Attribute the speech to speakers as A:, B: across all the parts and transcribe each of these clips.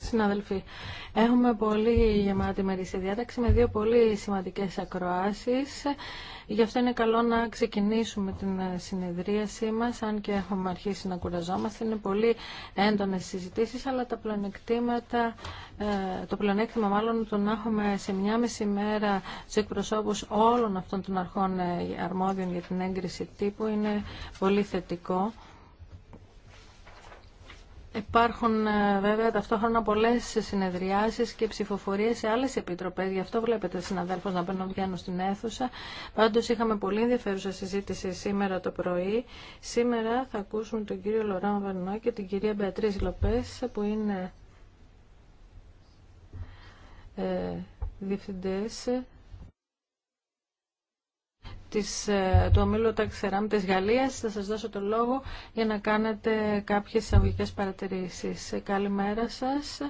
A: Συνάδελφοι, έχουμε πολύ γεμάτη μερίσια διάταξη με δύο πολύ σημαντικές ακροάσεις. Γι' αυτό είναι καλό να ξεκινήσουμε την ε, συνεδρίασή μας, αν και έχουμε αρχίσει να κουραζόμαστε. Είναι πολύ έντονες συζητήσεις, αλλά τα πλονεκτήματα, ε, το πλονέκτημα μάλλον το να έχουμε σε μια μισή μέρα τους εκπροσώπους όλων αυτών των αρχών ε, αρμόδιων για την έγκριση τύπου είναι πολύ θετικό. Υπάρχουν ε, βέβαια ταυτόχρονα πολλέ συνεδριάσει και ψηφοφορίε σε άλλε επιτροπέ. Γι' αυτό βλέπετε συναδέλφου να παίρνουν βγαίνουν στην αίθουσα. Πάντω είχαμε πολύ ενδιαφέρουσα συζήτηση σήμερα το πρωί. Σήμερα θα ακούσουμε τον κύριο Λοράν Βερνό και την κυρία Μπεατρή Λοπέ, που είναι ε, διευθυντέ της, ε, του ομίλου Ταξεράμ της Γαλλίας. Θα σας δώσω το λόγο για να κάνετε κάποιες αγωγικές παρατηρήσεις. Ε, καλημέρα σας.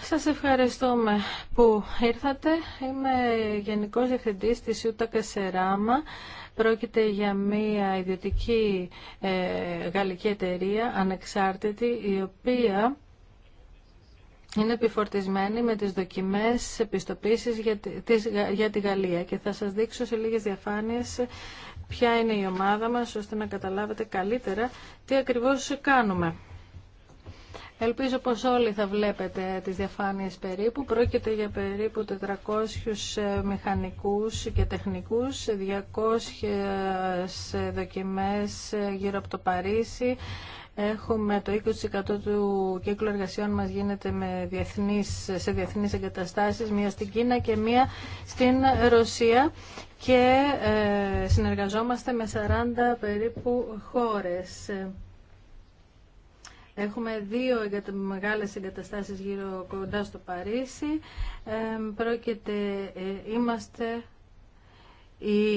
A: Σας ευχαριστούμε που ήρθατε. Είμαι Γενικός Διευθυντής της Ιούτα Κασεράμα. Πρόκειται για μια ιδιωτική ε, γαλλική εταιρεία, ανεξάρτητη, η οποία είναι επιφορτισμένη με τις δοκιμές επιστοποίησης για τη, για τη Γαλλία και θα σας δείξω σε λίγες διαφάνειες ποια είναι η ομάδα μας ώστε να καταλάβετε καλύτερα τι ακριβώς κάνουμε. Ελπίζω πως όλοι θα βλέπετε τις διαφάνειες περίπου. Πρόκειται για περίπου 400 ε, μηχανικούς και τεχνικούς, 200 ε, δοκιμές ε, γύρω από το Παρίσι, Έχουμε το 20% του κύκλου εργασιών μας γίνεται με διεθνείς, σε διεθνείς εγκαταστάσεις, μία στην Κίνα και μία στην Ρωσία και ε, συνεργαζόμαστε με 40 περίπου χώρες. Έχουμε δύο μεγάλες εγκαταστάσεις γύρω κοντά στο Παρίσι. Ε, πρόκειται, ε, είμαστε οι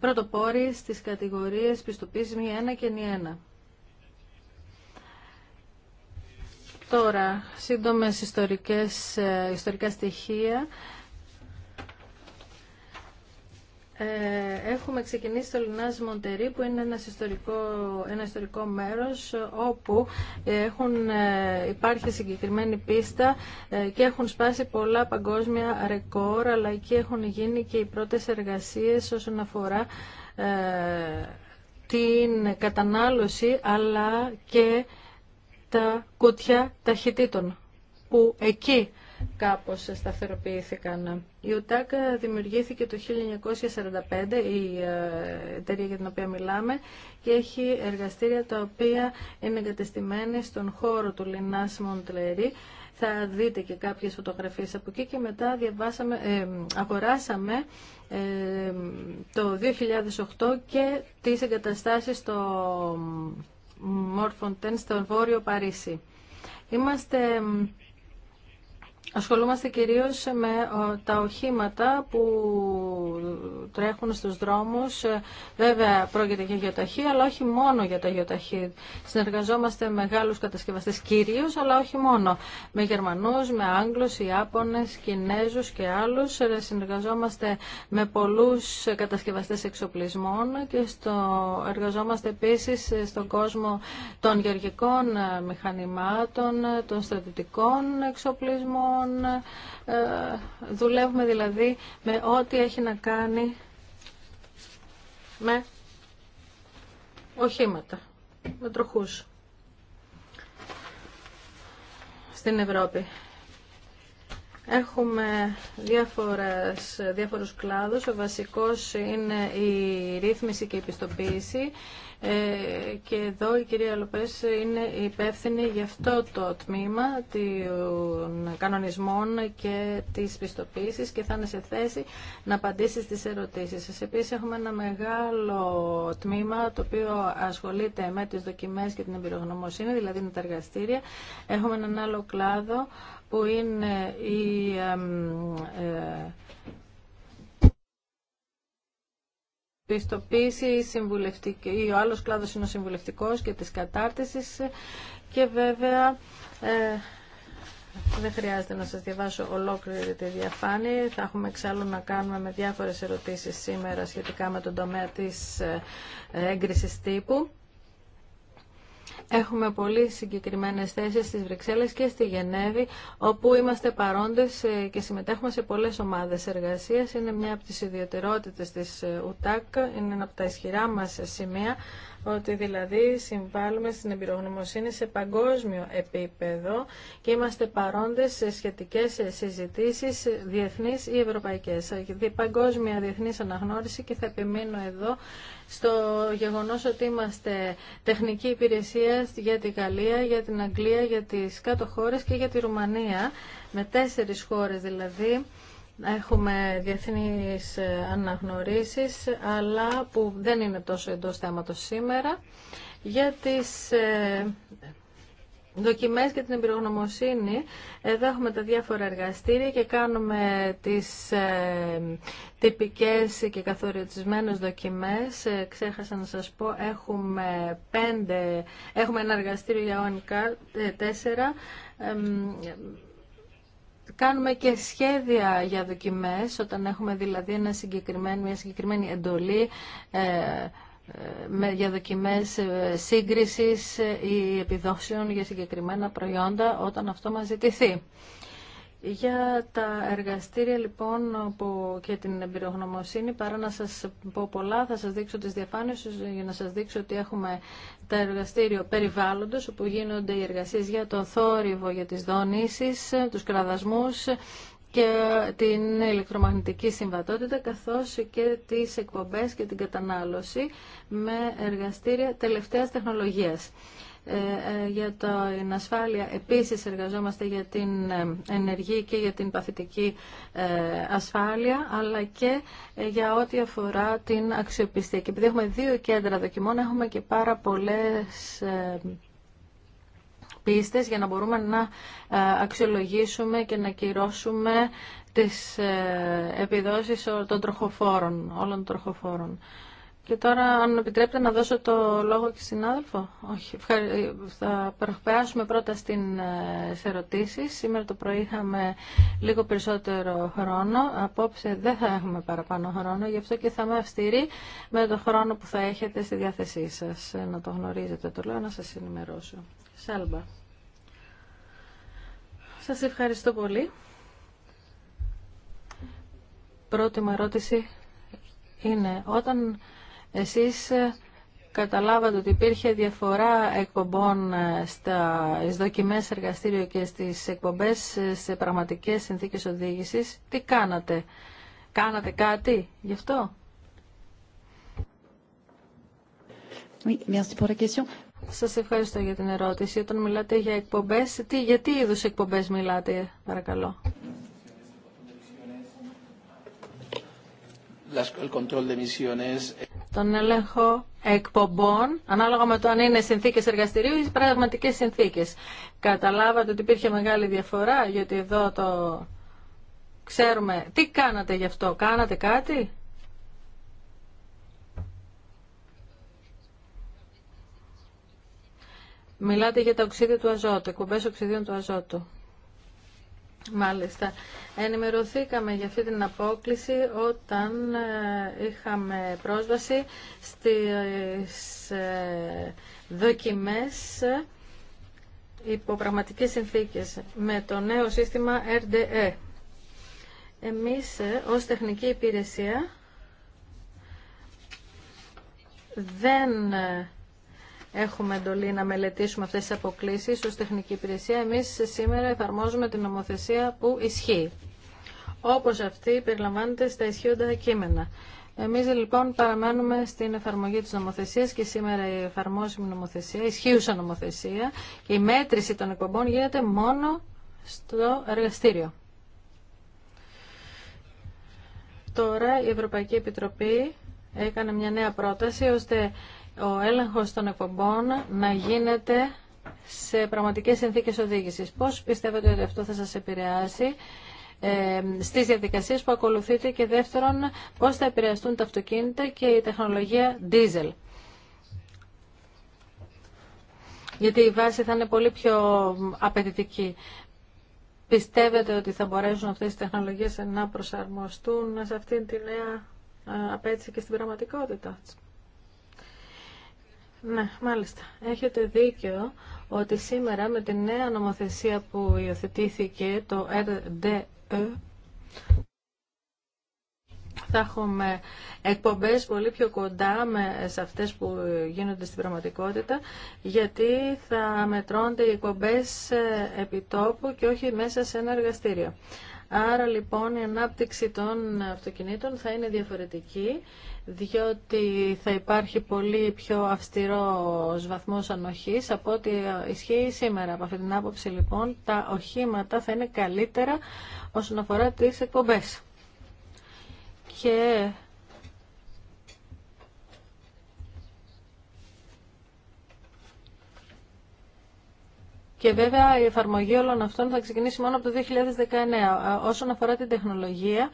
A: πρωτοπόροι στις κατηγορίες πιστοποίηση 1 και 1. Τώρα, σύντομες ιστορικές, ε, ιστορικά στοιχεία. Ε, έχουμε ξεκινήσει το Λινάζ Μοντερί που είναι ένας ιστορικό, ένα ιστορικό μέρος όπου έχουν, ε, υπάρχει συγκεκριμένη πίστα και έχουν σπάσει πολλά παγκόσμια ρεκόρ αλλά εκεί έχουν γίνει και οι πρώτες εργασίες όσον αφορά την κατανάλωση αλλά και τα κουτιά ταχυτήτων που εκεί κάπως σταθεροποιήθηκαν. Η ΟΤΑΚ δημιουργήθηκε το 1945, η ε, εταιρεία για την οποία μιλάμε, και έχει εργαστήρια τα οποία είναι εγκατεστημένη στον χώρο του Λινάς Μοντλερή. Θα δείτε και κάποιες φωτογραφίες από εκεί και μετά ε, αγοράσαμε ε, το 2008 και τις εγκαταστάσεις στο Μόρφοντεν στο Βόρειο Παρίσι. Είμαστε Ασχολούμαστε κυρίως με ε, τα οχήματα που τρέχουν στους δρόμους. Ε, βέβαια πρόκειται για γεωταχή, αλλά όχι μόνο για τα γεωταχή. Συνεργαζόμαστε με Γάλλους κατασκευαστές κυρίως, αλλά όχι μόνο. Με Γερμανούς, με Άγγλους, Ιάπωνες, Κινέζους και άλλους. Ε, συνεργαζόμαστε με πολλούς κατασκευαστές εξοπλισμών και στο... εργαζόμαστε επίσης στον κόσμο των γεωργικών μηχανημάτων, των στρατητικών εξοπλισμών, λοιπόν ε, δουλεύουμε δηλαδή με ό,τι έχει να κάνει με οχήματα, με τροχούς στην Ευρώπη. Έχουμε διάφορες, διάφορους κλάδους. Ο βασικός είναι η ρύθμιση και η πιστοποίηση. Ε, και εδώ η κυρία Λοπές είναι υπεύθυνη για αυτό το τμήμα των κανονισμών και της πιστοποίησης και θα είναι σε θέση να απαντήσει στις ερωτήσεις σας. Επίσης έχουμε ένα μεγάλο τμήμα το οποίο ασχολείται με τις δοκιμές και την εμπειρογνωμοσύνη, δηλαδή είναι τα εργαστήρια. Έχουμε έναν άλλο κλάδο που είναι η ε, πιστοποίηση συμβουλευτική, ο άλλος κλάδος είναι ο συμβουλευτικός και της κατάρτισης και βέβαια ε, δεν χρειάζεται να σας διαβάσω ολόκληρη τη διαφάνεια. Θα έχουμε εξάλλου να κάνουμε με διάφορες ερωτήσεις σήμερα σχετικά με τον τομέα της ε, έγκρισης τύπου. Έχουμε πολύ συγκεκριμένες θέσεις στις Βρυξέλλες και στη Γενέβη, όπου είμαστε παρόντες ε, και συμμετέχουμε σε πολλές ομάδες εργασίας. Είναι μια από τι ιδιαιτερότητε της ε, ΟΤΑΚ, είναι ένα από τα ισχυρά μας σημεία, ότι δηλαδή συμβάλλουμε στην εμπειρογνωμοσύνη σε παγκόσμιο επίπεδο και είμαστε παρόντες σε σχετικέ ε, συζητήσει, διεθνεί ή ευρωπαϊκέ. Παγκόσμια διεθνή αναγνώριση και θα επιμείνω εδώ στο γεγονός ότι είμαστε τεχνική υπηρεσία για τη Γαλλία, για την Αγγλία, για τις κάτω χώρες και για τη Ρουμανία, με τέσσερις χώρες δηλαδή. Έχουμε διεθνείς ε, αναγνωρίσεις, αλλά που δεν είναι τόσο εντός θέματος σήμερα, για τις ε, δοκιμές και την εμπειρογνωμοσύνη. Εδώ έχουμε τα διάφορα εργαστήρια και κάνουμε τις ε, τυπικές και καθορισμένες δοκιμές. Ε, ξέχασα να σας πω, έχουμε, πέντε, έχουμε ένα εργαστήριο για ΟΝΚΑ ε, 4, Κάνουμε και σχέδια για δοκιμές, όταν έχουμε δηλαδή ένα συγκεκριμένο, μια συγκεκριμένη εντολή, με διαδοκιμές ε, σύγκρισης ε, ή επιδόσεων για συγκεκριμένα προϊόντα όταν αυτό μας ζητηθεί. Για τα εργαστήρια λοιπόν που και την εμπειρογνωμοσύνη παρά να σας πω πολλά θα σας δείξω τις διαφάνειες για να σας δείξω ότι έχουμε τα εργαστήριο περιβάλλοντος όπου γίνονται οι εργασίες για το θόρυβο, για τις δονήσεις, ε, τους κραδασμούς και την ηλεκτρομαγνητική συμβατότητα καθώς και τις εκπομπές και την κατανάλωση με εργαστήρια τελευταίας τεχνολογίας. Ε, ε, για την ασφάλεια επίσης εργαζόμαστε για την ε, ενεργή και για την παθητική ασφάλεια αλλά και για ό,τι αφορά την αξιοπιστία. Και επειδή έχουμε δύο κέντρα δοκιμών έχουμε και πάρα πολλές πίστες για να μπορούμε να ε, αξιολογήσουμε και να κυρώσουμε τις ε, επιδόσεις των τροχοφόρων, όλων των τροχοφόρων. Και τώρα, αν επιτρέπετε να δώσω το λόγο και άδελφο. Όχι, ε, θα περάσουμε πρώτα στην ερωτήσει. Σήμερα το πρωί είχαμε λίγο περισσότερο χρόνο. Απόψε δεν θα έχουμε παραπάνω χρόνο, γι' αυτό και θα είμαι αυστηρή με το χρόνο που θα έχετε στη διάθεσή σας. Να το γνωρίζετε το λέω, να σας ενημερώσω. Σάλμπα. Σας ευχαριστώ πολύ. Πρώτη μου ερώτηση είναι όταν εσείς ε, καταλάβατε ότι υπήρχε διαφορά εκπομπών ε, στα δοκιμές εργαστήριο και στις εκπομπές ε, σε πραγματικές συνθήκες οδήγησης, τι κάνατε, κάνατε κάτι γι' αυτό. Oui, merci pour la σας ευχαριστώ για την ερώτηση. Όταν μιλάτε για εκπομπές, τι, για τι είδους εκπομπές μιλάτε, παρακαλώ. Τον έλεγχο εκπομπών, ανάλογα με το αν είναι συνθήκες εργαστηρίου ή πραγματικές συνθήκες. Καταλάβατε ότι υπήρχε μεγάλη διαφορά, γιατί εδώ το ξέρουμε. Τι κάνατε γι' αυτό, κάνατε κάτι? Μιλάτε για τα οξύδια του αζώτου, κουμπέ οξυδίων του αζώτου. Μάλιστα. Ενημερωθήκαμε για αυτή την απόκληση όταν ε, είχαμε πρόσβαση στις ε, δοκιμές υπό πραγματικές συνθήκες με το νέο σύστημα RDE. Εμείς ε, ως τεχνική υπηρεσία δεν έχουμε εντολή να μελετήσουμε αυτές τις αποκλήσεις ως τεχνική υπηρεσία. Εμείς σήμερα εφαρμόζουμε την νομοθεσία που ισχύει, όπως αυτή περιλαμβάνεται στα ισχύοντα κείμενα. Εμείς λοιπόν παραμένουμε στην εφαρμογή της νομοθεσίας και σήμερα η εφαρμόσιμη νομοθεσία, η ισχύουσα νομοθεσία και η μέτρηση των εκπομπών γίνεται μόνο στο εργαστήριο. Τώρα η Ευρωπαϊκή Επιτροπή έκανε μια νέα πρόταση ώστε ο έλεγχος των εκπομπών να γίνεται σε πραγματικές συνθήκες οδήγησης. Πώς πιστεύετε ότι αυτό θα σας επηρεάσει ε, στις διαδικασίες που ακολουθείτε και δεύτερον πώς θα επηρεαστούν τα αυτοκίνητα και η τεχνολογία diesel. Γιατί η βάση θα είναι πολύ πιο απαιτητική. Πιστεύετε ότι θα μπορέσουν αυτές οι τεχνολογίες να προσαρμοστούν σε αυτήν τη νέα ε, απέτηση και στην πραγματικότητα. Ναι, μάλιστα. Έχετε δίκιο ότι σήμερα με τη νέα νομοθεσία που υιοθετήθηκε το RDE θα έχουμε εκπομπές πολύ πιο κοντά με, σε αυτές που γίνονται στην πραγματικότητα γιατί θα μετρώνται οι εκπομπές ε, επιτόπου και όχι μέσα σε ένα εργαστήριο. Άρα λοιπόν η ανάπτυξη των αυτοκινήτων θα είναι διαφορετική διότι θα υπάρχει πολύ πιο αυστηρό βαθμός ανοχής από ό,τι ισχύει σήμερα. Από αυτή την άποψη λοιπόν τα οχήματα θα είναι καλύτερα όσον αφορά τις εκπομπές. Και Και βέβαια η εφαρμογή όλων αυτών θα ξεκινήσει μόνο από το 2019. Όσον αφορά την τεχνολογία,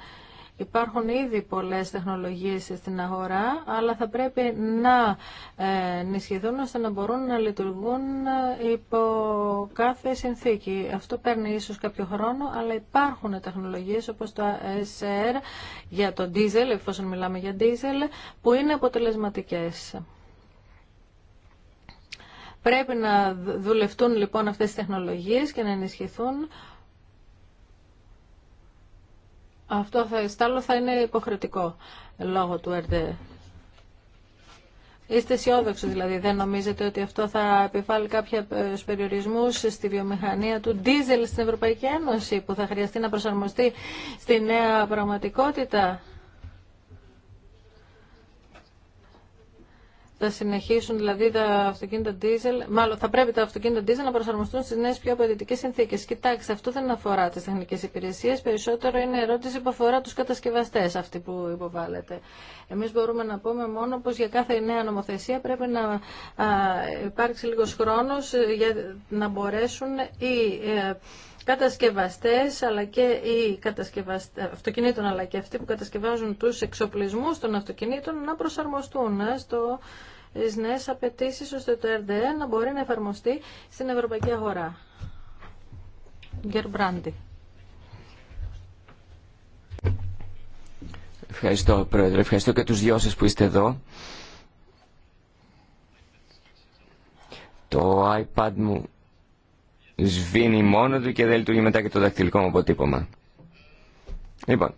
A: Υπάρχουν ήδη πολλές τεχνολογίες στην αγορά, αλλά θα πρέπει να ε, ενισχυθούν ώστε να μπορούν να λειτουργούν ε, υπό κάθε συνθήκη. Αυτό παίρνει ίσως κάποιο χρόνο, αλλά υπάρχουν τεχνολογίες όπως το SR για το diesel, εφόσον μιλάμε για diesel, που είναι αποτελεσματικές. Πρέπει να δουλευτούν λοιπόν αυτές τις τεχνολογίες και να ενισχυθούν. Αυτό θα, στάλλο θα είναι υποχρεωτικό λόγω του ΕΡΔΕ. Είστε αισιόδοξοι δηλαδή, δεν νομίζετε ότι αυτό θα επιβάλλει κάποια ε, περιορισμού στη βιομηχανία του ντίζελ στην Ευρωπαϊκή Ένωση που θα χρειαστεί να προσαρμοστεί στη νέα πραγματικότητα. θα συνεχίσουν δηλαδή τα αυτοκίνητα diesel, μάλλον θα πρέπει τα αυτοκίνητα diesel να προσαρμοστούν στι νέε πιο απαιτητικές συνθήκε. Κοιτάξτε, αυτό δεν αφορά τι τεχνικέ υπηρεσίε. περισσότερο είναι ερώτηση που αφορά του κατασκευαστέ αυτή που υποβάλλεται. Εμεί μπορούμε να πούμε μόνο πω για κάθε νέα νομοθεσία πρέπει να υπάρξει λίγο χρόνο για να μπορέσουν οι ε, κατασκευαστές αλλά και οι κατασκευαστές, αυτοκινήτων αλλά και αυτοί που κατασκευάζουν τους εξοπλισμούς των αυτοκινήτων να προσαρμοστούν ε, στο νέε απαιτήσει ώστε το RDE να μπορεί να εφαρμοστεί στην ευρωπαϊκή αγορά. Γκερμπράντι.
B: Ευχαριστώ, Πρόεδρε. Ευχαριστώ και τους δυο σας που είστε εδώ. Το iPad μου σβήνει μόνο του και δεν λειτουργεί μετά και το δακτυλικό μου αποτύπωμα. Λοιπόν,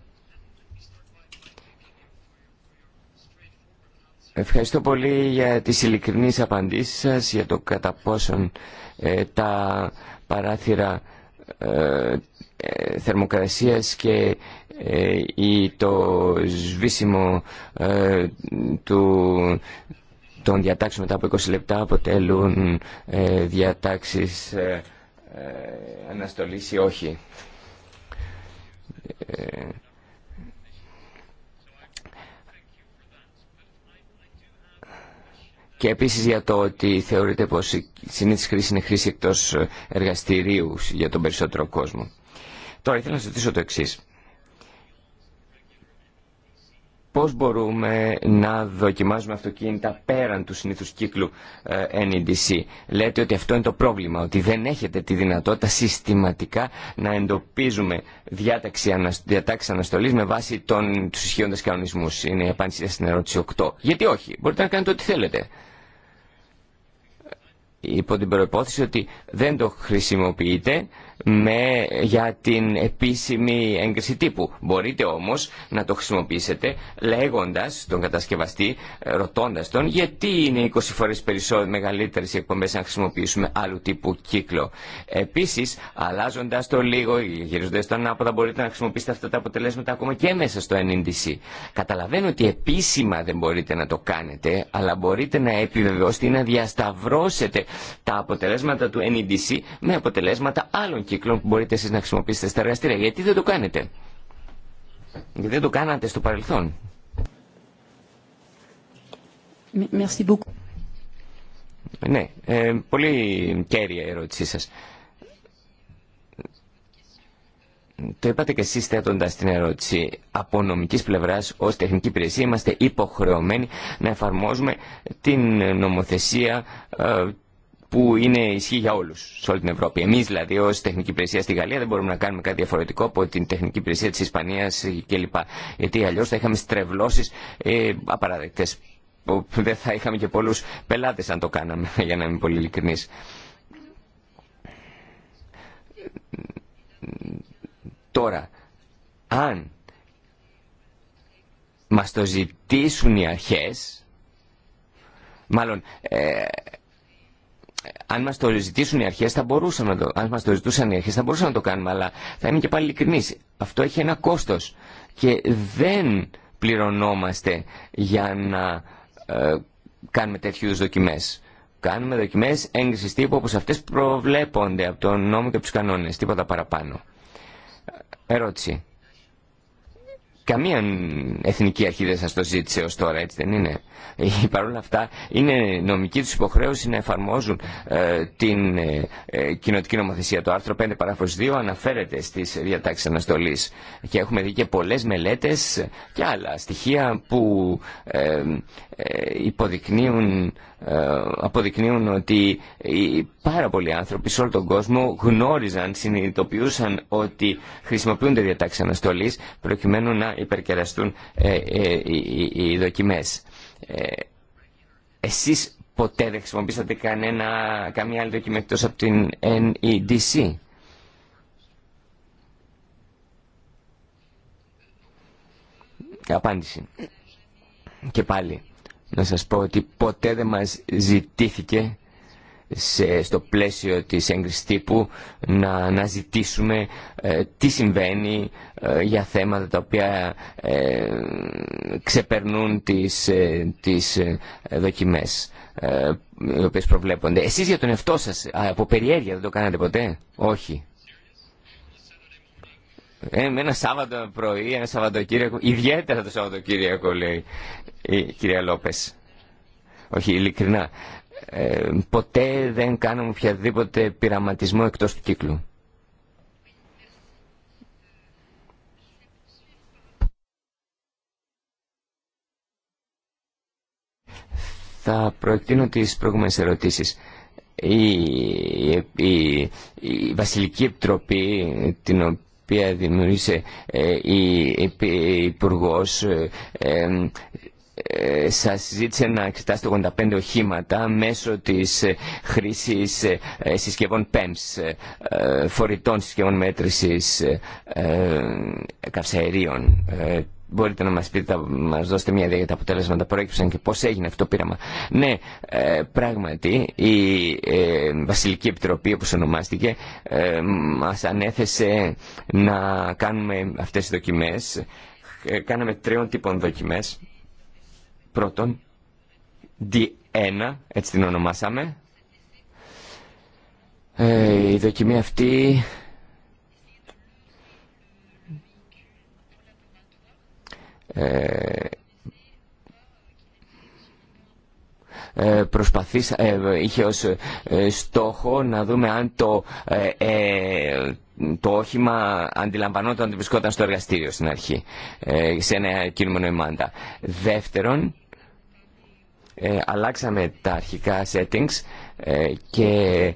B: Ευχαριστώ πολύ για τις ειλικρινείς απαντήσεις σας, για το κατά πόσον ε, τα παράθυρα ε, ε θερμοκρασίας και ή ε, το σβήσιμο του, των διατάξεων μετά από 20 λεπτά αποτελούν διατάξεις αναστολής ή όχι. και επίσης για το ότι θεωρείται πως η συνήθιση χρήση είναι χρήση εκτός εργαστηρίου για τον περισσότερο κόσμο. Τώρα ήθελα να σας ρωτήσω το εξής. Πώς μπορούμε να δοκιμάζουμε αυτοκίνητα πέραν του συνήθους κύκλου ε, NEDC. Λέτε ότι αυτό είναι το πρόβλημα, ότι δεν έχετε τη δυνατότητα συστηματικά να εντοπίζουμε διάταξη, διατάξεις αναστολής με βάση τον, τους ισχύοντες κανονισμούς. Είναι η απάντηση στην ερώτηση 8. Γιατί όχι, μπορείτε να κάνετε ό,τι θέλετε υπό την προπόθεση ότι δεν το χρησιμοποιείτε με, για την επίσημη έγκριση τύπου. Μπορείτε όμως να το χρησιμοποιήσετε λέγοντας τον κατασκευαστή, ε, ρωτώντας τον γιατί είναι 20 φορές περισσότερο μεγαλύτερες οι εκπομπές να χρησιμοποιήσουμε άλλου τύπου κύκλο. Επίσης, αλλάζοντας το λίγο ή γυρίζοντας το ανάποδα μπορείτε να χρησιμοποιήσετε αυτά τα αποτελέσματα ακόμα και μέσα στο NDC. Καταλαβαίνω ότι επίσημα δεν μπορείτε να το κάνετε, αλλά μπορείτε να επιβεβαιώσετε ή να διασταυρώσετε τα αποτελέσματα του NDC με αποτελέσματα άλλων κύκλων που μπορείτε εσείς να χρησιμοποιήσετε στα εργαστήρια. Γιατί δεν το κάνετε. Γιατί δεν το κάνατε στο παρελθόν. Merci beaucoup. Ναι, ε, πολύ κέρια η ερώτησή σας. Το είπατε και εσείς θέτοντας την ερώτηση. Από νομικής πλευράς ως τεχνική υπηρεσία είμαστε υποχρεωμένοι να εφαρμόζουμε την νομοθεσία ε, που είναι ισχύ για όλους σε όλη την Ευρώπη. Εμείς δηλαδή ως τεχνική υπηρεσία στη Γαλλία δεν μπορούμε να κάνουμε κάτι διαφορετικό από την τεχνική υπηρεσία της Ισπανίας κλπ. Γιατί αλλιώς θα είχαμε στρεβλώσεις ε, απαραδεκτές. Δεν θα είχαμε και πολλούς πελάτες αν το κάναμε, για να είμαι πολύ ειλικρινής. Τώρα, αν μας το ζητήσουν οι αρχές, μάλλον ε, αν μα το ζητήσουν οι αρχέ, θα μπορούσαμε να το, ζητούσαν οι αρχές θα μπορούσαμε να το κάνουμε αλλά θα είμαι και πάλι ειλικρινή. αυτό έχει ένα κόστος και δεν πληρωνόμαστε για να ε, κάνουμε τέτοιου είδου δοκιμές κάνουμε δοκιμές έγκριση τύπου όπω αυτές προβλέπονται από τον νόμο και από τους κανόνες τίποτα παραπάνω ε, ερώτηση Καμία εθνική αρχή δεν σας το ζήτησε ως τώρα, έτσι δεν είναι. Ε, παρ' όλα αυτά είναι νομική τους υποχρέωση να εφαρμόζουν ε, την ε, ε, κοινοτική νομοθεσία. Το άρθρο 5 παράγραφος 2 αναφέρεται στις διατάξεις αναστολής και έχουμε δει και πολλές μελέτες και άλλα στοιχεία που υποδεικνύουν ε, αποδεικνύουν ότι πάρα πολλοί άνθρωποι σε όλο τον κόσμο γνώριζαν, συνειδητοποιούσαν ότι χρησιμοποιούνται διατάξεις αναστολής προκειμένου να υπερκεραστούν ε, ε, οι δοκιμές. Εσείς ποτέ δεν χρησιμοποιήσατε κανένα, καμία άλλη δοκιμή εκτός από την NEDC. Απάντηση. Και πάλι να σας πω ότι ποτέ δεν μας ζητήθηκε σε, στο πλαίσιο της έγκρισης τύπου να ζητήσουμε ε, τι συμβαίνει ε, για θέματα τα οποία ε, ξεπερνούν τις, τις δοκιμές οι οποίες προβλέπονται. Εσείς για τον εαυτό σας από περιέργεια δεν το κάνατε ποτέ. Όχι. Ε, ένα Σάββατο πρωί, ένα Σαββατοκύριακο, ιδιαίτερα το Σαββατοκύριακο λέει η κυρία Λόπε. Όχι, ειλικρινά. Ε, ποτέ δεν κάνουμε οποιαδήποτε πειραματισμό εκτός του κύκλου. Θα προεκτείνω τις προηγούμενες ερωτήσεις. Η, Βασιλική Επιτροπή, την οποία δημιούργησε ε, η υπουργό ε, ε, σας ζήτησε να εξετάσετε 85 οχήματα μέσω της χρήσης συσκευών PEMS, φορητών συσκευών μέτρησης καυσαερίων μπορείτε να μας πείτε, να μας δώσετε μια ιδέα για τα αποτέλεσματα που προέκυψαν και πώς έγινε αυτό το πείραμα. Ναι, ε, πράγματι η ε, Βασιλική Επιτροπή όπως ονομάστηκε ε, μας ανέθεσε να κάνουμε αυτές τις δοκιμές. Κάναμε τριών τύπων δοκιμές. Πρώτον, D1, έτσι την ονομάσαμε. η δοκιμή αυτή Ε, ε, προσπαθήσα, ε, είχε ως ε, στόχο να δούμε αν το, το όχημα αντιλαμβανόταν ότι βρισκόταν στο εργαστήριο στην αρχή, σε ένα κίνημα νοημάντα. Δεύτερον, αλλάξαμε τα αρχικά settings και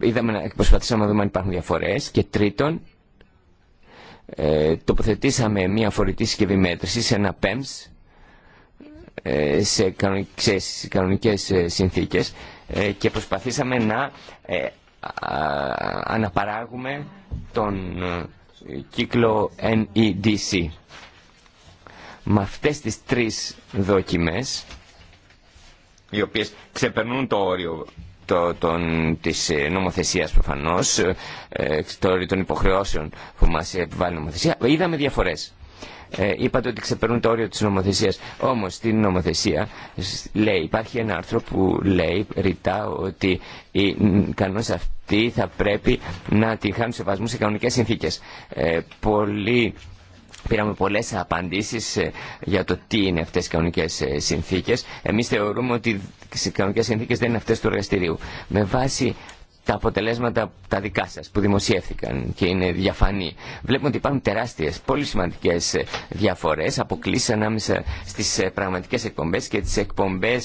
B: είδαμε, προσπαθήσαμε να δούμε αν υπάρχουν διαφορές. Και τρίτον, ε, τοποθετήσαμε μια φορητή συσκευή σε ένα PEMS, ε, σε, κανονικές, ε, συνθήκες ε, και προσπαθήσαμε να αναπαράγουμε τον κύκλο NEDC. Με αυτές τις τρεις δοκιμές, οι οποίες ξεπερνούν το όριο το, τον, της ε, νομοθεσίας προφανώς, ε, ε των υποχρεώσεων που μας επιβάλλει η νομοθεσία, είδαμε διαφορές. Ε, είπατε ότι ξεπερνούν το όριο της νομοθεσίας. Όμως στην νομοθεσία λέει, υπάρχει ένα άρθρο που λέει ρητά ότι οι κανόνες αυτοί θα πρέπει να τη χάνουν σεβασμού σε κανονικές συνθήκες. Ε, πολλοί Πήραμε πολλές απαντήσεις ε, για το τι είναι αυτέ οι κανονικέ ε, συνθήκες. Εμείς θεωρούμε ότι οι κανονικέ συνθήκες δεν είναι αυτές του εργαστηρίου. Με βάση τα αποτελέσματα τα δικά σα που δημοσιεύθηκαν και είναι διαφανή. Βλέπουμε ότι υπάρχουν τεράστιες, πολύ σημαντικέ ε, διαφορές, αποκλήσει ανάμεσα στις πραγματικές εκπομπέ και τι εκπομπέ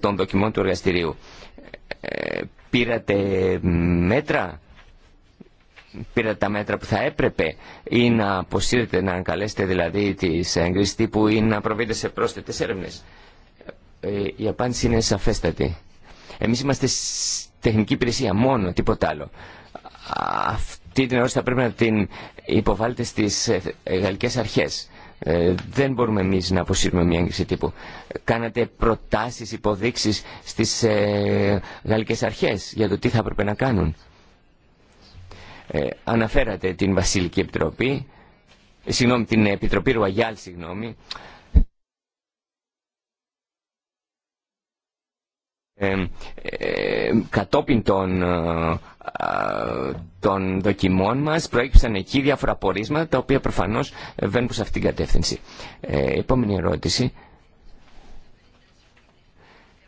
B: των δοκιμών του εργαστηρίου. Πήρατε μέτρα πήρατε τα μέτρα που θα έπρεπε ή να αποσύρετε, να ανακαλέσετε δηλαδή τις εγκρίσεις τύπου ή να προβείτε σε πρόσθετες έρευνες. Ε, η απάντηση είναι σαφέστατη. Εμείς είμαστε τεχνική υπηρεσία μόνο, τίποτα άλλο. Αυτή την ερώτηση θα πρέπει να την υποβάλλετε στις γαλλικές αρχές. Ε, δεν μπορούμε εμείς να αποσύρουμε μια έγκριση τύπου. Κάνατε προτάσεις, υποδείξεις στις ε, γαλλικές αρχές για το τι θα έπρεπε να κάνουν. Ε, αναφέρατε την Βασιλική Επιτροπή, συγγνώμη, την Επιτροπή Ρουαγιάλ, συγγνώμη. Ε, ε, κατόπιν των, των δοκιμών μας προέκυψαν εκεί διάφορα πορίσματα τα οποία προφανώς βαίνουν σε αυτήν την κατεύθυνση. επόμενη ερώτηση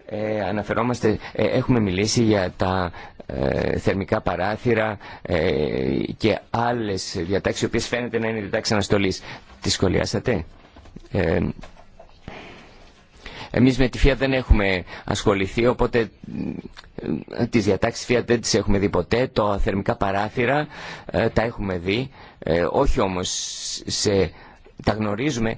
B: ε, αναφερόμαστε, ε, έχουμε μιλήσει για τα ε, θερμικά παράθυρα ε, και άλλες διατάξεις, οι οποίες φαίνεται να είναι διατάξεις αναστολής. Τη σχολιάσατε. εμείς με τη ΦΙΑ δεν έχουμε ασχοληθεί, οπότε τις διατάξεις ΦΙΑ δεν τις έχουμε δει ποτέ. Τα θερμικά παράθυρα τα έχουμε δει, όχι όμως σε... Τα γνωρίζουμε,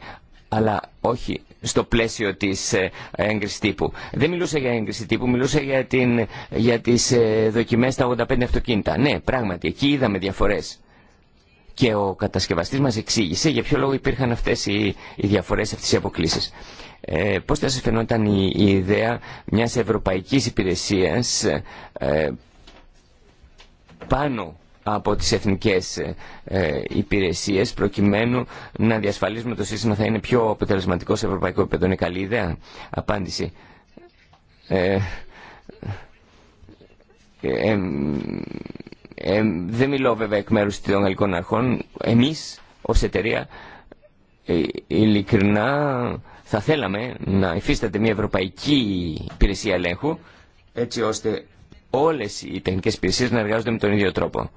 B: αλλά όχι στο πλαίσιο της ε, έγκρισης τύπου. Δεν μιλούσα για έγκριση τύπου, μιλούσα για, την, για τις ε, δοκιμές στα 85 αυτοκίνητα. Ναι, πράγματι, εκεί είδαμε διαφορές. Και ο κατασκευαστής μας εξήγησε για ποιο λόγο υπήρχαν αυτές οι, οι διαφορές, αυτές οι αποκλήσεις. Ε, πώς θα σας φαινόταν η, ιδέα μιας ευρωπαϊκής υπηρεσίας ε, πάνω από τις εθνικές ε, ε, υπηρεσίες προκειμένου να διασφαλίσουμε το σύστημα θα είναι πιο αποτελεσματικό σε ευρωπαϊκό επίπεδο. Είναι καλή ιδέα. Απάντηση. Ε, ε, δεν μιλώ βέβαια εκ μέρους των γαλλικών αρχών. Εμείς ως εταιρεία ε, ειλικρινά θα θέλαμε να υφίσταται μια ευρωπαϊκή υπηρεσία ελέγχου έτσι ώστε όλες οι τεχνικές υπηρεσίες να εργάζονται με τον ίδιο τρόπο.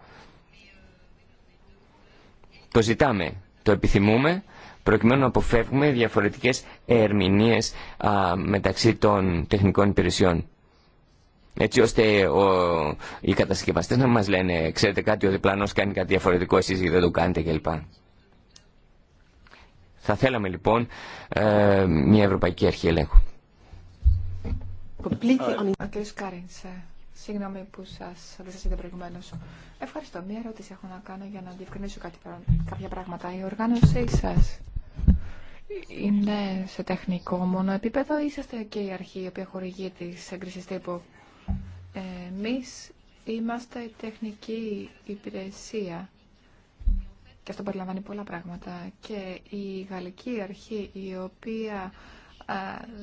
B: Το ζητάμε, το επιθυμούμε, προκειμένου να αποφεύγουμε διαφορετικές ερμηνείες α, μεταξύ των τεχνικών υπηρεσιών. Έτσι ώστε οι κατασκευαστές να μας λένε «Ξέρετε κάτι, ο διπλανός κάνει κάτι διαφορετικό, εσείς δεν το κάνετε» κλπ. Θα θέλαμε λοιπόν ε, μια Ευρωπαϊκή Αρχή Ελέγχου.
C: Συγγνώμη που σας, δεν σας προηγουμένω. Ευχαριστώ. Μία ερώτηση έχω να κάνω για να διευκρινίσω κάτι, κάποια πράγματα. Η οργάνωσή σας είναι σε τεχνικό μόνο επίπεδο ή είσαστε και η αρχή η οποία χορηγεί τι εγκρίσει τύπου. Εμεί είμαστε η τεχνική υπηρεσία και αυτό περιλαμβάνει πολλά πράγματα και η γαλλική αρχή η οποία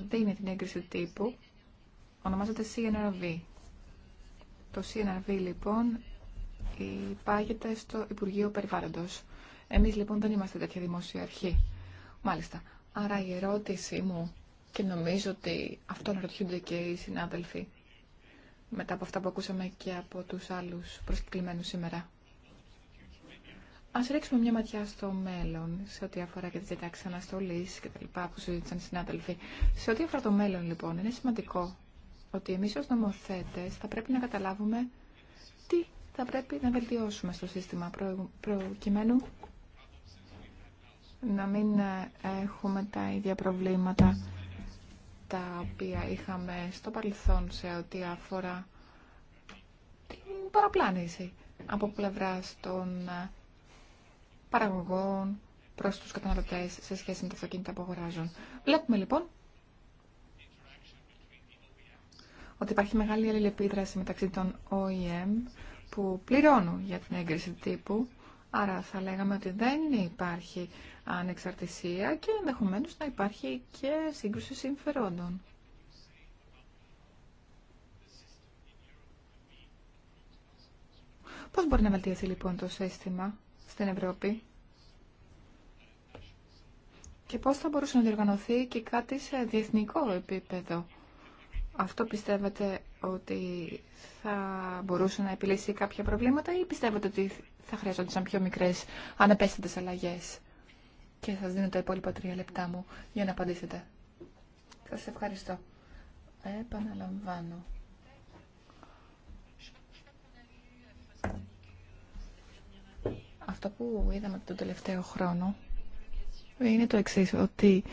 C: δίνει την έγκριση τύπου ονομάζεται CNRV το CNRV λοιπόν υπάγεται στο Υπουργείο Περιβάλλοντος. Εμείς λοιπόν δεν είμαστε τέτοια δημόσια αρχή. Μάλιστα. Άρα η ερώτησή μου και νομίζω ότι αυτό αναρωτιούνται και οι συνάδελφοι μετά από αυτά που ακούσαμε και από τους άλλους προσκεκλημένους σήμερα. Ας ρίξουμε μια ματιά στο μέλλον, σε ό,τι αφορά και τις διατάξεις αναστολής και τα λοιπά που συζήτησαν οι συνάδελφοι. Σε ό,τι αφορά το μέλλον, λοιπόν, είναι σημαντικό ότι εμείς ως νομοθέτες θα πρέπει να καταλάβουμε τι θα πρέπει να βελτιώσουμε στο σύστημα προκειμένου να μην έχουμε τα ίδια προβλήματα τα οποία είχαμε στο παρελθόν σε ό,τι αφορά την παραπλάνηση από πλευρά των παραγωγών προς τους καταναλωτές σε σχέση με τα αυτοκίνητα που αγοράζουν. Βλέπουμε λοιπόν ότι υπάρχει μεγάλη αλληλεπίδραση μεταξύ των OEM που πληρώνουν για την έγκριση τύπου, άρα θα λέγαμε ότι δεν υπάρχει ανεξαρτησία και ενδεχομένως να υπάρχει και σύγκρουση συμφερόντων. Πώς μπορεί να βελτιωθεί λοιπόν το σύστημα στην Ευρώπη και πώς θα μπορούσε να διοργανωθεί και κάτι σε διεθνικό επίπεδο αυτό πιστεύετε ότι θα μπορούσε να επιλύσει κάποια προβλήματα ή πιστεύετε ότι θα σαν πιο μικρές αναπέστατες αλλαγές. Και σας δίνω τα υπόλοιπα τρία λεπτά μου για να απαντήσετε. Σας ευχαριστώ. Επαναλαμβάνω. Αυτό που είδαμε τον τελευταίο χρόνο είναι το εξής, ότι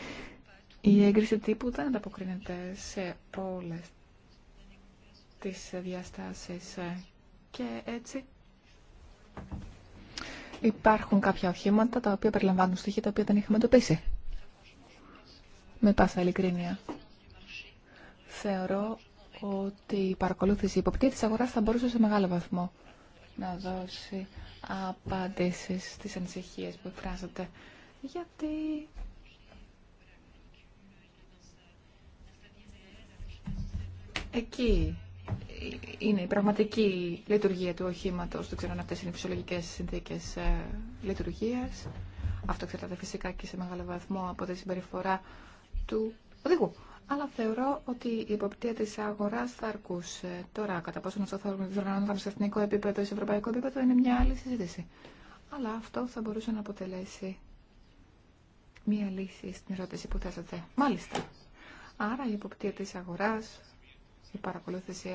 C: η έγκριση τύπου δεν ανταποκρίνεται σε όλες τις διαστάσεις και έτσι υπάρχουν κάποια οχήματα τα οποία περιλαμβάνουν στοιχεία τα οποία δεν είχαμε εντοπίσει. Με πάσα ειλικρίνεια. Θεωρώ ότι η παρακολούθηση υποπτή της αγοράς θα μπορούσε σε μεγάλο βαθμό να δώσει απαντήσεις στις ανησυχίες που εκφράζονται. Γιατί Εκεί είναι η πραγματική λειτουργία του οχήματο. Δεν ξέρω αν αυτέ είναι οι φυσιολογικέ συνθήκε λειτουργία. Αυτό εξαρτάται φυσικά και σε μεγάλο βαθμό από τη συμπεριφορά του οδηγού. Αλλά θεωρώ ότι η υποπτία τη αγορά θα αρκούσε. Τώρα, κατά πόσο να θα οργανώνονταν σε εθνικό επίπεδο ή σε ευρωπαϊκό επίπεδο, είναι μια άλλη συζήτηση. Αλλά αυτό θα μπορούσε να αποτελέσει μια λύση στην ερώτηση που θέσατε. Μάλιστα. Άρα η υποπτία τη αγορά η παρακολούθηση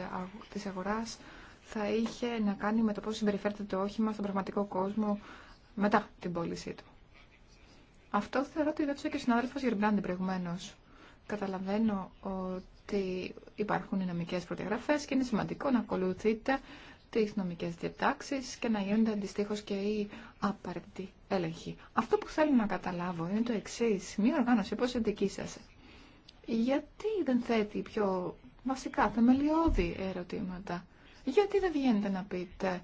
C: της αγοράς θα είχε να κάνει με το πώς συμπεριφέρεται το όχημα στον πραγματικό κόσμο μετά την πώλησή του. Αυτό θεωρώ ότι ρώτησε και ο συνάδελφος Γερμπράντη προηγουμένω. Καταλαβαίνω ότι υπάρχουν οι νομικές προδιαγραφές και είναι σημαντικό να ακολουθείτε τις νομικές διατάξεις και να γίνονται αντιστοίχω και οι απαραίτητοι έλεγχοι. Αυτό που θέλω να καταλάβω είναι το εξή. Μία οργάνωση πώς η δική Γιατί δεν θέτει πιο βασικά θεμελιώδη ερωτήματα. Γιατί δεν βγαίνετε να πείτε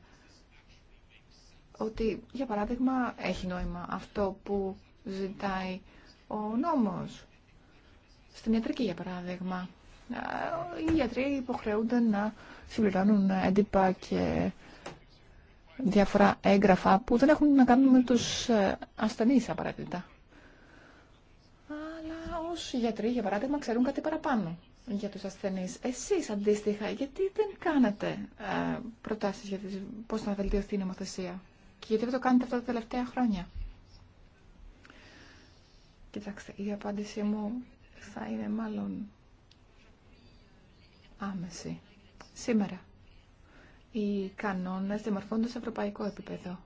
C: ότι, για παράδειγμα, έχει νόημα αυτό που ζητάει ο νόμος. Στην ιατρική, για παράδειγμα, οι γιατροί υποχρεούνται να συμπληρώνουν έντυπα και διάφορα έγγραφα που δεν έχουν να κάνουν με τους ε, ασθενείς απαραίτητα. Αλλά ως γιατροί, για παράδειγμα, ξέρουν κάτι παραπάνω για τους ασθενείς. Εσείς αντίστοιχα, γιατί δεν κάνατε ε, προτάσεις για τις, πώς να βελτιωθεί η νομοθεσία και γιατί δεν το κάνετε αυτά τα τελευταία χρόνια. Κοιτάξτε, η απάντησή μου θα είναι μάλλον άμεση. Σήμερα οι κανόνες διαμορφώνονται σε ευρωπαϊκό επίπεδο.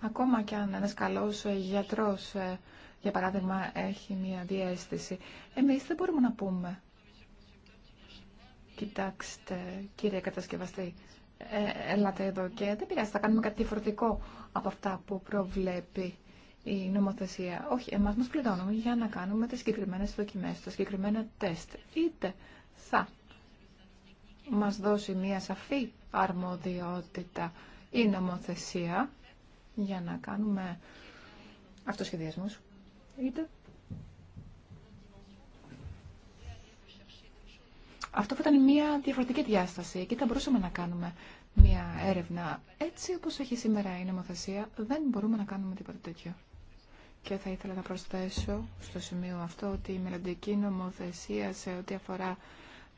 C: Ακόμα και αν ένας καλός ε, γιατρός ε, για παράδειγμα, έχει μια διέστηση. Εμείς δεν μπορούμε να πούμε, κοιτάξτε κύριε κατασκευαστή, ε, έλατε εδώ και δεν πειράζει, θα κάνουμε κάτι διαφορετικό από αυτά που προβλέπει η νομοθεσία. Όχι, εμάς μας πληρώνουμε για να κάνουμε τις συγκεκριμένες δοκιμές, τα συγκεκριμένα τεστ. Είτε θα μας δώσει μια σαφή αρμοδιότητα η νομοθεσία για να κάνουμε αυτοσχεδιασμούς αυτό θα ήταν μια διαφορετική διάσταση. Εκεί θα μπορούσαμε να κάνουμε μια έρευνα. Έτσι όπως έχει σήμερα η νομοθεσία, δεν μπορούμε να κάνουμε τίποτα τέτοιο. Και θα ήθελα να προσθέσω στο σημείο αυτό ότι η μελλοντική νομοθεσία σε ό,τι αφορά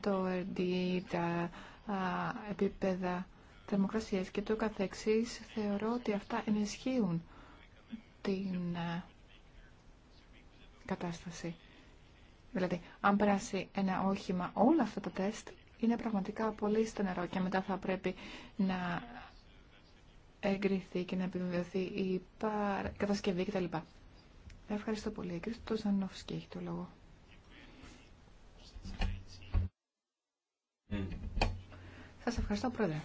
C: το RDE, τα επίπεδα θερμοκρασίας και το καθεξής, θεωρώ ότι αυτά ενισχύουν την κατάσταση. Δηλαδή, αν περάσει ένα όχημα όλα αυτά τα τεστ, είναι πραγματικά πολύ στενερό και μετά θα πρέπει να εγκριθεί και να επιβεβαιωθεί η κατασκευή κτλ. Ευχαριστώ πολύ. κύριε Ζανόφσκι έχει το λόγο. Mm. Σας ευχαριστώ, Πρόεδρε.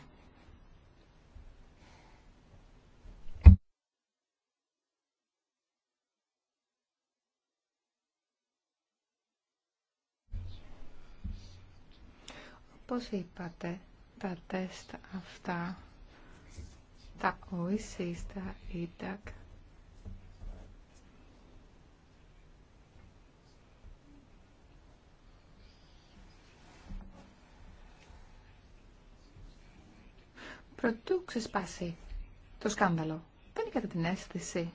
C: Όπως είπατε, τα τεστ αυτά, τα OEC, τα EDAC, Προτού ξεσπάσει το σκάνδαλο, δεν είχατε την αίσθηση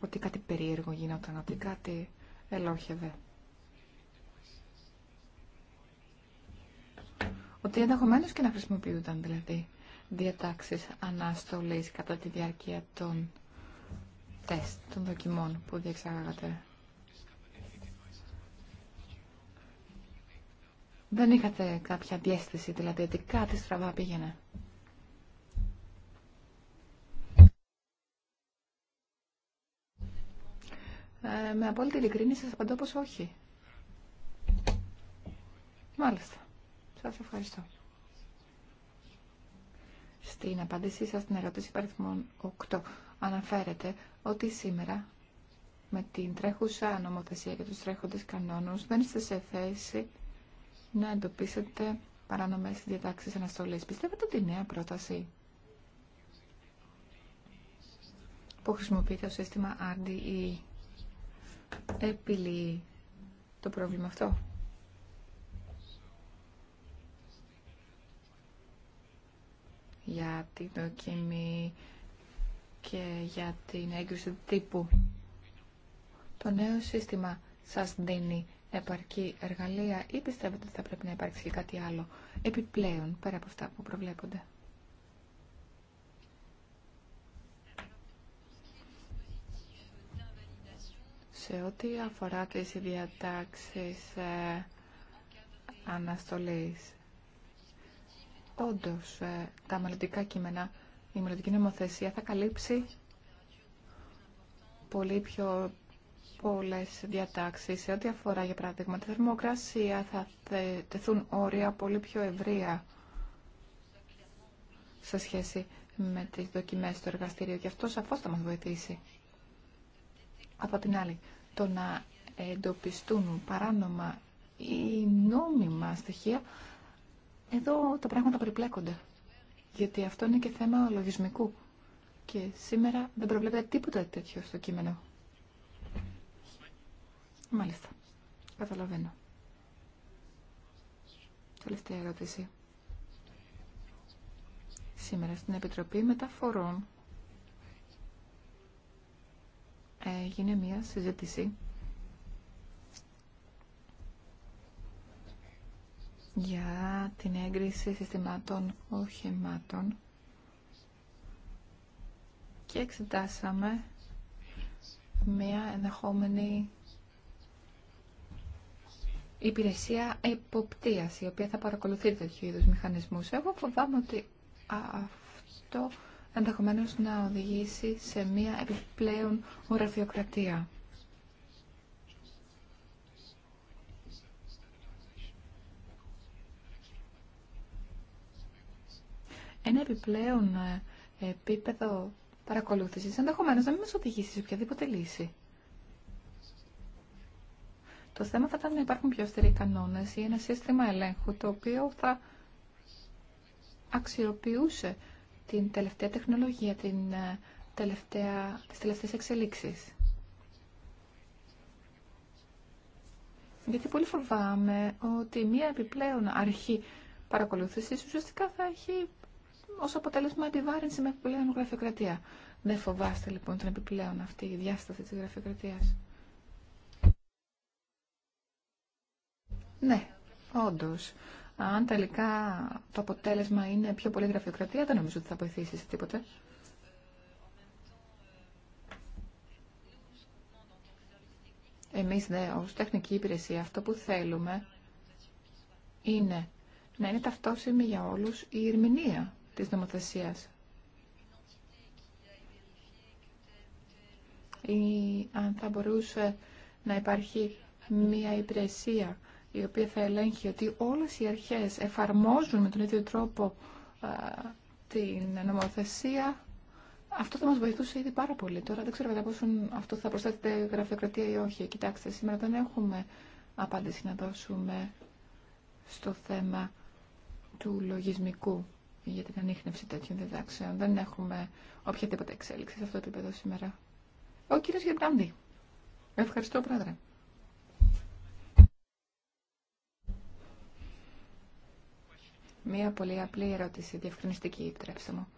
C: ότι κάτι περίεργο γινόταν, ότι κάτι ελόχευε. ότι ενδεχομένω και να χρησιμοποιούνταν δηλαδή διατάξει ανάστολη κατά τη διάρκεια των τεστ, των δοκιμών που διεξάγατε. Δεν είχατε κάποια διέστηση, δηλαδή ότι κάτι στραβά πήγαινε. Ε, με απόλυτη ειλικρίνη σας απαντώ πως όχι. Μάλιστα. Σας ευχαριστώ. Στην απάντησή σας στην ερώτηση παριθμών 8 αναφέρεται ότι σήμερα με την τρέχουσα νομοθεσία και τους τρέχοντες κανόνους δεν είστε σε θέση να εντοπίσετε παράνομες διατάξεις αναστολής. Πιστεύετε ότι η νέα πρόταση που χρησιμοποιείται το σύστημα RDE επιλύει το πρόβλημα αυτό. για την δοκιμή και για την έγκριση του τύπου. Το νέο σύστημα σας δίνει επαρκή εργαλεία ή πιστεύετε ότι θα πρέπει να υπάρξει κάτι άλλο επιπλέον πέρα από αυτά που προβλέπονται. Σε ό,τι αφορά τις διατάξεις ε, αναστολής όντως ε, τα μελλοντικά κείμενα, η μελλοντική νομοθεσία θα καλύψει πολύ πιο πολλές διατάξει Σε ό,τι αφορά, για παράδειγμα, τη θερμοκρασία θα τεθούν όρια πολύ πιο ευρεία σε σχέση με τις δοκιμές στο εργαστήριο και αυτό σαφώς θα μας βοηθήσει. Από την άλλη, το να εντοπιστούν παράνομα ή νόμιμα στοιχεία εδώ τα πράγματα περιπλέκονται. Γιατί αυτό είναι και θέμα λογισμικού. Και σήμερα δεν προβλέπεται τίποτα τέτοιο στο κείμενο. Μάλιστα. Καταλαβαίνω. Τελευταία ερώτηση. Σήμερα στην Επιτροπή Μεταφορών έγινε μία συζήτηση για την έγκριση συστημάτων οχημάτων και εξετάσαμε μια ενδεχόμενη υπηρεσία εποπτείας η οποία θα παρακολουθεί τέτοιου είδους μηχανισμούς. Εγώ φοβάμαι ότι αυτό ενδεχομένως να οδηγήσει σε μια επιπλέον ουραφιοκρατία. ένα επιπλέον ε, επίπεδο παρακολούθησης ενδεχομένω να μην μας οδηγήσει σε οποιαδήποτε λύση. Το θέμα θα ήταν να υπάρχουν πιο αυστηροί κανόνες ή ένα σύστημα ελέγχου το οποίο θα αξιοποιούσε την τελευταία τεχνολογία, την ε, τελευταία, τις τελευταίες εξελίξεις. Γιατί πολύ φοβάμαι ότι μία επιπλέον αρχή παρακολούθησης ουσιαστικά θα έχει Ω αποτέλεσμα επιβάρυνση με επιπλέον γραφειοκρατία. Δεν φοβάστε λοιπόν την επιπλέον αυτή η διάσταση τη γραφειοκρατίας. Ναι, όντω. Αν τελικά το αποτέλεσμα είναι πιο πολύ γραφειοκρατία, δεν νομίζω ότι θα βοηθήσει σε τίποτε. Εμείς ναι, ως τεχνική υπηρεσία, αυτό που θέλουμε είναι να είναι ταυτόσιμη για όλους η ερμηνεία της νομοθεσίας. Ή αν θα μπορούσε να υπάρχει μία υπηρεσία η οποία θα ελέγχει ότι όλες οι αρχές εφαρμόζουν με τον ίδιο τρόπο α, την νομοθεσία, αυτό θα μας βοηθούσε ήδη πάρα πολύ. Τώρα δεν ξέρω κατά πόσο αυτό θα προσθέτεται γραφειοκρατία ή όχι. Κοιτάξτε, σήμερα δεν έχουμε απάντηση να δώσουμε στο θέμα του λογισμικού για την ανείχνευση τέτοιων διδάξεων. Δεν έχουμε οποιαδήποτε εξέλιξη σε αυτό το επίπεδο σήμερα. Ο κύριο Γερμπράντη. Ευχαριστώ, πρόεδρε. Μία πολύ απλή ερώτηση, διευκρινιστική, επιτρέψτε μου.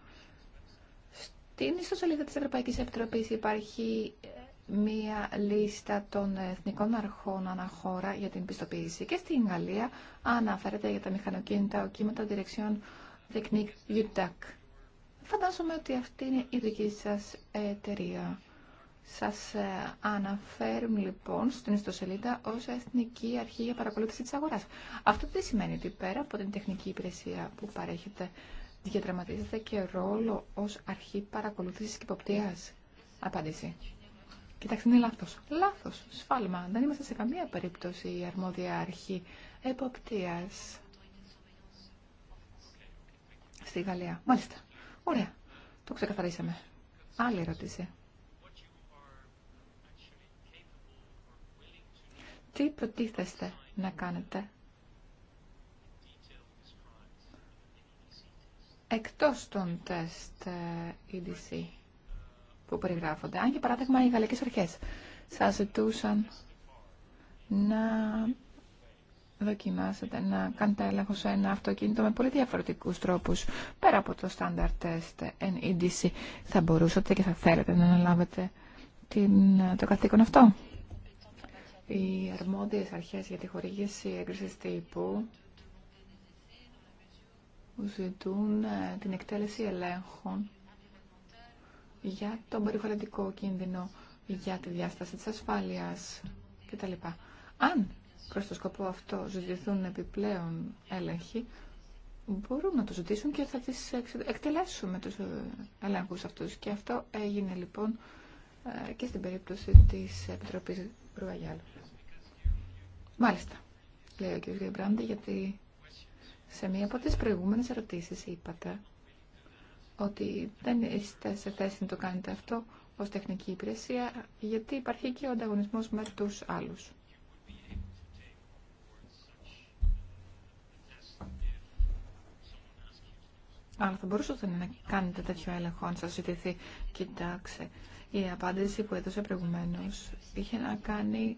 C: Στην ιστοσελίδα της Ευρωπαϊκής Επιτροπής υπάρχει ε, μία λίστα των εθνικών αρχών αναχώρα για την πιστοποίηση και στην Γαλλία αναφέρεται για τα μηχανοκίνητα οχήματα διρεξιών Technique UDAC. Φαντάζομαι ότι αυτή είναι η δική σας εταιρεία. Σας ε, αναφέρουν λοιπόν στην ιστοσελίδα ως Εθνική Αρχή για Παρακολούθηση της Αγοράς. Αυτό τι σημαίνει ότι πέρα από την τεχνική υπηρεσία που παρέχετε, διαδραματίζεται και ρόλο ως αρχή παρακολούθησης και υποπτίας. Απάντηση. Κοιτάξτε, είναι λάθος. Λάθος. Σφάλμα. Δεν είμαστε σε καμία περίπτωση η αρμόδια αρχή εποπτείας στη Γαλλία. Μάλιστα. Ωραία. Το ξεκαθαρίσαμε. Άλλη ερώτηση. Τι προτίθεστε να κάνετε εκτός των τεστ ε, EDC που περιγράφονται. Αν και παράδειγμα οι γαλλικές αρχές σας ζητούσαν να δοκιμάσετε να κάνετε έλεγχο σε ένα αυτοκίνητο με πολύ διαφορετικούς τρόπους πέρα από το standard test NEDC θα μπορούσατε και θα θέλετε να αναλάβετε την, το καθήκον αυτό. Οι αρμόδιες αρχές για τη χορήγηση έγκρισης τύπου ζητούν ε, την εκτέλεση ελέγχων για τον περιβαλλοντικό κίνδυνο, για τη διάσταση της ασφάλειας κτλ. Αν προς το σκοπό αυτό ζητηθούν επιπλέον έλεγχοι, μπορούν να το ζητήσουν και θα τις εκτελέσουμε τους ε, ελέγχους αυτούς. Και αυτό έγινε λοιπόν ε, και στην περίπτωση της Επιτροπής Ρουαγιάλου. Μάλιστα, λέει ο κ. Γεμπράντη, γιατί σε μία από τις προηγούμενες ερωτήσεις είπατε ότι δεν είστε σε θέση να το κάνετε αυτό ως τεχνική υπηρεσία, γιατί υπάρχει και ο ανταγωνισμός με τους άλλους. Αλλά θα μπορούσατε να κάνετε τέτοιο έλεγχο αν σας ζητηθεί. Κοιτάξτε, η απάντηση που έδωσε προηγουμένως είχε να κάνει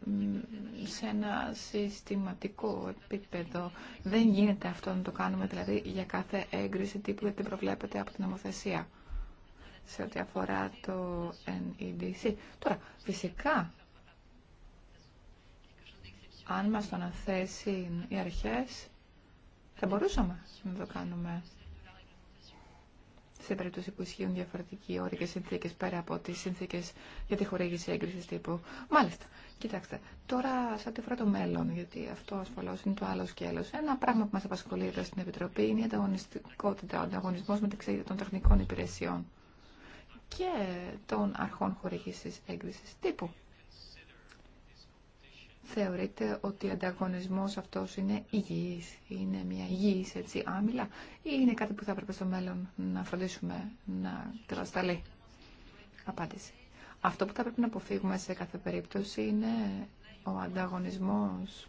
C: σε ένα συστηματικό επίπεδο. Δεν γίνεται αυτό να το κάνουμε δηλαδή για κάθε έγκριση τύπου γιατί προβλέπεται από την νομοθεσία σε ό,τι αφορά το NEDC. Τώρα, φυσικά, αν μας το αναθέσει οι αρχές, θα μπορούσαμε να το κάνουμε σε περίπτωση που ισχύουν διαφορετικοί όροι και συνθήκε πέρα από τι συνθήκε για τη χορήγηση έγκριση τύπου. Μάλιστα. Κοιτάξτε, τώρα σε ό,τι αφορά το μέλλον, γιατί αυτό ασφαλώ είναι το άλλο σκέλο. Ένα πράγμα που μα απασχολεί εδώ στην Επιτροπή είναι η ανταγωνιστικότητα, ο ανταγωνισμό μεταξύ των τεχνικών υπηρεσιών και των αρχών χορήγηση έγκριση τύπου θεωρείτε ότι ο ανταγωνισμός αυτός είναι υγιής, είναι μια υγιής έτσι άμυλα ή είναι κάτι που θα έπρεπε στο μέλλον να φροντίσουμε να κατασταλεί. Απάντηση. Αυτό που θα πρέπει να αποφύγουμε σε κάθε περίπτωση είναι ο ανταγωνισμός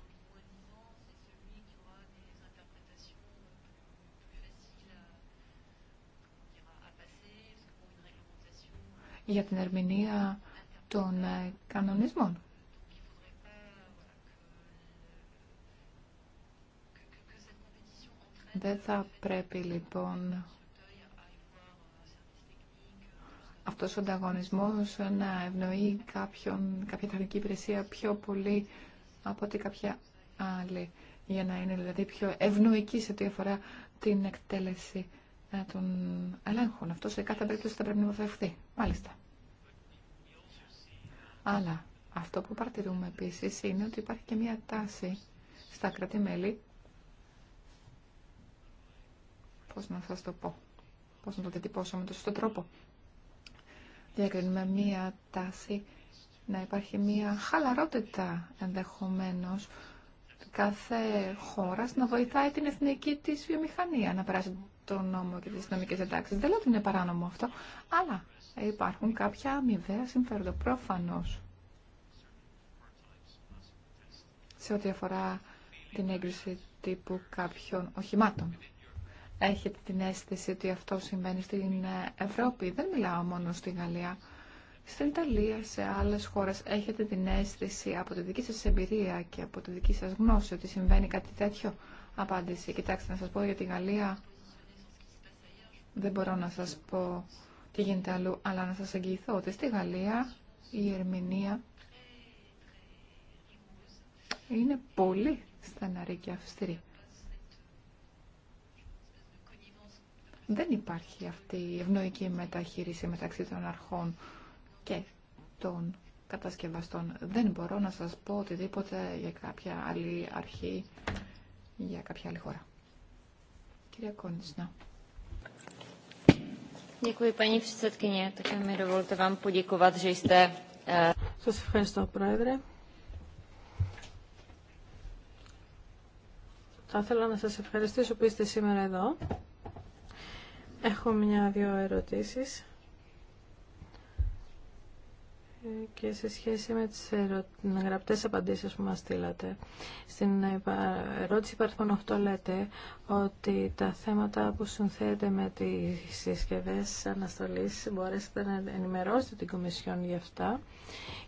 C: για την ερμηνεία των κανονισμών. Δεν θα πρέπει λοιπόν αυτός ο ανταγωνισμός να ευνοεί κάποιον, κάποια τεχνική υπηρεσία πιο πολύ από ότι κάποια άλλη, για να είναι δηλαδή πιο ευνοϊκή σε ό,τι αφορά την εκτέλεση ε, των ελέγχων. Αυτό σε κάθε περίπτωση θα πρέπει να Μάλιστα. Αλλά αυτό που παρατηρούμε επίσης είναι ότι υπάρχει και μια τάση στα κρατημέλη πώς να σας το πω, πώς να το διατυπώσω με τον σωστό τρόπο. Διακρίνουμε μία τάση να υπάρχει μία χαλαρότητα ενδεχομένως κάθε χώρα να βοηθάει την εθνική της βιομηχανία να περάσει τον νόμο και τις νομικές εντάξεις. Δεν λέω ότι είναι παράνομο αυτό, αλλά υπάρχουν κάποια αμοιβαία συμφέροντα προφανώς σε ό,τι αφορά την έγκριση τύπου κάποιων οχημάτων έχετε την αίσθηση ότι αυτό συμβαίνει στην Ευρώπη. Δεν μιλάω μόνο στη Γαλλία. Στην Ιταλία, σε άλλες χώρες, έχετε την αίσθηση από τη δική σας εμπειρία και από τη δική σας γνώση ότι συμβαίνει κάτι τέτοιο. Απάντηση. Κοιτάξτε, να σας πω για τη Γαλλία. Δεν μπορώ να σας πω τι γίνεται αλλού, αλλά να σας εγγυηθώ ότι στη Γαλλία η ερμηνεία είναι πολύ στεναρή και αυστηρή. δεν υπάρχει αυτή η ευνοϊκή μεταχείριση μεταξύ των αρχών και των κατασκευαστών. Δεν μπορώ να σας πω οτιδήποτε για κάποια άλλη αρχή, για κάποια άλλη χώρα. Κυρία Κόνισνα.
A: Eh, σας ευχαριστώ, Πρόεδρε. Θα ήθελα να σας ευχαριστήσω που είστε σήμερα εδώ. Έχω μια-δυο ερωτήσεις ε, και σε σχέση με τις ερω... γραπτές απαντήσεις που μας στείλατε. Στην ερώτηση υπάρχουν 8 λέτε ότι τα θέματα που συνθέεται με τις συσκευές αναστολής μπορέσατε να ενημερώσετε την Κομισιόν για αυτά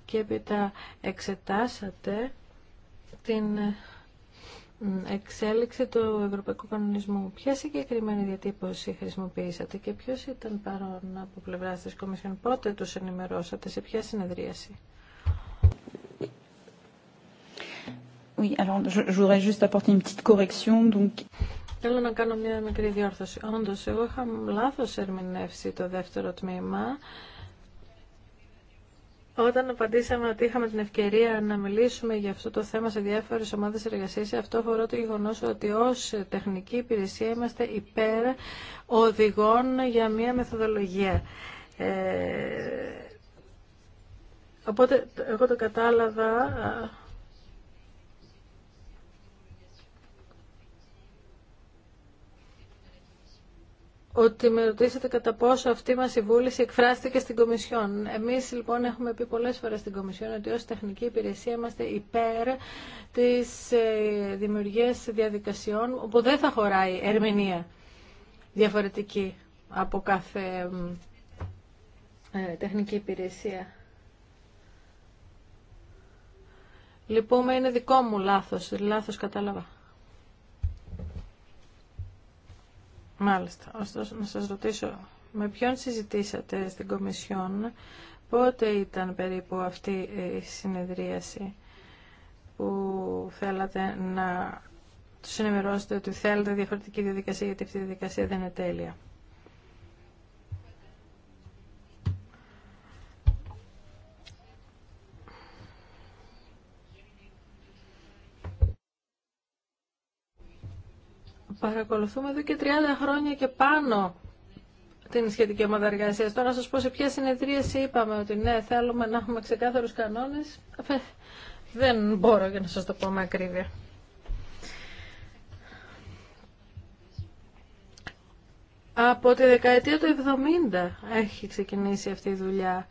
A: και έπειτα εξετάσατε την εξέλιξη του Ευρωπαϊκού Κανονισμού. Ποια συγκεκριμένη διατύπωση χρησιμοποιήσατε και ποιο ήταν παρόν από πλευρά τη Κομισιόν, πότε του ενημερώσατε, σε ποια συνεδρίαση.
C: Oui, alors je, voudrais juste apporter une petite correction. Donc...
A: Θέλω να κάνω μια μικρή διόρθωση. Όντω, εγώ είχα λάθο ερμηνεύσει το δεύτερο τμήμα. Όταν απαντήσαμε ότι είχαμε την ευκαιρία να μιλήσουμε για αυτό το θέμα σε διάφορε ομάδε εργασία, αυτό αφορά το γεγονό ότι ω τεχνική υπηρεσία είμαστε υπέρ οδηγών για μια μεθοδολογία. Ε, οπότε εγώ το κατάλαβα ότι με ρωτήσατε κατά πόσο αυτή μας η βούληση εκφράστηκε στην Κομισιόν. Εμείς λοιπόν έχουμε πει πολλές φορές στην Κομισιόν ότι ως τεχνική υπηρεσία είμαστε υπέρ της ε, δημιουργίας διαδικασιών όπου δεν θα χωράει ερμηνεία διαφορετική από κάθε ε, τεχνική υπηρεσία. Λυπούμε, είναι δικό μου λάθος, λάθος κατάλαβα. Μάλιστα. Ωστόσο, να σας ρωτήσω, με ποιον συζητήσατε στην Κομισιόν, πότε ήταν περίπου αυτή η συνεδρίαση που θέλατε να τους ενημερώσετε ότι θέλετε διαφορετική διαδικασία, γιατί αυτή η διαδικασία δεν είναι τέλεια. Παρακολουθούμε εδώ και 30 χρόνια και πάνω την σχετική ομάδα εργασία. Τώρα να σα πω σε ποια συνεδρία είπαμε ότι ναι, θέλουμε να έχουμε ξεκάθαρου κανόνε. Δεν μπορώ για να σα το πω με ακρίβεια. Από τη δεκαετία του 70 έχει ξεκινήσει αυτή η δουλειά.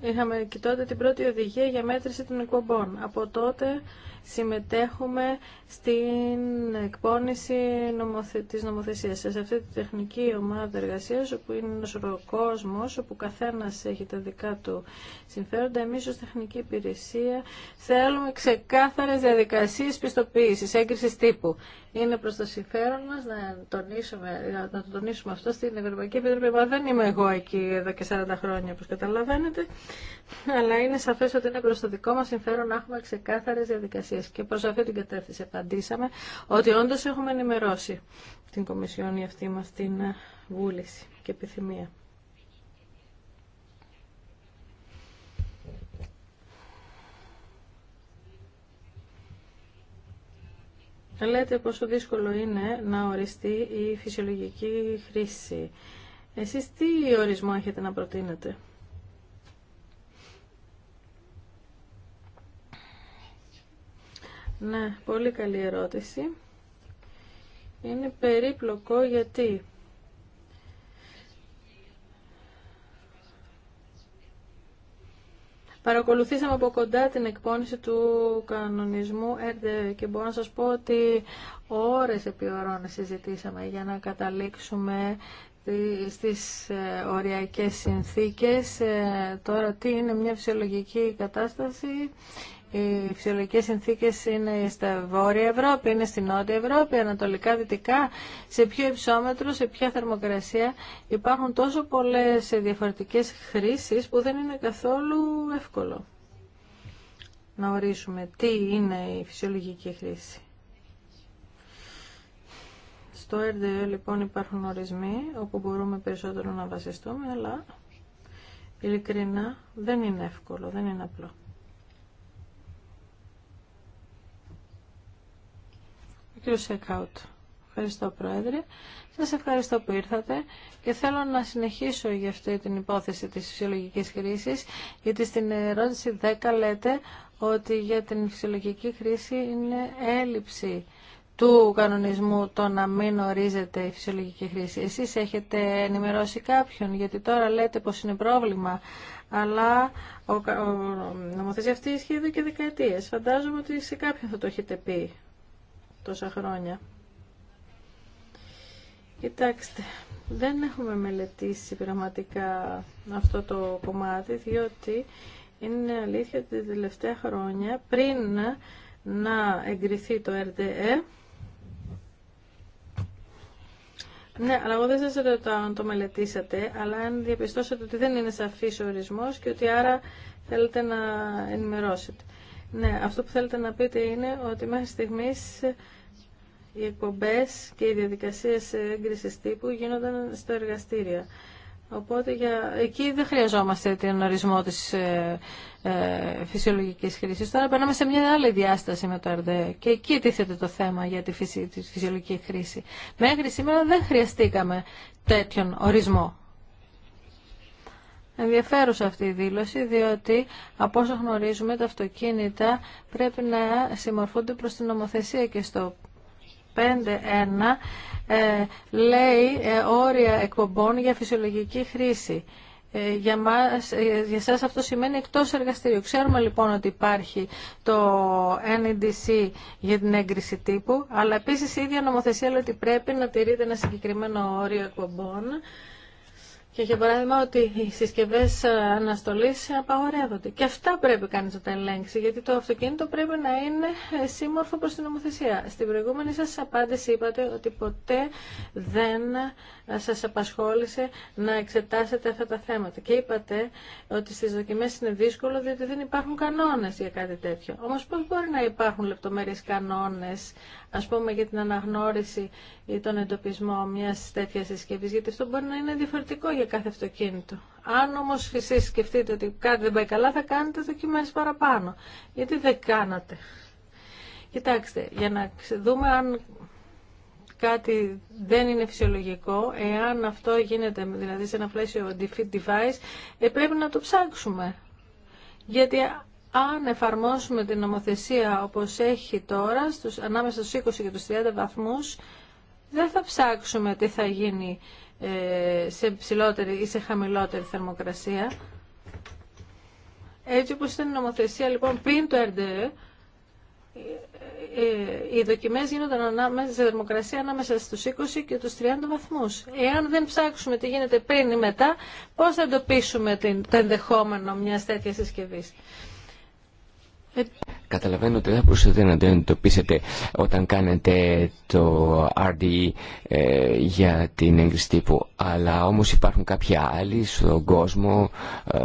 A: Είχαμε και τότε την πρώτη οδηγία για μέτρηση των εκπομπών. Από τότε συμμετέχουμε στην εκπόνηση νομοθε... της νομοθεσίας. Σε αυτή τη τεχνική ομάδα εργασίας, όπου είναι ένας κόσμος, όπου καθένας έχει τα δικά του συμφέροντα, εμείς ως τεχνική υπηρεσία θέλουμε ξεκάθαρες διαδικασίες πιστοποίησης, έγκρισης τύπου. Είναι προς το συμφέρον μας να, τονίσουμε, να το τονίσουμε αυτό στην Ευρωπαϊκή Επιτροπή. Μα δεν είμαι εγώ εκεί εδώ και 40 χρόνια, όπως καταλαβαίνετε, αλλά είναι σαφές ότι είναι προς το δικό μας συμφέρον να έχουμε ξεκάθαρες διαδικασίες και προ αυτή την κατεύθυνση απαντήσαμε ότι όντω έχουμε ενημερώσει την Κομισιόν για αυτή μας την ε, βούληση και επιθυμία. Λέτε πόσο δύσκολο είναι να οριστεί η φυσιολογική χρήση. Εσείς τι ορισμό έχετε να προτείνετε. Ναι, πολύ καλή ερώτηση. Είναι περίπλοκο γιατί Παρακολουθήσαμε από κοντά την εκπόνηση του κανονισμού ΕΡΔΕ και μπορώ να σας πω ότι ώρες επί ώρων συζητήσαμε για να καταλήξουμε στις ε, οριακές συνθήκες. Ε, τώρα τι είναι μια φυσιολογική κατάσταση οι φυσιολογικές συνθήκες είναι στα Βόρεια Ευρώπη, είναι στη Νότια Ευρώπη, ανατολικά, δυτικά, σε ποιο υψόμετρο, σε ποια θερμοκρασία. Υπάρχουν τόσο πολλές διαφορετικές χρήσεις που δεν είναι καθόλου εύκολο να ορίσουμε τι είναι η φυσιολογική χρήση. Στο RDE λοιπόν υπάρχουν ορισμοί όπου μπορούμε περισσότερο να βασιστούμε, αλλά ειλικρινά δεν είναι εύκολο, δεν είναι απλό. Ευχαριστώ Πρόεδρε. Σας ευχαριστώ που ήρθατε και θέλω να συνεχίσω για αυτή την υπόθεση της φυσιολογικής χρήσης γιατί στην ερώτηση 10 λέτε ότι για την φυσιολογική χρήση είναι έλλειψη του κανονισμού το να μην ορίζεται η φυσιολογική χρήση. Εσείς έχετε ενημερώσει κάποιον, γιατί τώρα λέτε πως είναι πρόβλημα, αλλά ο, ο, ο νομοθεσία αυτή ισχύει εδώ και δεκαετίες. Φαντάζομαι ότι σε κάποιον θα το έχετε πει τόσα χρόνια. Κοιτάξτε, δεν έχουμε μελετήσει πραγματικά αυτό το κομμάτι, διότι είναι αλήθεια ότι τα τελευταία χρόνια πριν να εγκριθεί το RDE, ναι, αλλά εγώ δεν σας ρωτάω αν το μελετήσατε, αλλά αν διαπιστώσατε ότι δεν είναι σαφής ο ορισμός και ότι άρα θέλετε να ενημερώσετε. Ναι, αυτό που θέλετε να πείτε είναι ότι μέχρι στιγμής οι εκπομπές και οι διαδικασίες έγκρισης τύπου γίνονταν στα εργαστήρια. Οπότε για... εκεί δεν χρειαζόμαστε τον ορισμό της ε, ε, φυσιολογικής χρήσης. Τώρα περνάμε σε μια άλλη διάσταση με το ΑΡΔΕ και εκεί τίθεται το θέμα για τη, φυσι... τη φυσιολογική χρήση. Μέχρι σήμερα δεν χρειαστήκαμε τέτοιον ορισμό. Ενδιαφέρουσα αυτή η δήλωση, διότι από όσο γνωρίζουμε τα αυτοκίνητα πρέπει να συμμορφούνται προς την νομοθεσία και στο ε, λέει ε, όρια εκπομπών για φυσιολογική χρήση. Ε, για, μας, για σας αυτό σημαίνει εκτός εργαστηρίου. Ξέρουμε λοιπόν ότι υπάρχει το NDC για την έγκριση τύπου, αλλά επίσης η ίδια νομοθεσία λέει ότι πρέπει να τηρείται ένα συγκεκριμένο όριο εκπομπών και για παράδειγμα ότι οι συσκευέ αναστολή απαγορεύονται. Και αυτά πρέπει κανεί να τα ελέγξει, γιατί το αυτοκίνητο πρέπει να είναι σύμμορφο προ την νομοθεσία. Στην προηγούμενη σα απάντηση είπατε ότι ποτέ δεν σα απασχόλησε να εξετάσετε αυτά τα θέματα. Και είπατε ότι στι δοκιμέ είναι δύσκολο διότι δεν υπάρχουν κανόνε για κάτι τέτοιο. Όμω πώ μπορεί να υπάρχουν λεπτομέρειε κανόνε, α πούμε για την αναγνώριση ή τον εντοπισμό μιας τέτοια συσκευή, γιατί αυτό μπορεί να είναι διαφορετικό κάθε αυτοκίνητο. Αν όμω εσεί σκεφτείτε ότι κάτι δεν πάει καλά, θα κάνετε δοκιμέ παραπάνω. Γιατί δεν κάνατε. Κοιτάξτε, για να δούμε αν κάτι δεν είναι φυσιολογικό, εάν αυτό γίνεται δηλαδή σε ένα πλαίσιο defeat device, ε, πρέπει να το ψάξουμε. Γιατί αν εφαρμόσουμε την νομοθεσία όπως έχει τώρα, στους, ανάμεσα στους 20 και τους 30 βαθμούς, δεν θα ψάξουμε τι θα γίνει ε, σε ψηλότερη ή σε χαμηλότερη θερμοκρασία. Έτσι όπως ήταν η νομοθεσία λοιπόν πριν το RDE, ε, ε, οι δοκιμές γίνονταν ανάμεσα σε θερμοκρασία ανάμεσα στους 20 και τους 30 βαθμούς. Εάν δεν ψάξουμε τι γίνεται πριν ή μετά, πώς θα εντοπίσουμε την, το ενδεχόμενο μιας τέτοιας συσκευής.
B: Καταλαβαίνω ότι δεν θα μπορούσατε να το εντοπίσετε όταν κάνετε το RDE ε, για την έγκριση τύπου, αλλά όμως υπάρχουν κάποιοι άλλοι στον κόσμο ε,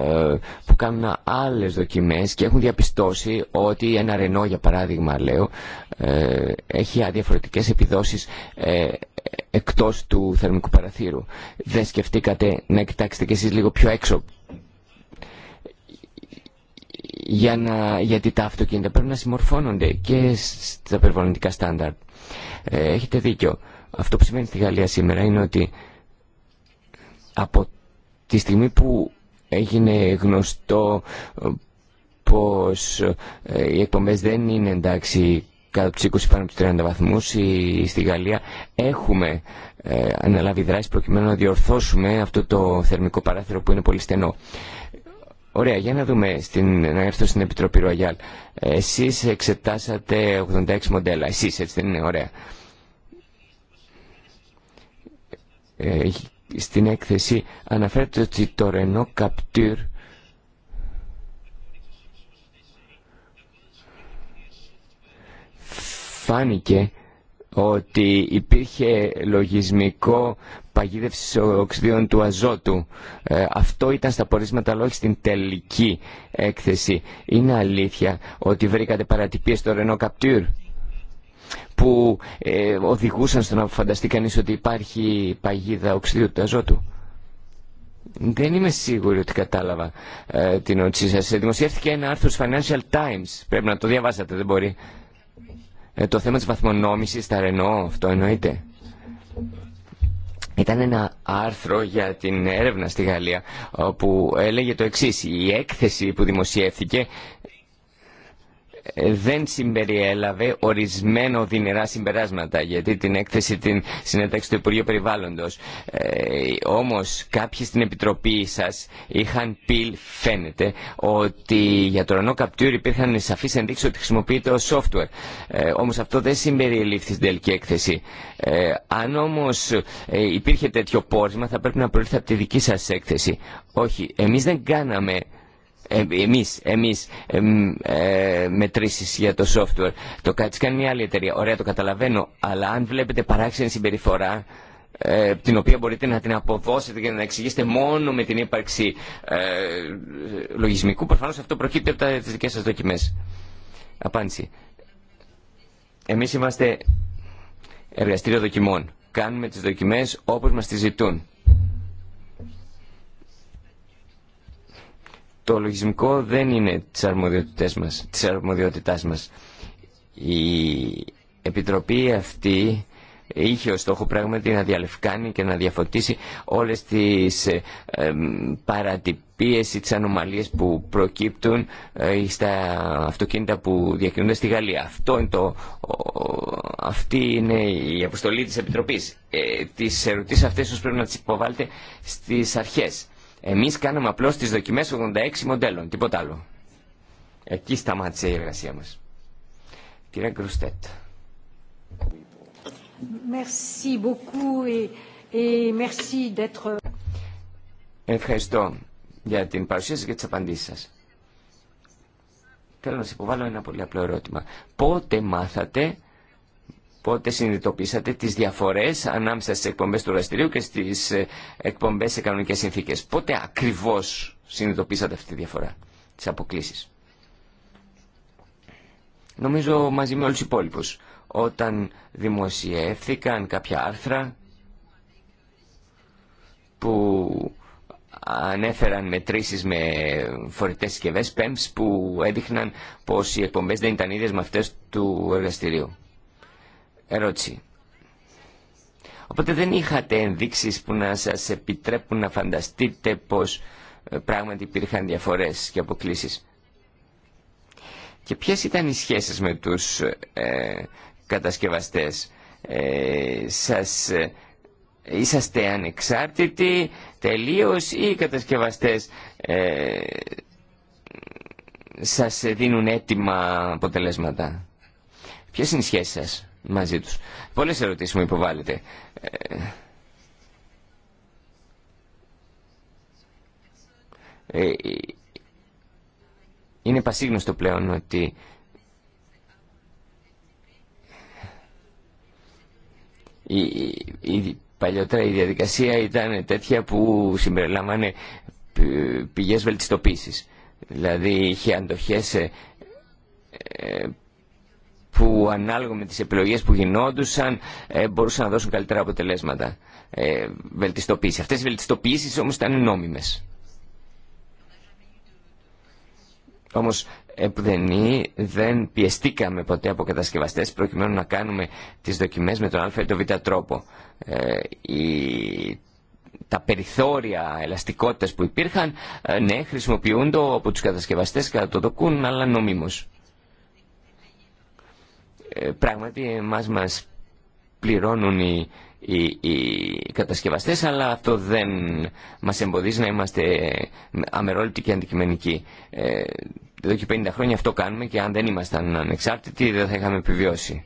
B: που κάνουν άλλες δοκιμές και έχουν διαπιστώσει ότι ένα ρενό, για παράδειγμα λέω, ε, έχει αδιαφορετικές επιδόσεις εκτός του θερμικού παραθύρου. Δεν σκεφτήκατε να κοιτάξετε κι εσείς λίγο πιο έξω για να, γιατί τα αυτοκίνητα πρέπει να συμμορφώνονται και στα περιβαλλοντικά στάνταρτ. Ε, έχετε δίκιο. Αυτό που σημαίνει στη Γαλλία σήμερα είναι ότι από τη στιγμή που έγινε γνωστό ε, πως ε, οι εκπομπές δεν είναι εντάξει κάτω από 20 πάνω από 30 βαθμούς στη Γαλλία έχουμε αναλάβει δράση προκειμένου να διορθώσουμε αυτό το θερμικό παράθυρο που είναι πολύ στενό. Ωραία, για να δούμε, στην, να έρθω στην Επιτροπή Ρογιάλ. Εσείς εξετάσατε 86 μοντέλα, εσείς έτσι δεν είναι, ωραία. Ε, στην έκθεση αναφέρεται ότι το Renault Captur φάνηκε ότι υπήρχε λογισμικό παγίδευση οξυδίων του αζότου. Ε, αυτό ήταν στα πορίσματα, αλλά όχι στην τελική έκθεση. Είναι αλήθεια ότι βρήκατε παρατυπίες στο Renault Capture που ε, οδηγούσαν στο να φανταστεί κανείς ότι υπάρχει παγίδα οξυδίου του αζότου. Δεν είμαι σίγουρη ότι κατάλαβα ε, την οτσή σας. Ε, δημοσιεύτηκε ένα άρθρο στο Financial Times. Πρέπει να το διαβάσατε, δεν μπορεί. το θέμα της βαθμονόμησης στα Renault, αυτό εννοείται. Ήταν ένα άρθρο για την έρευνα στη Γαλλία όπου έλεγε το εξής. Η έκθεση που δημοσιεύθηκε ε, δεν συμπεριέλαβε ορισμένο δυνερά συμπεράσματα γιατί την έκθεση την συνέταξε το Υπουργείο Περιβάλλοντος. Ε, όμως κάποιοι στην Επιτροπή σας είχαν πει φαίνεται ότι για το Renault Καπτύρι υπήρχαν σαφείς ενδείξεις ότι χρησιμοποιείται ως software. Ε, όμως αυτό δεν συμπεριελήφθη στην τελική έκθεση. Ε, αν όμως ε, υπήρχε τέτοιο πόρισμα θα πρέπει να προήλθε από τη δική σας έκθεση. Όχι, εμείς δεν κάναμε ε, εμείς, εμείς ε, μετρήσεις για το software. Το κάτι κάνει μια άλλη εταιρεία. Ωραία, το καταλαβαίνω. Αλλά αν βλέπετε παράξενη συμπεριφορά, ε, την οποία μπορείτε να την αποδώσετε και να την εξηγήσετε μόνο με την ύπαρξη ε, λογισμικού, προφανώς αυτό προκύπτει από τις δικές σας δοκιμές. Απάντηση. Εμείς είμαστε εργαστήριο δοκιμών. Κάνουμε τις δοκιμές όπως μας τις ζητούν. το λογισμικό δεν είναι της αρμοδιότητάς μας. Της αρμοδιότητάς μας. Η Επιτροπή αυτή είχε ως στόχο πράγματι να διαλευκάνει και να διαφωτίσει όλες τις ε, παρατυπίες ή τις ανομαλίες που προκύπτουν ε, στα αυτοκίνητα που διακινούνται στη Γαλλία. Αυτό είναι το, αυτή είναι η αποστολή της Επιτροπής. Ε, τις ερωτήσεις αυτές πρέπει να τις υποβάλλετε στις αρχές. Εμείς κάναμε απλώς τις δοκιμές 86 μοντέλων, τίποτα άλλο. Εκεί σταμάτησε η εργασία μας. Κυρία Γκρουστέτ. Ευχαριστώ για την παρουσία σας και τις απαντήσεις σας. Θέλω να σας υποβάλω ένα πολύ απλό ερώτημα. Πότε μάθατε πότε συνειδητοποίησατε τις διαφορές ανάμεσα στις εκπομπές του εργαστηρίου και στις ε, εκπομπές σε κανονικές συνθήκες. Πότε ακριβώς συνειδητοποίησατε αυτή τη διαφορά, τις αποκλήσεις. Νομίζω μαζί με όλους τους υπόλοιπους. Όταν δημοσιεύθηκαν κάποια άρθρα που ανέφεραν μετρήσεις με φορητές συσκευές, PEMS, που έδειχναν πως οι εκπομπές δεν ήταν ίδιες με αυτές του εργαστηρίου ερώτηση. Οπότε δεν είχατε ενδείξεις που να σας επιτρέπουν να φανταστείτε πως ε, πράγματι υπήρχαν διαφορές και αποκλήσεις. Και ποιες ήταν οι σχέσεις με τους ε, κατασκευαστές. Ε, σας, ε, είσαστε ανεξάρτητοι τελείως ή οι κατασκευαστές ε, σας δίνουν έτοιμα αποτελέσματα. Ποιες είναι οι σχέσεις σας μαζί τους. Πολλές ερωτήσεις μου υποβάλλετε. Ε, ε, είναι πασίγνωστο πλέον ότι η, η, παλιότερα η διαδικασία ήταν τέτοια που συμπεριλάμβανε πηγές βελτιστοποίησης. Δηλαδή είχε αντοχές ε, που ανάλογα με τις επιλογές που γινόντουσαν ε, μπορούσαν να δώσουν καλύτερα αποτελέσματα. Ε, βελτιστοποίηση. Αυτές οι βελτιστοποιήσεις όμως ήταν νόμιμες. Όμως επουδενή δεν πιεστήκαμε ποτέ από κατασκευαστές προκειμένου να κάνουμε τις δοκιμές με τον α ή τον β τρόπο. Ε, η, τα περιθώρια ελαστικότητας που υπήρχαν, ε, ναι, χρησιμοποιούνται από τους κατασκευαστές κατά το δοκούν, αλλά νομίμως. Ε, πράγματι μας μας πληρώνουν οι, οι, κατασκευαστές αλλά αυτό δεν μας εμποδίζει να είμαστε αμερόληπτοι και αντικειμενικοί. Ε, εδώ και 50 χρόνια αυτό κάνουμε και αν δεν ήμασταν ανεξάρτητοι δεν θα είχαμε επιβιώσει.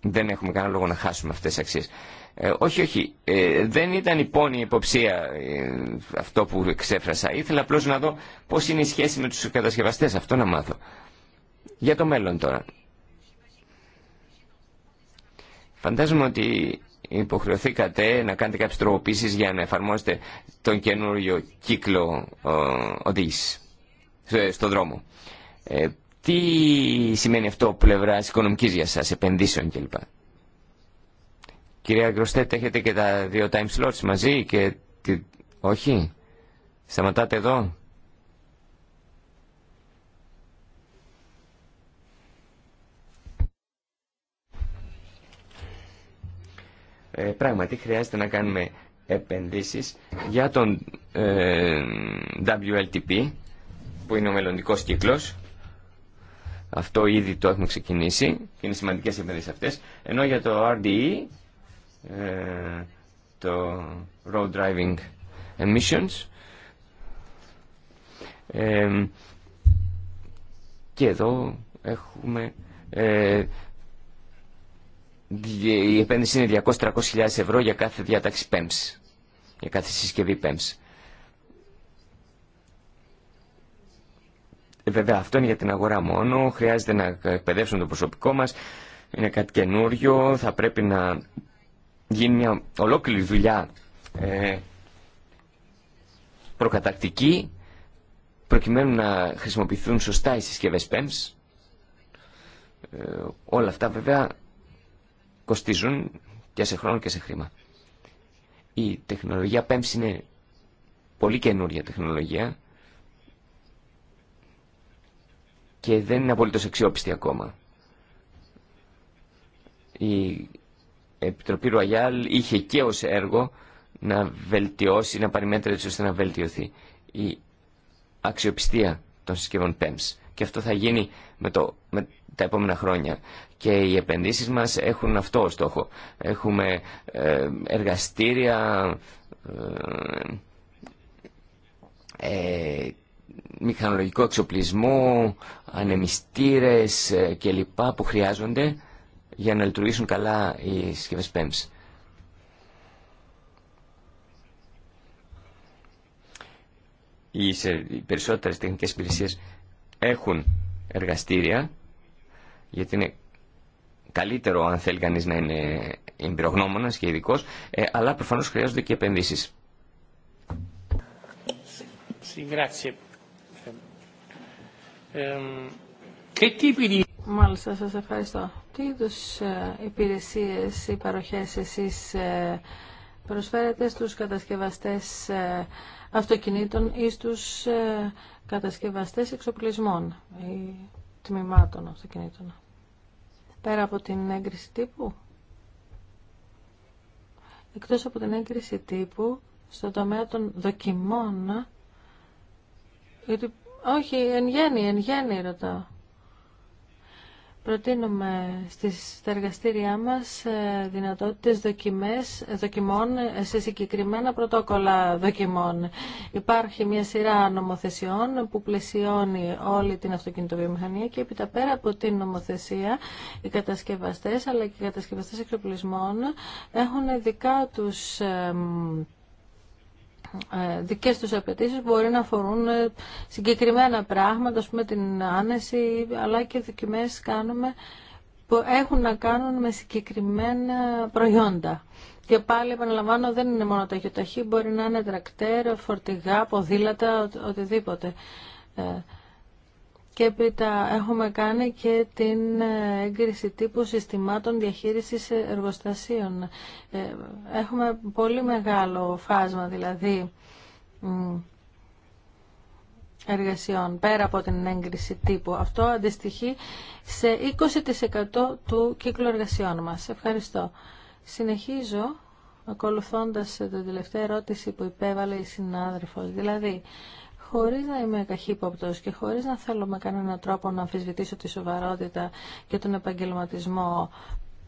B: Δεν έχουμε κανένα λόγο να χάσουμε αυτές τις αξίες. Ε, όχι, όχι. Ε, δεν ήταν η πόνη υποψία αυτό που εξέφρασα. Ήθελα απλώς να δω πώς είναι η σχέση με τους κατασκευαστές. Αυτό να μάθω. Για το μέλλον τώρα. Φαντάζομαι ότι υποχρεωθήκατε να κάνετε κάποιες τροποποίησεις για να εφαρμόσετε τον καινούριο κύκλο ε, οδήγηση ε, στον δρόμο. Ε, τι σημαίνει αυτό πλευρά οικονομικής για σας, επενδύσεων κλπ. Κυρία Γκροστέτ, έχετε και τα δύο time slots μαζί και... Όχι. Σταματάτε εδώ. Ε, πράγματι χρειάζεται να κάνουμε επενδύσεις για τον ε, WLTP που είναι ο μελλοντικό κύκλος αυτό ήδη το έχουμε ξεκινήσει και είναι σημαντικές επενδύσεις αυτές ενώ για το RDE ε, το Road Driving Emissions και εδώ έχουμε η επένδυση είναι 200-300 ευρώ για κάθε διάταξη PEMS, για κάθε συσκευή PEMS. Ε, βέβαια αυτό είναι για την αγορά μόνο, χρειάζεται να εκπαιδεύσουμε το προσωπικό μας, είναι κάτι καινούριο, θα πρέπει να γίνει μια ολόκληρη δουλειά ε, προκατακτική, προκειμένου να χρησιμοποιηθούν σωστά οι συσκευές PEMS. Ε, όλα αυτά βέβαια κοστίζουν και σε χρόνο και σε χρήμα. Η τεχνολογία PEMS είναι πολύ καινούρια τεχνολογία και δεν είναι απολύτως αξιόπιστη ακόμα. Η Επιτροπή Ρουαγιάλ είχε και ως έργο να βελτιώσει, να πάρει μέτρα ώστε να βελτιωθεί η αξιοπιστία των συσκευών PEMS. Και αυτό θα γίνει με, το, με τα επόμενα χρόνια. Και οι επενδύσεις μας έχουν αυτό ως στόχο. Έχουμε ε, εργαστήρια, ε, ε, μηχανολογικό εξοπλισμό, ανεμιστήρες κλπ. που χρειάζονται για να λειτουργήσουν καλά οι συσκευές PEMS. Οι περισσότερες τεχνικές υπηρεσίες έχουν εργαστήρια γιατί είναι καλύτερο αν θέλει κανείς να είναι εμπειρογνώμονας και ειδικό, ε, αλλά προφανώς χρειάζονται και επενδύσεις.
D: Ehm,
A: Μάλιστα, σας ευχαριστώ. Τι είδου ε, υπηρεσίες ή παροχές εσείς ε, προσφέρετε στους κατασκευαστές αυτοκινήτων ή στους κατασκευαστές εξοπλισμών τμήματων αυτοκινήτων. Πέρα από την έγκριση τύπου. Εκτός από την έγκριση τύπου, στο τομέα των δοκιμών, γιατί, όχι, εν γέννη, εν γέννη ρωτάω προτείνουμε στις, στα εργαστήριά μας ε, δυνατότητες δοκιμές, ε, δοκιμών ε, σε συγκεκριμένα πρωτόκολλα δοκιμών. Υπάρχει μια σειρά νομοθεσιών που πλαισιώνει όλη την αυτοκινητοβιομηχανία και τα πέρα από την νομοθεσία οι κατασκευαστές αλλά και οι κατασκευαστές εξοπλισμών έχουν δικά τους ε, δικές τους απαιτήσεις μπορεί να αφορούν ε, συγκεκριμένα πράγματα, ας πούμε την άνεση, αλλά και δοκιμές κάνουμε που έχουν να κάνουν με συγκεκριμένα προϊόντα. Και πάλι επαναλαμβάνω δεν είναι μόνο ταχυοταχή, μπορεί να είναι τρακτέρ, φορτηγά, ποδήλατα, οτιδήποτε. Ε, και έπειτα έχουμε κάνει και την ε, έγκριση τύπου συστημάτων διαχείρισης εργοστασίων. Ε, έχουμε πολύ μεγάλο φάσμα δηλαδή εργασιών πέρα από την έγκριση τύπου. Αυτό αντιστοιχεί σε 20% του κύκλου εργασιών μας. Ευχαριστώ. Συνεχίζω ακολουθώντας την τελευταία ερώτηση που υπέβαλε η συνάδελφος. Δηλαδή, χωρίς να είμαι καχύποπτος και χωρίς να θέλω με κανέναν τρόπο να αμφισβητήσω τη σοβαρότητα και τον επαγγελματισμό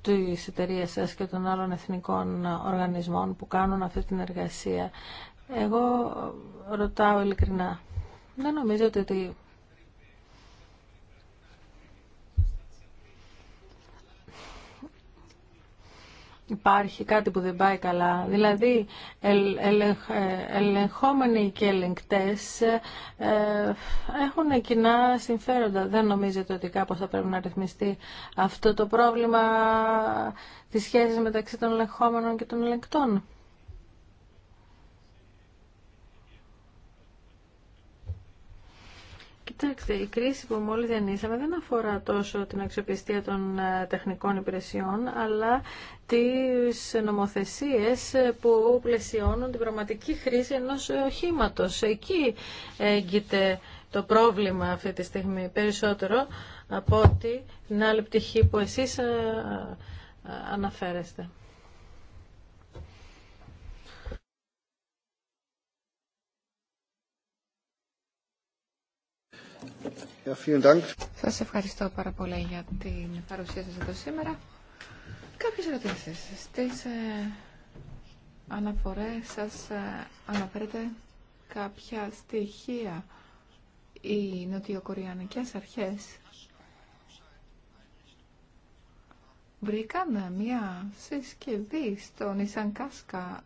A: τη εταιρεία σα και των άλλων εθνικών οργανισμών που κάνουν αυτή την εργασία. Εγώ ρωτάω ειλικρινά. Δεν νομίζω ότι υπάρχει κάτι που δεν πάει καλά. Δηλαδή, ε, ελεγχόμενοι και ελεγκτές ε, έχουν κοινά συμφέροντα. Δεν νομίζετε ότι κάπως θα πρέπει να ρυθμιστεί αυτό το πρόβλημα της σχέσης μεταξύ των ελεγχόμενων και των ελεγκτών. Κοιτάξτε, η κρίση που μόλις διανύσαμε δεν αφορά τόσο την αξιοπιστία των ε, τεχνικών υπηρεσιών, αλλά τις νομοθεσίες που πλαισιώνουν την πραγματική χρήση ενός οχήματο. Εκεί έγκυται το πρόβλημα αυτή τη στιγμή περισσότερο από ότι την άλλη πτυχή που εσείς ε, ε, αναφέρεστε.
C: Σας ευχαριστώ πάρα πολύ για την παρουσία σας εδώ σήμερα. Κάποιες ερωτήσεις. Στις ε, αναφορές σας ε, αναφέρετε κάποια στοιχεία. Οι νοτιοκοριανικές αρχές βρήκαν μια συσκευή στον Ισανκάσκα.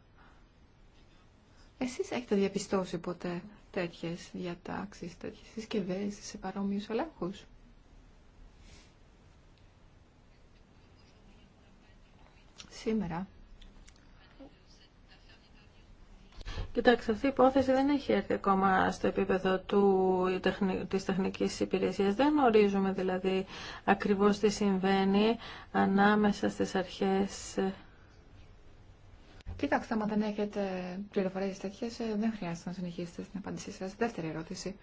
C: Εσείς έχετε διαπιστώσει ποτέ τέτοιες διατάξεις, τέτοιες συσκευέ σε παρόμοιους ελέγχους. Σήμερα.
A: Κοιτάξτε, αυτή η υπόθεση δεν έχει έρθει ακόμα στο επίπεδο του, της τεχνικής υπηρεσίας. Δεν γνωρίζουμε δηλαδή ακριβώς τι συμβαίνει ανάμεσα στις αρχές
C: Κοιτάξτε, άμα δεν έχετε πληροφορίε τέτοιε, ε, δεν χρειάζεται να συνεχίσετε στην απάντησή σα. Δεύτερη ερώτηση.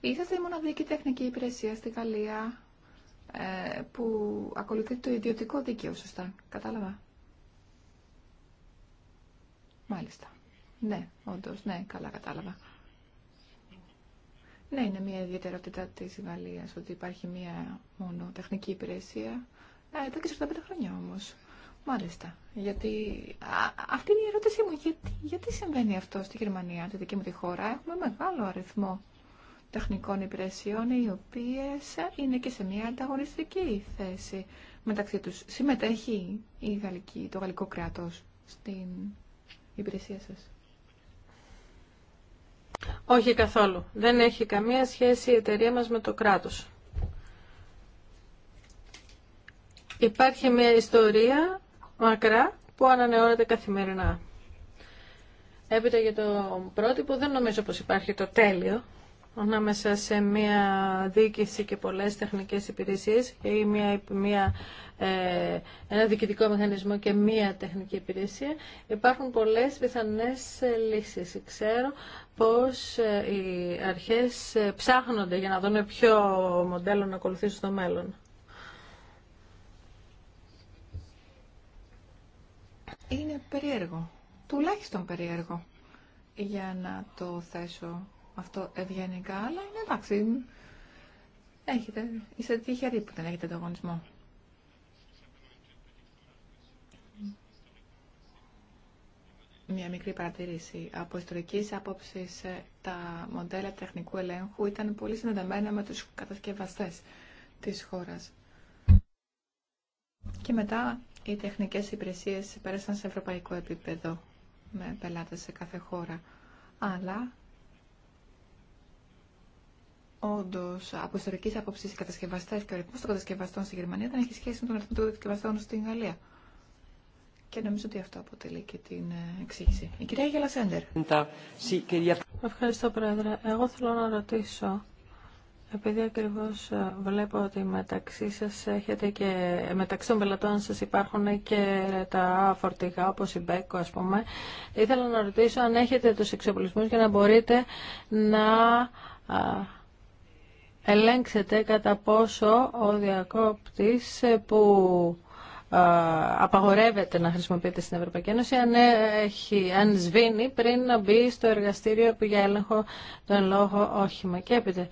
C: Είσαστε η μοναδική τεχνική υπηρεσία στη Γαλλία ε, που ακολουθεί το ιδιωτικό δίκαιο, σωστά. Κατάλαβα. Μάλιστα. Ναι, όντω, ναι, καλά κατάλαβα. Ναι, είναι μια ιδιαιτερότητα τη Γαλλία ότι υπάρχει μια μόνο τεχνική υπηρεσία. Ε, εδώ και 45 χρόνια όμω. Μάλιστα. Γιατί αυτή είναι η ερώτησή μου. Γιατί, συμβαίνει αυτό στη Γερμανία, τη δική μου τη χώρα. Έχουμε μεγάλο αριθμό τεχνικών υπηρεσιών οι οποίες είναι και σε μια ανταγωνιστική θέση μεταξύ τους. Συμμετέχει η Γαλλική, το γαλλικό κράτος στην υπηρεσία σας.
A: Όχι καθόλου. Δεν έχει καμία σχέση η εταιρεία μας με το κράτος. Υπάρχει μια ιστορία μακρά που ανανεώνεται καθημερινά. Έπειτα για το πρότυπο δεν νομίζω πως υπάρχει το τέλειο ανάμεσα σε μια διοίκηση και πολλές τεχνικές υπηρεσίες ή μια, μια, ε, ένα διοικητικό μηχανισμό και μια τεχνική υπηρεσία υπάρχουν πολλές πιθανές ε, λύσεις. Ξέρω πως ε, οι αρχές ψάχνονται για να δουν ποιο μοντέλο να ακολουθήσουν στο μέλλον.
C: είναι περίεργο, τουλάχιστον περίεργο, για να το θέσω αυτό ευγενικά, αλλά είναι εντάξει. Έχετε, είστε τυχεροί που δεν έχετε ανταγωνισμό. Μια μικρή παρατηρήση. Από ιστορική άποψη, ε, τα μοντέλα τεχνικού ελέγχου ήταν πολύ συνδεδεμένα με τους κατασκευαστές της χώρας. Και μετά οι τεχνικές υπηρεσίες πέρασαν σε ευρωπαϊκό επίπεδο με πελάτες σε κάθε χώρα. Αλλά όντω από ιστορική άποψη οι κατασκευαστέ και ο ρυθμό των κατασκευαστών στη Γερμανία δεν έχει σχέση με τον αριθμό των κατασκευαστών στην Γαλλία. Και νομίζω ότι αυτό αποτελεί και την ε, εξήγηση. Η κυρία Γελασέντερ.
A: Ευχαριστώ, Πρόεδρε. Εγώ θέλω να ρωτήσω επειδή ακριβώς ε, βλέπω ότι μεταξύ σας έχετε και μεταξύ των πελατών σας υπάρχουν και τα φορτηγά όπως η Μπέκο ας πούμε, ήθελα να ρωτήσω αν έχετε τους εξοπλισμούς για να μπορείτε να ελέγξετε κατά πόσο ο διακόπτης που απαγορεύεται να χρησιμοποιείται στην Ευρωπαϊκή Ένωση αν, έχει, αν σβήνει πριν να μπει στο εργαστήριο που για έλεγχο τον λόγο όχημα. Και έπειτα,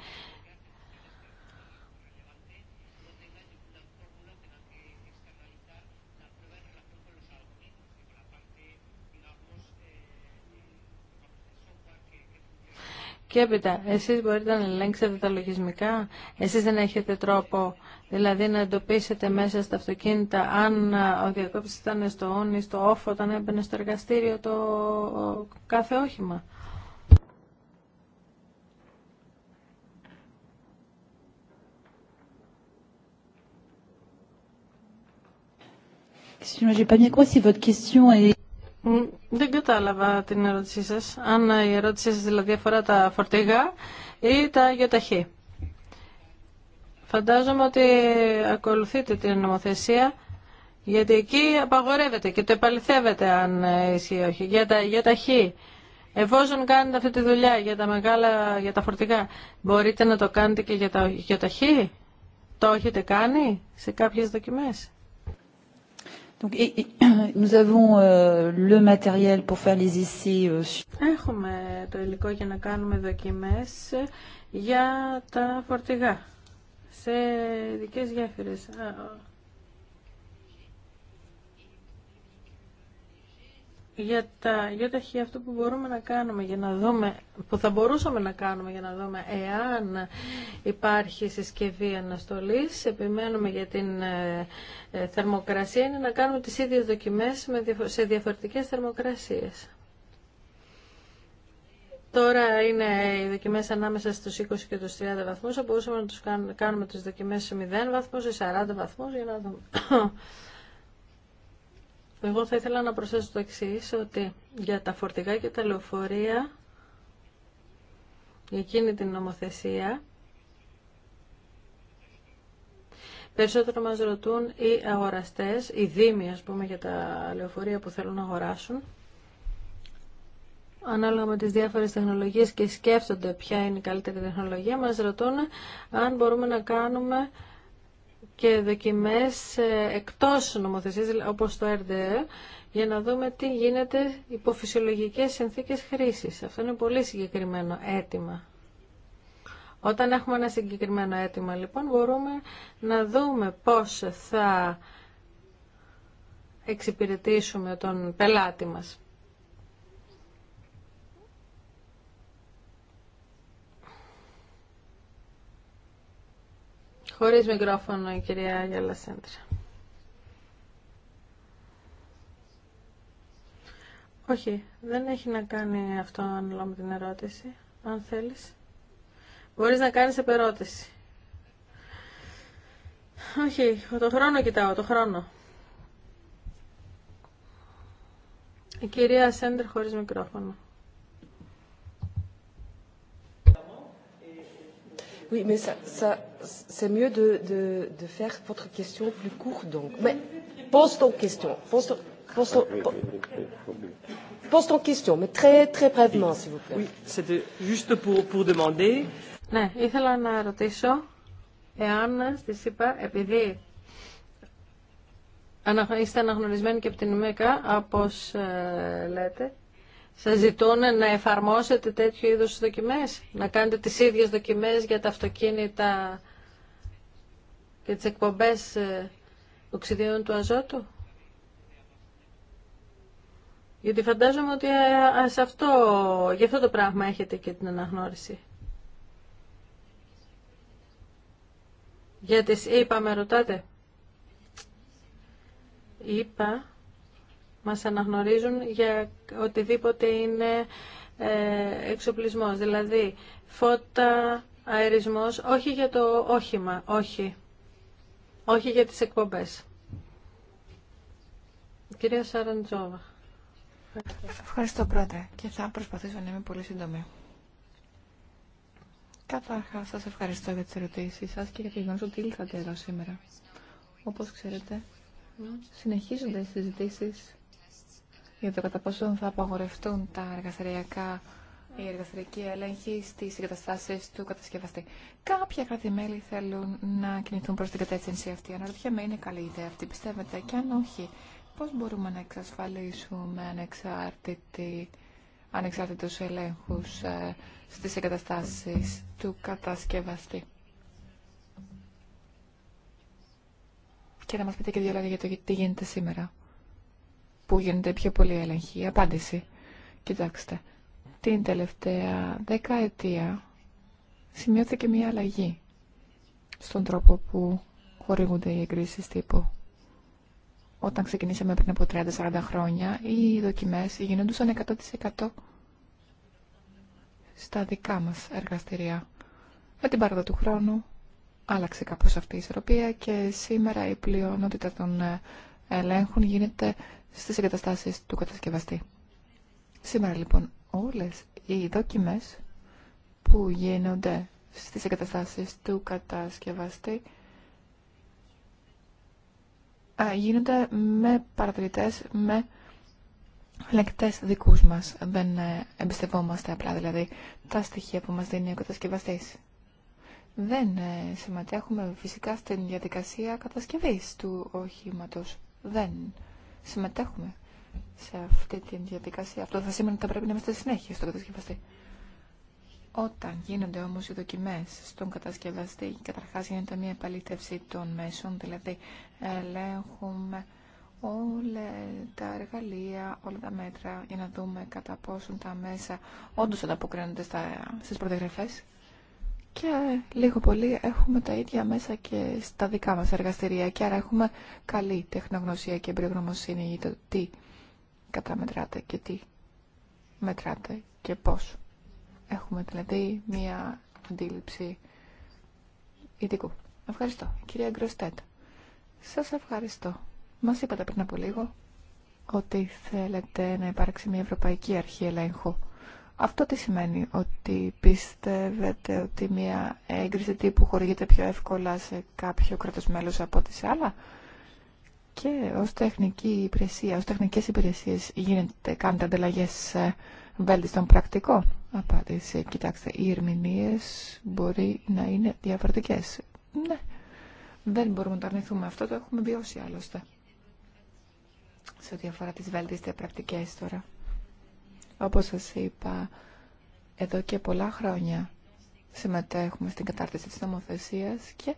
A: Και έπειτα, εσείς μπορείτε να ελέγξετε τα λογισμικά, εσείς δεν έχετε τρόπο, δηλαδή να εντοπίσετε μέσα στα αυτοκίνητα αν ε, ο διακόπτης ήταν στο όνι, ή στο όφο όταν έμπαινε στο εργαστήριο το κάθε όχημα.
C: Excusez-moi, pas bien si votre question est
A: δεν κατάλαβα την ερώτησή σας. Αν η ερώτησή σας δηλαδή αφορά τα φορτηγά ή τα γεωταχή. Φαντάζομαι ότι ακολουθείτε την νομοθεσία γιατί εκεί απαγορεύεται και το επαληθεύεται αν ισχύει όχι. Για τα, γεωταχή, Εφόσον κάνετε αυτή τη δουλειά για τα μεγάλα, για τα φορτηγά, μπορείτε να το κάνετε και για τα, γεωταχή. Το έχετε κάνει σε κάποιες δοκιμές. Έχουμε το υλικό για να κάνουμε δοκιμές για τα φορτηγά σε δικές γέφυρες. για τα χ αυτό που μπορούμε να κάνουμε για να δούμε, που θα μπορούσαμε να κάνουμε για να δούμε εάν υπάρχει συσκευή αναστολής, επιμένουμε για την ε, ε, θερμοκρασία, είναι να κάνουμε τις ίδιες δοκιμές σε διαφορετικές θερμοκρασίες. Τώρα είναι οι δοκιμές ανάμεσα στους 20 και τους 30 βαθμούς, θα μπορούσαμε να τους κάνουμε, κάνουμε τις δοκιμές σε 0 βαθμούς, σε 40 βαθμούς για να δούμε. Εγώ θα ήθελα να προσθέσω το εξή ότι για τα φορτηγά και τα λεωφορεία, για εκείνη την νομοθεσία, Περισσότερο μας ρωτούν οι αγοραστές, οι δήμοι ας πούμε για τα λεωφορεία που θέλουν να αγοράσουν. Ανάλογα με τις διάφορες τεχνολογίες και σκέφτονται ποια είναι η καλύτερη τεχνολογία, μας ρωτούν αν μπορούμε να κάνουμε και δοκιμές ε, εκτός νομοθεσίας, δηλαδή, όπως το RDE, για να δούμε τι γίνεται υπό φυσιολογικές συνθήκες χρήσης. Αυτό είναι πολύ συγκεκριμένο αίτημα. Όταν έχουμε ένα συγκεκριμένο αίτημα, λοιπόν, μπορούμε να δούμε πώς θα εξυπηρετήσουμε τον πελάτη μας. Χωρίς μικρόφωνο η κυρία Γιάλα Όχι, δεν έχει να κάνει αυτό αν με την ερώτηση. Αν θέλεις. Μπορείς να κάνεις επερώτηση. Όχι, το χρόνο κοιτάω, το χρόνο. Η κυρία Σέντρ χωρίς μικρόφωνο.
C: Oui, mais ça, ça, c'est mieux de, de, de faire votre question plus courte, donc. Mais pose ton question. Pose ton, pose ton, pose ton question, mais très, très brièvement, s'il vous plaît. Oui,
B: c'était juste pour, pour demander.
A: Ναι, ήθελα να ρωτήσω εάν στη ΣΥΠΑ, επειδή είστε αναγνωρισμένοι και από την ΜΕΚΑ, όπως λέτε, σας ζητούν να εφαρμόσετε τέτοιου είδους δοκιμές, να κάνετε τις ίδιες δοκιμές για τα αυτοκίνητα και τις εκπομπές ε, οξυδίων του αζότου. Γιατί φαντάζομαι ότι σε αυτό, για αυτό το πράγμα έχετε και την αναγνώριση. Για τις είπα, ρωτάτε. Είπα μας αναγνωρίζουν για οτιδήποτε είναι ε, εξοπλισμός. Δηλαδή, φώτα, αερισμός, όχι για το όχημα, όχι. Όχι για τις εκπομπές. Κυρία Σαραντζόβα.
C: Ευχαριστώ πρώτα και θα προσπαθήσω να είμαι πολύ σύντομη. Καταρχά, σα ευχαριστώ για τι ερωτήσει σα και για το γεγονό ότι ήλθατε εδώ σήμερα. Όπω ξέρετε, συνεχίζονται οι συζητήσει για το κατά πόσο θα απαγορευτούν τα εργαστηριακά η εργαστηρική έλεγχη στι εγκαταστάσει του κατασκευαστή. Κάποια κράτη-μέλη θέλουν να κινηθούν προ την κατεύθυνση αυτή. Αναρωτιέμαι, είναι καλή ιδέα αυτή, πιστεύετε, και αν όχι, πώ μπορούμε να εξασφαλίσουμε ανεξάρτητου ελέγχου ελέγχους ε, στις εγκαταστάσεις του κατασκευαστή. Και να μας πείτε και δύο λόγια για το τι γίνεται σήμερα που γίνεται πιο πολύ έλεγχη. Απάντηση. Κοιτάξτε, την τελευταία δεκαετία σημειώθηκε μια αλλαγή στον τρόπο που χορηγούνται οι εγκρίσεις τύπου. Όταν ξεκινήσαμε πριν από 30-40 χρόνια, οι δοκιμές γίνονταν 100% στα δικά μας εργαστηριά. Με την πάροδο του χρόνου άλλαξε κάπως αυτή η ισορροπία και σήμερα η πλειονότητα των ε, ελέγχων γίνεται στις εγκαταστάσεις του κατασκευαστή. Σήμερα λοιπόν όλες οι δοκιμές που γίνονται στις εγκαταστάσεις του κατασκευαστή γίνονται με παρατηρητές, με λεκτές δικούς μας. Δεν ε, εμπιστευόμαστε απλά δηλαδή τα στοιχεία που μας δίνει ο κατασκευαστής. Δεν ε, συμμετέχουμε φυσικά στην διαδικασία κατασκευής του οχήματος. Δεν συμμετέχουμε σε αυτή τη διαδικασία. Αυτό θα σημαίνει ότι θα πρέπει να είμαστε συνέχεια στον κατασκευαστή. Όταν γίνονται όμως οι δοκιμές στον κατασκευαστή, καταρχάς γίνεται μια επαλήθευση των μέσων, δηλαδή ελέγχουμε όλα τα εργαλεία, όλα τα μέτρα για να δούμε κατά πόσον τα μέσα όντως ανταποκρίνονται στι προδιαγραφέ και λίγο πολύ έχουμε τα ίδια μέσα και στα δικά μας εργαστηρία και άρα έχουμε καλή τεχνογνωσία και εμπειρογνωμοσύνη για το τι καταμετράτε και τι μετράτε και πώς. Έχουμε δηλαδή μία αντίληψη ειδικού. Ευχαριστώ. Κυρία Γκροστέτ, σας ευχαριστώ. Μας είπατε πριν από λίγο ότι θέλετε να υπάρξει μια Ευρωπαϊκή Αρχή Ελέγχου. Αυτό τι σημαίνει, ότι πιστεύετε ότι μια έγκριση τύπου χορηγείται πιο εύκολα σε κάποιο κράτος μέλος από ό,τι σε άλλα και ως τεχνική υπηρεσία, ως τεχνικές υπηρεσίες γίνεται, κάνετε ανταλλαγές ε, βέλτιστων πρακτικό. Απάντηση, κοιτάξτε, οι ερμηνείε μπορεί να είναι διαφορετικές. Ναι, δεν μπορούμε να το αρνηθούμε αυτό, το έχουμε βιώσει άλλωστε. Σε ό,τι αφορά τις βέλτιστες πρακτικές τώρα. Όπως σας είπα, εδώ και πολλά χρόνια συμμετέχουμε στην κατάρτιση της νομοθεσίας και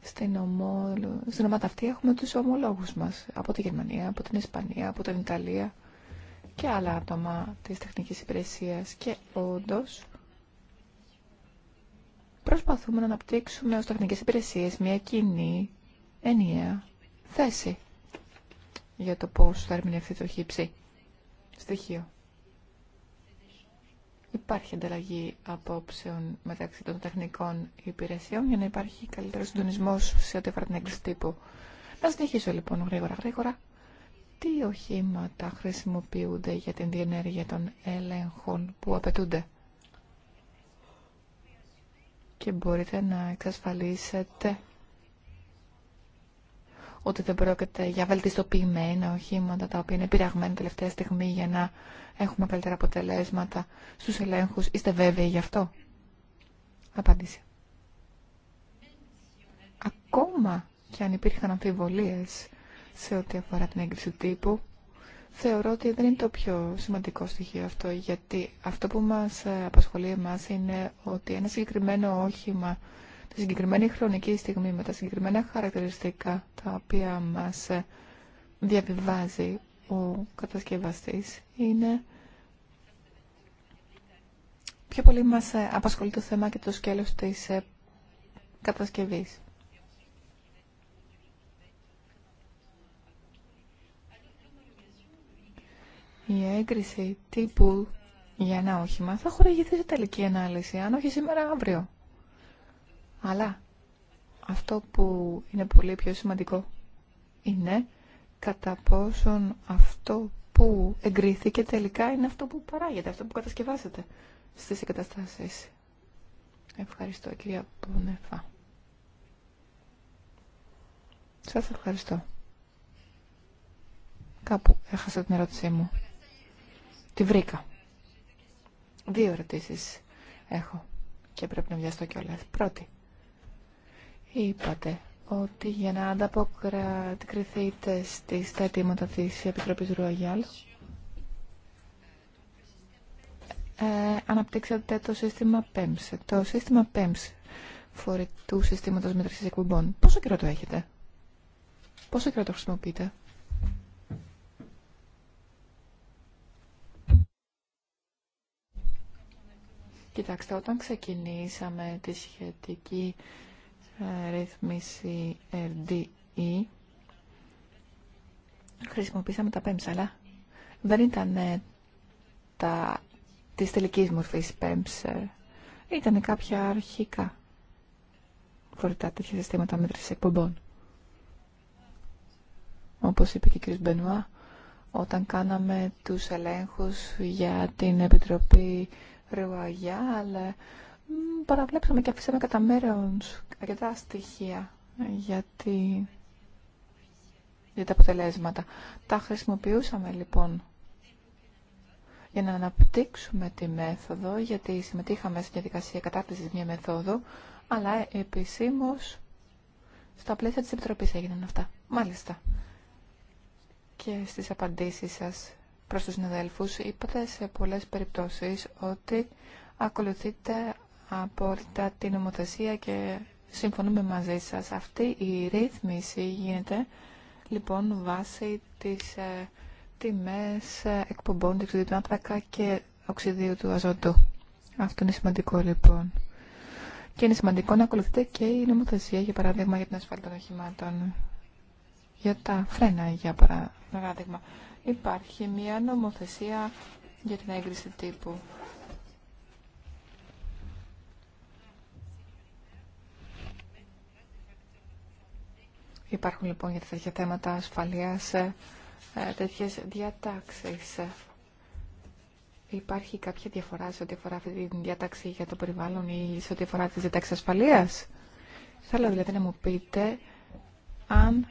C: στην, ομο... στην ομάδα αυτή έχουμε τους ομολόγους μας από τη Γερμανία, από την Ισπανία, από την Ιταλία και άλλα άτομα της τεχνικής υπηρεσίας και όντω. Προσπαθούμε να αναπτύξουμε ως τεχνικές υπηρεσίες μια κοινή ενιαία θέση για το πώς θα ερμηνευτεί το χύψη στοιχείο υπάρχει ανταλλαγή απόψεων μεταξύ των τεχνικών υπηρεσιών για να υπάρχει καλύτερο συντονισμό σε ό,τι αφορά την έκδοση τύπου. Να συνεχίσω λοιπόν γρήγορα γρήγορα. Τι οχήματα χρησιμοποιούνται για την διενέργεια των έλεγχων που απαιτούνται. Και μπορείτε να εξασφαλίσετε ότι δεν πρόκειται για βελτιστοποιημένα οχήματα τα οποία είναι πειραγμένα τελευταία στιγμή για να έχουμε καλύτερα αποτελέσματα στους ελέγχους. Είστε βέβαιοι γι' αυτό. Απάντηση. Ακόμα και αν υπήρχαν αμφιβολίες σε ό,τι αφορά την έγκριση τύπου, θεωρώ ότι δεν είναι το πιο σημαντικό στοιχείο αυτό, γιατί αυτό που μας απασχολεί εμάς είναι ότι ένα συγκεκριμένο όχημα τη συγκεκριμένη χρονική στιγμή με τα συγκεκριμένα χαρακτηριστικά τα οποία μας διαβιβάζει ο κατασκευαστής είναι πιο πολύ μας απασχολεί το θέμα και το σκέλος της ε, κατασκευής. Η έγκριση τύπου για ένα όχημα θα χορηγηθεί σε τελική ανάλυση, αν όχι σήμερα, αύριο. Αλλά αυτό που είναι πολύ πιο σημαντικό είναι κατά πόσον αυτό που εγκρίθηκε τελικά είναι αυτό που παράγεται, αυτό που κατασκευάζεται στις εγκαταστάσεις. Ευχαριστώ κυρία Πουνεφά. Σας ευχαριστώ. Κάπου έχασα την ερώτησή μου. Τη βρήκα. Δύο ερωτήσεις έχω και πρέπει να βιαστώ κιόλας. Πρώτη. Είπατε ότι για να ανταποκριθείτε στις τα αιτήματα της Επιτροπής Ρουαγιάλ ε, αναπτύξατε το σύστημα PEMS. Το σύστημα PEMS φορητού συστήματος μέτρησης εκπομπών. Πόσο καιρό το έχετε? Πόσο καιρό το χρησιμοποιείτε? Κοιτάξτε, όταν ξεκινήσαμε τη σχετική ρύθμιση RDE χρησιμοποίησαμε τα PEMS, αλλά δεν ήταν ε, τα, της τελικής μορφής PEMS. Ε. Ήταν κάποια αρχικά φορητά τέτοια συστήματα μέτρησης εκπομπών. Όπως είπε και ο κ. Μπενουά, όταν κάναμε τους ελέγχους για την Επιτροπή Ρουαγιά, ε, παραβλέψαμε και αφήσαμε κατά μέρον αρκετά στοιχεία για, για τα αποτελέσματα. Τα χρησιμοποιούσαμε λοιπόν για να αναπτύξουμε τη μέθοδο, γιατί συμμετείχαμε στη διαδικασία κατάρτισης μια μεθόδου, αλλά επισήμως στα πλαίσια της Επιτροπής έγιναν αυτά. Μάλιστα. Και στις απαντήσεις σας προς τους συναδέλφους είπατε σε πολλές περιπτώσεις ότι ακολουθείτε απόρριτα την νομοθεσία και συμφωνούμε μαζί σας. Αυτή η ρύθμιση γίνεται λοιπόν βάσει της ε, τιμές ε, εκπομπών οξυδίου του άνθρακα και οξυδίου του αζωτού. Αυτό είναι σημαντικό λοιπόν. Και είναι σημαντικό να ακολουθείτε και η νομοθεσία, για παράδειγμα, για την ασφάλεια των οχημάτων. Για τα φρένα, για παράδειγμα. Υπάρχει μια νομοθεσία για την έγκριση τύπου. Υπάρχουν λοιπόν για τέτοια θέματα ασφαλείας ε, ε, τέτοιες διατάξεις. Υπάρχει κάποια διαφορά σε ό,τι αφορά αυτή τη διατάξη για το περιβάλλον ή σε ό,τι αφορά τις διατάξεις ασφαλείας. Θέλω δηλαδή να μου πείτε αν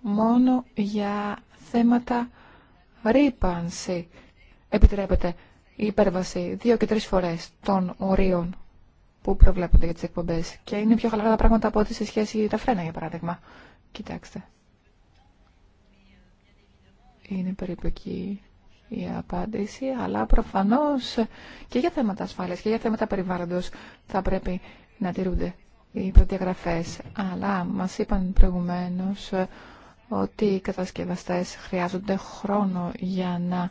C: μόνο για θέματα ρήπανση επιτρέπεται η υπέρβαση δύο και τρεις φορές των ορίων που προβλέπονται για τις εκπομπές και είναι πιο χαλαρά τα πράγματα από ό,τι σε σχέση τα φρένα για παράδειγμα. Κοιτάξτε. Είναι περιπλοκή η απάντηση, αλλά προφανώς και για θέματα ασφάλειας και για θέματα περιβάλλοντος θα πρέπει να τηρούνται οι προδιαγραφές. Αλλά μας είπαν προηγουμένως ότι οι κατασκευαστές χρειάζονται χρόνο για να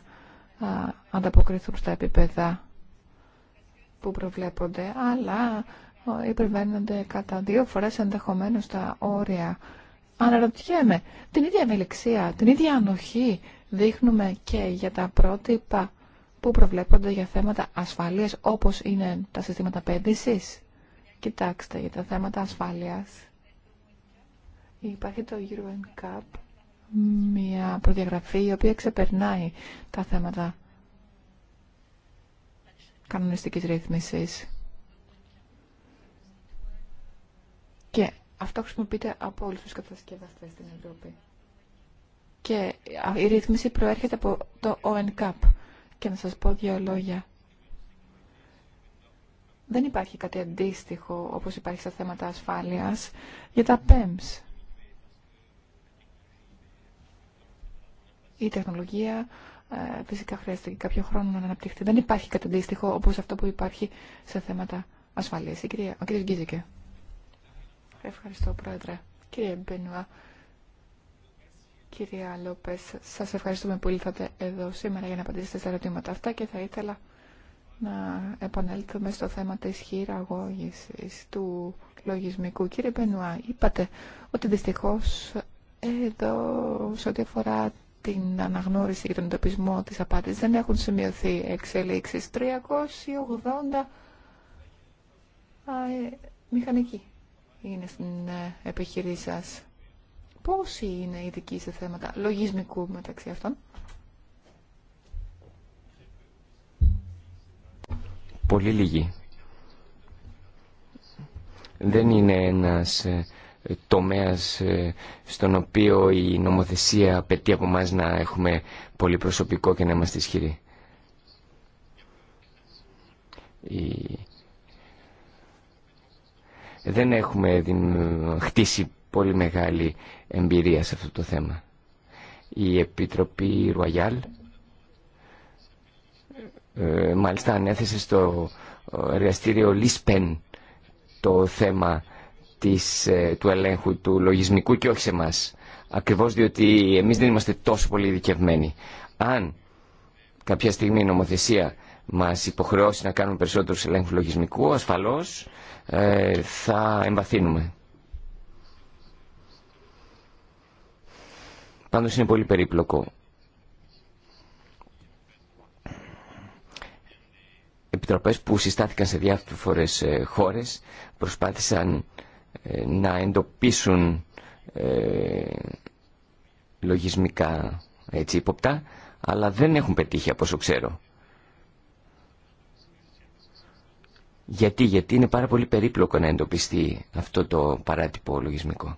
C: ανταποκριθούν στα επίπεδα που προβλέπονται, αλλά ε, υπερβαίνονται κατά δύο φορές ενδεχομένως τα όρια Αναρωτιέμαι, την ίδια ευελιξία, την ίδια ανοχή δείχνουμε και για τα πρότυπα που προβλέπονται για θέματα ασφαλείας όπως είναι τα συστήματα πέντησης. Κοιτάξτε, για τα θέματα ασφάλειας υπάρχει το Euro Cup, μια προδιαγραφή η οποία ξεπερνάει τα θέματα κανονιστικής ρύθμισης. Αυτό χρησιμοποιείται από όλου του κατασκευαστέ στην Ευρώπη. Και η ρύθμιση προέρχεται από το ONCAP. Και να σα πω δύο λόγια. Δεν υπάρχει κάτι αντίστοιχο όπως υπάρχει στα θέματα ασφάλειας για τα PEMS. Η τεχνολογία ε, φυσικά χρειάζεται και κάποιο χρόνο να αναπτυχθεί. Δεν υπάρχει κάτι αντίστοιχο όπως αυτό που υπάρχει σε θέματα ασφάλειας. Η κυρία, ο κύριος Γκίζικε. Ευχαριστώ, Πρόεδρε. Κύριε Μπενουά, κυρία λόπε, σας ευχαριστούμε που ήλθατε εδώ σήμερα για να απαντήσετε στα ερωτήματα αυτά και θα ήθελα να επανέλθουμε στο θέμα της χειραγώγηση του λογισμικού. Κύριε Μπενουά, είπατε ότι δυστυχώς εδώ σε ό,τι αφορά την αναγνώριση και τον εντοπισμό τη απάντησης δεν έχουν σημειωθεί εξελίξει 380 ε, μηχανικοί είναι στην ε, επιχειρή σας. Πόσοι είναι ειδικοί σε θέματα λογισμικού μεταξύ αυτών.
B: Πολύ λίγοι. Δεν είναι ένας ε, τομέας ε, στον οποίο η νομοθεσία απαιτεί από εμά να έχουμε πολύ προσωπικό και να είμαστε ισχυροί δεν έχουμε χτίσει πολύ μεγάλη εμπειρία σε αυτό το θέμα. Η Επιτροπή Ρουαγιάλ ε, μάλιστα ανέθεσε στο ε, εργαστήριο Λίσπεν το θέμα της, ε, του ελέγχου του λογισμικού και όχι σε εμάς. Ακριβώς διότι εμείς δεν είμαστε τόσο πολύ ειδικευμένοι. Αν κάποια στιγμή η νομοθεσία μας υποχρεώσει να κάνουμε περισσότερους ελέγχους λογισμικού, ασφαλώς ε, θα εμβαθύνουμε. Πάντως είναι πολύ περίπλοκο. Επιτροπές που συστάθηκαν σε διάφορες ε, χώρες προσπάθησαν ε, να εντοπίσουν λογισμικά έτσι ύποπτα, αλλά δεν έχουν πετύχει από όσο ξέρω. Γιατί, γιατί είναι πάρα πολύ περίπλοκο να εντοπιστεί αυτό το παράτυπο λογισμικό.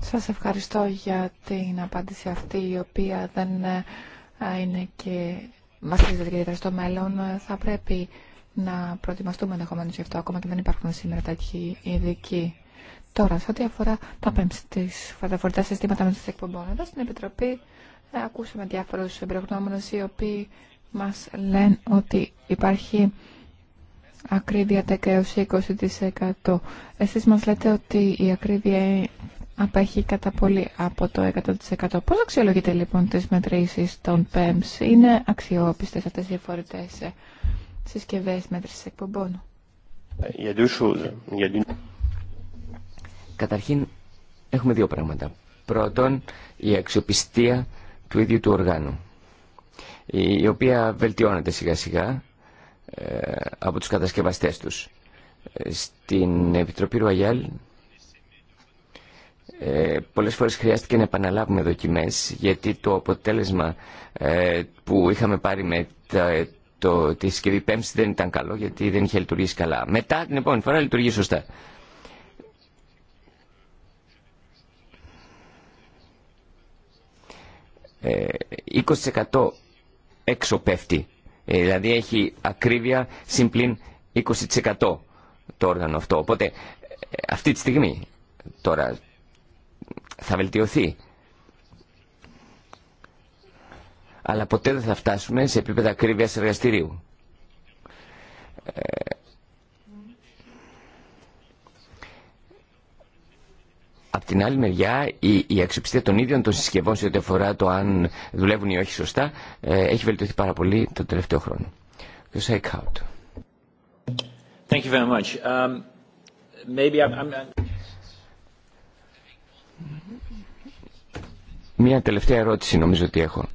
C: Σας ευχαριστώ για την απάντηση αυτή η οποία δεν ε, είναι και βασίζεται και στο μέλλον. Θα πρέπει να προετοιμαστούμε ενδεχομένω γι' αυτό ακόμα και δεν υπάρχουν σήμερα τέτοιοι ειδικοί. Τώρα, σε ό,τι αφορά τα μεταφορικά συστήματα με τις εκπομπών, στην Επιτροπή ε, ακούσαμε διάφορους εμπειρογνώμονες οι οποίοι μας λένε ότι υπάρχει ακρίβεια 10 20%. Εσείς μας λέτε ότι η ακρίβεια απέχει κατά πολύ από το 100%. Πώς αξιολογείτε λοιπόν τις μετρήσεις των ΠΕΜΣ. Είναι αξιόπιστες αυτές οι διαφορετές ε, συσκευές μέτρησης εκπομπών.
B: Καταρχήν έχουμε δύο πράγματα. Πρώτον, η αξιοπιστία του ίδιου του οργάνου η οποία βελτιώνεται σιγά σιγά ε, από τους κατασκευαστές τους. Ε, στην Επιτροπή Ρουαγιάλ ε, πολλές φορές χρειάστηκε να επαναλάβουμε δοκιμές γιατί το αποτέλεσμα που είχαμε πάρει με το, τη συσκευή πέμψη δεν ήταν καλό γιατί δεν είχε λειτουργήσει καλά. Μετά την επόμενη φορά λειτουργεί σωστά. Ε, 20% έξω πέφτει. Ε, δηλαδή έχει ακρίβεια συμπλήν 20% το όργανο αυτό. Οπότε ε, αυτή τη στιγμή τώρα θα βελτιωθεί. Αλλά ποτέ δεν θα φτάσουμε σε επίπεδα ακρίβειας εργαστηρίου. Ε, Απ' την άλλη μεριά, η, η αξιοπιστία των ίδιων των συσκευών σε ό,τι αφορά το αν δουλεύουν ή όχι σωστά ε, έχει βελτιωθεί πάρα πολύ τον τελευταίο χρόνο.
C: Thank you very much. Um, maybe
B: Μια τελευταία ερώτηση νομίζω ότι έχω.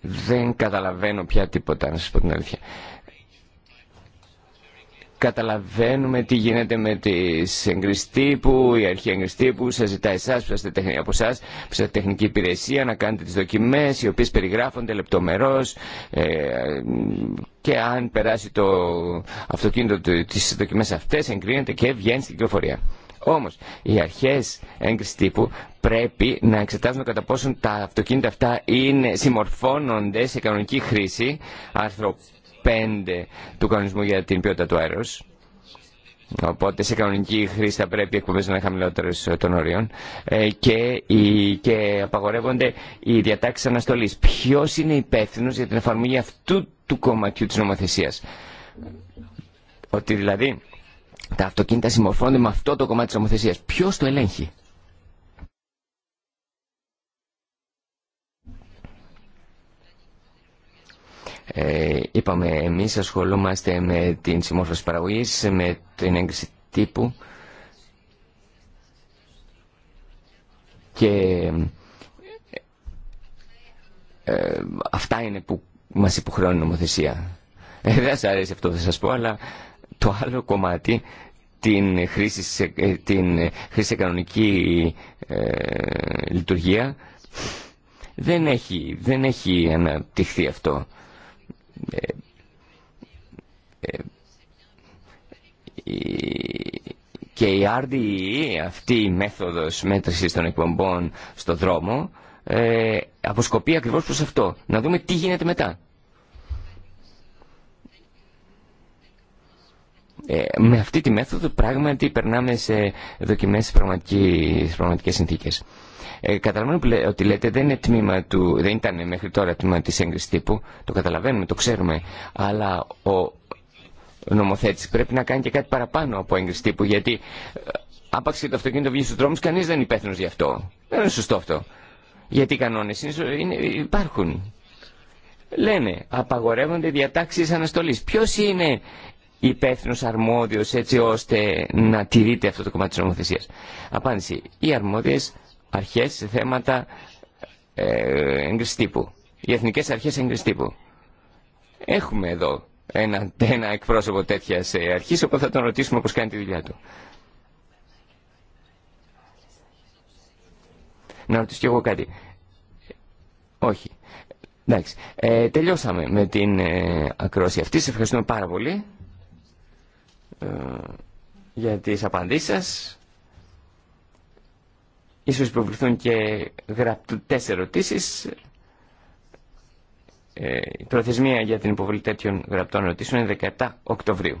B: Δεν καταλαβαίνω πια τίποτα, να σας πω την αλήθεια. Καταλαβαίνουμε τι γίνεται με εγκριστή που η αρχή που σα ζητάει εσά που είστε τέχνη από εσά που είστε τεχνική υπηρεσία, να κάνετε τι δοκιμέ, οι οποίε περιγράφονται λεπτομερώ. ε, και αν περάσει το αυτοκίνητο τι δοκιμέ αυτέ, εγκρίνεται και βγαίνει στην κυκλοφορία. Όμω, οι αρχέ εγκριστή τύπου πρέπει να εξετάζουν κατά πόσον τα αυτοκίνητα αυτά είναι, συμμορφώνονται σε κανονική χρήση, άρθρο 5 του κανονισμού για την ποιότητα του αέρος. Οπότε σε κανονική χρήση θα πρέπει οι εκπομπές να είναι χαμηλότερες των ορίων ε, και, οι, και απαγορεύονται οι διατάξεις αναστολή. Ποιος είναι υπεύθυνο για την εφαρμογή αυτού του κομματιού της νομοθεσίας. Ότι δηλαδή τα αυτοκίνητα συμμορφώνονται με αυτό το κομμάτι τη νομοθεσία. Ποιο το ελέγχει. Ε, είπαμε, εμείς ασχολούμαστε με την συμμόρφωση παραγωγής, με την έγκριση τύπου και ε, αυτά είναι που μας υποχρεώνει η νομοθεσία. Ε, δεν σας αρέσει αυτό θα σας πω, αλλά το άλλο κομμάτι, την χρήση την χρήση κανονική λειτουργία, δεν έχει, δεν έχει αναπτυχθεί αυτό και η RDE, αυτή η μέθοδος μέτρησης των εκπομπών στο δρόμο, ε, αποσκοπεί ακριβώς προς αυτό. Να δούμε τι γίνεται μετά. Ε, με αυτή τη μέθοδο πράγματι περνάμε σε δοκιμές σε πραγματικές συνθήκες. Ε, καταλαβαίνω ότι λέτε δεν, είναι τμήμα του, δεν ήταν μέχρι τώρα τμήμα της έγκρισης τύπου, το καταλαβαίνουμε, το ξέρουμε, αλλά ο νομοθέτης πρέπει να κάνει και κάτι παραπάνω από έγκριση τύπου, γιατί ε, άπαξ και το αυτοκίνητο βγει στους δρόμους, κανείς δεν είναι υπεύθυνος γι' αυτό. Δεν είναι σωστό αυτό. Γιατί οι κανόνες είναι, υπάρχουν. Λένε, απαγορεύονται διατάξεις αναστολής. Ποιος είναι υπεύθυνο αρμόδιος έτσι ώστε να τηρείται αυτό το κομμάτι τη νομοθεσία. Απάντηση. Οι αρμόδιε αρχές σε θέματα ε, τύπου. Οι εθνικές αρχές εγκριστήπου. Έχουμε εδώ ένα, ένα εκπρόσωπο τέτοια ε, αρχή, οπότε θα τον ρωτήσουμε πώς κάνει τη δουλειά του. Να ρωτήσω κι εγώ κάτι. Όχι. Εντάξει. Ε, τελειώσαμε με την ε, ακρόση αυτή. Σε ευχαριστούμε πάρα πολύ για τις απαντήσεις σας. Ίσως υποβληθούν και γραπτές ερωτήσεις. Ε, η προθεσμία για την υποβολή τέτοιων γραπτών ερωτήσεων είναι 17 Οκτωβρίου.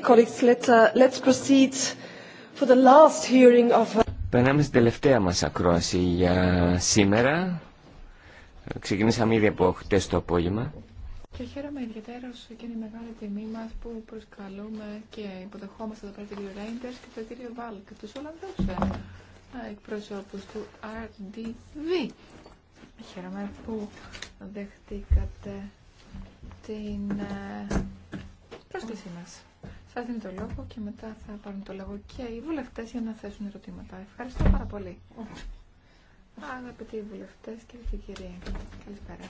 C: colleagues, uh, let's proceed for the last hearing of... Uh,
B: Περνάμε στην τελευταία μας ακρόαση για σήμερα. Ξεκινήσαμε ήδη από χτες το απόγευμα.
C: Και χαίρομαι ιδιαίτερα και είναι η μεγάλη τιμή μα που προσκαλούμε και υποδεχόμαστε εδώ πέρα τον κύριο Ρέιντερ και τον κύριο Βάλκ, ε, ε, του Ολλανδού εκπροσώπου του RDV. Χαίρομαι που δεχτήκατε την ε, πρόσκλησή μας. Θα δίνει το λόγο και μετά θα πάρουν το λόγο και οι βουλευτέ για να θέσουν ερωτήματα. Ευχαριστώ πάρα πολύ. Αγαπητοί βουλευτέ, και κύριοι, καλησπέρα.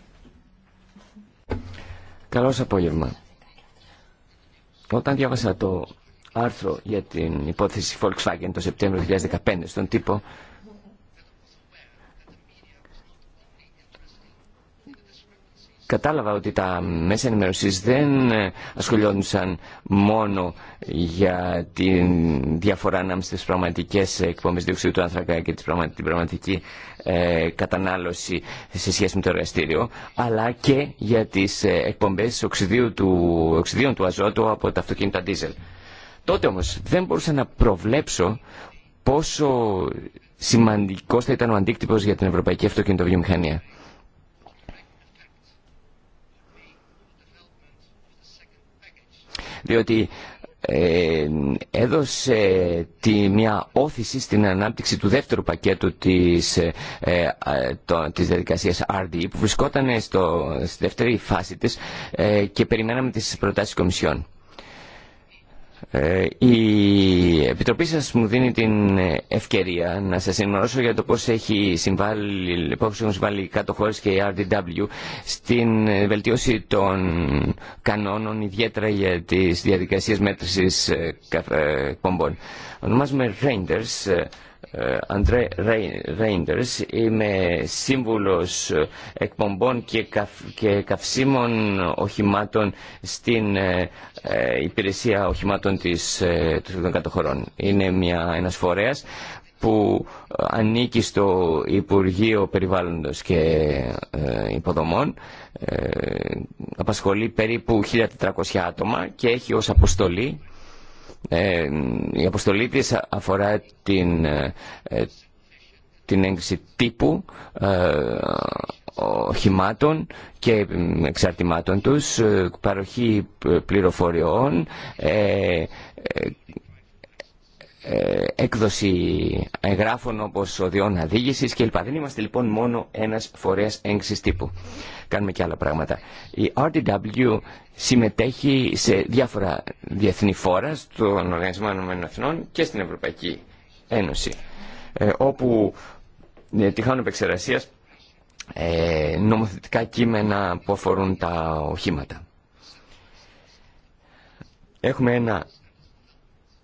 B: Καλό απόγευμα. Όταν διάβασα το άρθρο για την υπόθεση Volkswagen το Σεπτέμβριο 2015 στον τύπο, κατάλαβα ότι τα μέσα ενημερωσής δεν ασχολιόντουσαν μόνο για τη διαφορά ανάμεσα στις πραγματικές εκπομπές διοξιδίου του άνθρακα και την πραγματική ε, κατανάλωση σε σχέση με το εργαστήριο, αλλά και για τις ε, εκπομπές οξυδίου του, οξυδίων του αζότου από τα αυτοκίνητα diesel. Τότε όμως δεν μπορούσα να προβλέψω πόσο σημαντικός θα ήταν ο αντίκτυπος για την ευρωπαϊκή αυτοκινητοβιομηχανία. διότι ε, έδωσε τη, μια όθηση στην ανάπτυξη του δεύτερου πακέτου της, ε, ε το, της διαδικασίας RDE που βρισκόταν στο, στη δεύτερη φάση της ε, και περιμέναμε τις προτάσεις κομισιών. Ε, η Επιτροπή σας μου δίνει την ευκαιρία να σας ενημερώσω για το πώς, έχει συμβάλει, πώς έχουν συμβάλει κάτω χώρε και η RDW στην βελτίωση των κανόνων ιδιαίτερα για τις διαδικασίες μέτρησης ε, κομπών. Ε, Ονομάζουμε Rangers Αντρέ ε, Ρέιντερς, είμαι σύμβουλος εκπομπών και, και καυσίμων οχημάτων στην ε, ε, υπηρεσία οχημάτων της, ε, των κατοχωρών. Είναι μια, ένας φορέας που ανήκει στο Υπουργείο Περιβάλλοντος και Υποδομών, απασχολεί περίπου 1.400 άτομα και έχει ως αποστολή ε, η αποστολή της αφορά την, ε, την έγκριση τύπου ε, οχημάτων και εξαρτημάτων τους, ε, παροχή πληροφοριών, ε, έκδοση εγγράφων όπως οδειών και κλπ. Δεν είμαστε λοιπόν μόνο ένας φορέας έγκσης τύπου. Κάνουμε και άλλα πράγματα. Η RDW συμμετέχει σε διάφορα διεθνή φόρα στον Οργανισμό Εθνών και στην Ευρωπαϊκή Ένωση ε, όπου ε, τυχάνουν επεξεργασία νομοθετικά κείμενα που αφορούν τα οχήματα. Έχουμε ένα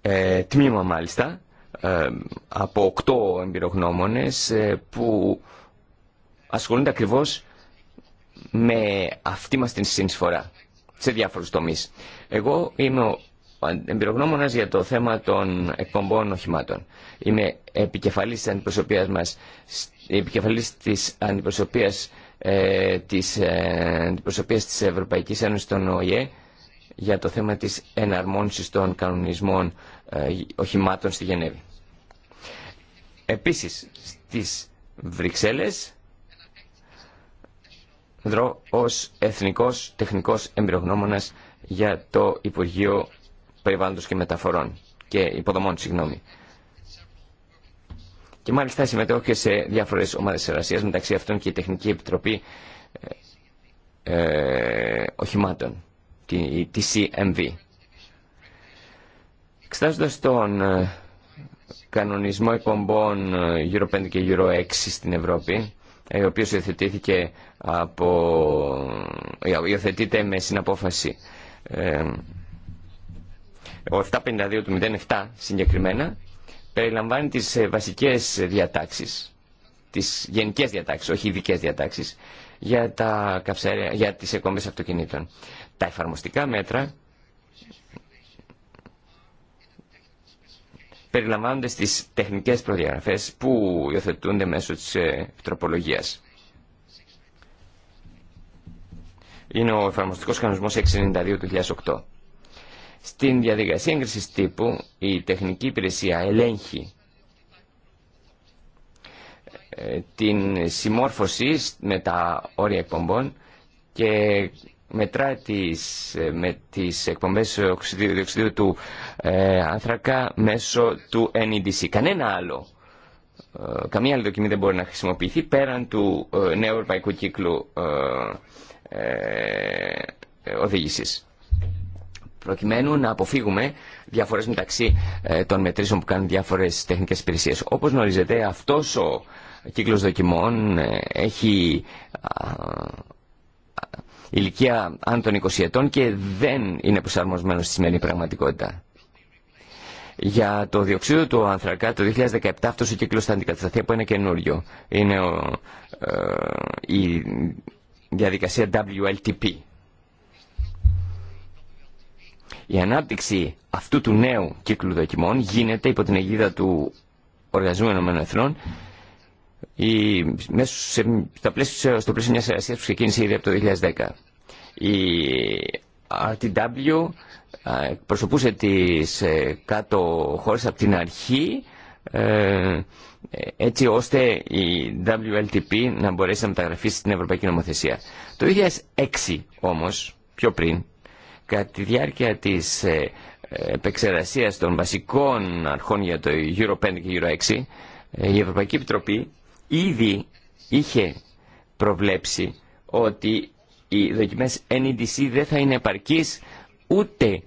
B: ε, τμήμα μάλιστα ε, από οκτώ εμπειρογνώμονες ε, που ασχολούνται ακριβώς με αυτή μας την συνεισφορά σε διάφορους τομείς. Εγώ είμαι ο εμπειρογνώμονας για το θέμα των εκπομπών οχημάτων. Είμαι επικεφαλής της αντιπροσωπείας μας, επικεφαλής της αντιπροσωπείας, της, ε, της Ευρωπαϊκής Ένωσης των ΟΗΕ για το θέμα της εναρμόνισης των κανονισμών ε, οχημάτων στη Γενέβη. Επίσης, στις Βρυξέλλες δρώ ως εθνικός τεχνικός εμπειρογνώμονας για το Υπουργείο Περιβάλλοντος και Μεταφορών και Υποδομών, συγγνώμη. Και μάλιστα συμμετέχω και σε διάφορες ομάδες εργασίας μεταξύ αυτών και η Τεχνική Επιτροπή ε, ε, Οχημάτων τη CMV. Εξετάζοντα τον ε, κανονισμό εκπομπών ε, Euro 5 και Euro 6 στην Ευρώπη, ε, ο οποίο υιοθετήθηκε από... υιοθετείται με συναπόφαση ε, 752 του 07 συγκεκριμένα, περιλαμβάνει τις βασικές διατάξεις, τις γενικές διατάξεις, όχι ειδικέ διατάξεις, για, τα καυσαέρια, για τις εκπομπές αυτοκινήτων. Τα εφαρμοστικά μέτρα περιλαμβάνονται στις τεχνικές προδιαγραφές που υιοθετούνται μέσω της ε, τροπολογίας. Είναι ο εφαρμοστικός κανονισμός 692 του 2008. Στην διαδικασία έγκρισης τύπου η τεχνική υπηρεσία ελέγχει ε, την συμμόρφωση με τα όρια εκπομπών και μετρά τις, ε, με τις εκπομπές διοξυδίου του ε, άνθρακα μέσω του NEDC. Κανένα άλλο, ε, καμία άλλη δοκιμή δεν μπορεί να χρησιμοποιηθεί πέραν του νέου ευρωπαϊκού κύκλου οδήγησης. Προκειμένου να αποφύγουμε διαφορές μεταξύ των μετρήσεων που κάνουν διάφορες τεχνικές υπηρεσίε. Όπως γνωρίζετε, αυτός ο κύκλος δοκιμών έχει ηλικία άνω των 20 ετών και δεν είναι προσαρμοσμένο στη σημερινή πραγματικότητα. Για το διοξείδιο του ανθρακά το 2017 αυτός ο κύκλος θα αντικατασταθεί από ένα καινούριο. Είναι ε, η διαδικασία WLTP. Η ανάπτυξη αυτού του νέου κύκλου δοκιμών γίνεται υπό την αιγίδα του Οργανισμού Εθνών η, στο πλαίσιο, στο πλαίσιο μιας εργασίας που ξεκίνησε ήδη από το 2010. Η RTW προσωπούσε τις ε, κάτω χώρες από την αρχή ε, έτσι ώστε η WLTP να μπορέσει να μεταγραφεί στην Ευρωπαϊκή Νομοθεσία. Το 2006 όμως, πιο πριν, κατά τη διάρκεια της ε, επεξεργασίας των βασικών αρχών για το Euro 5 και Euro 6, η Ευρωπαϊκή Επιτροπή ήδη είχε προβλέψει ότι οι δοκιμές NEDC δεν θα είναι επαρκείς ούτε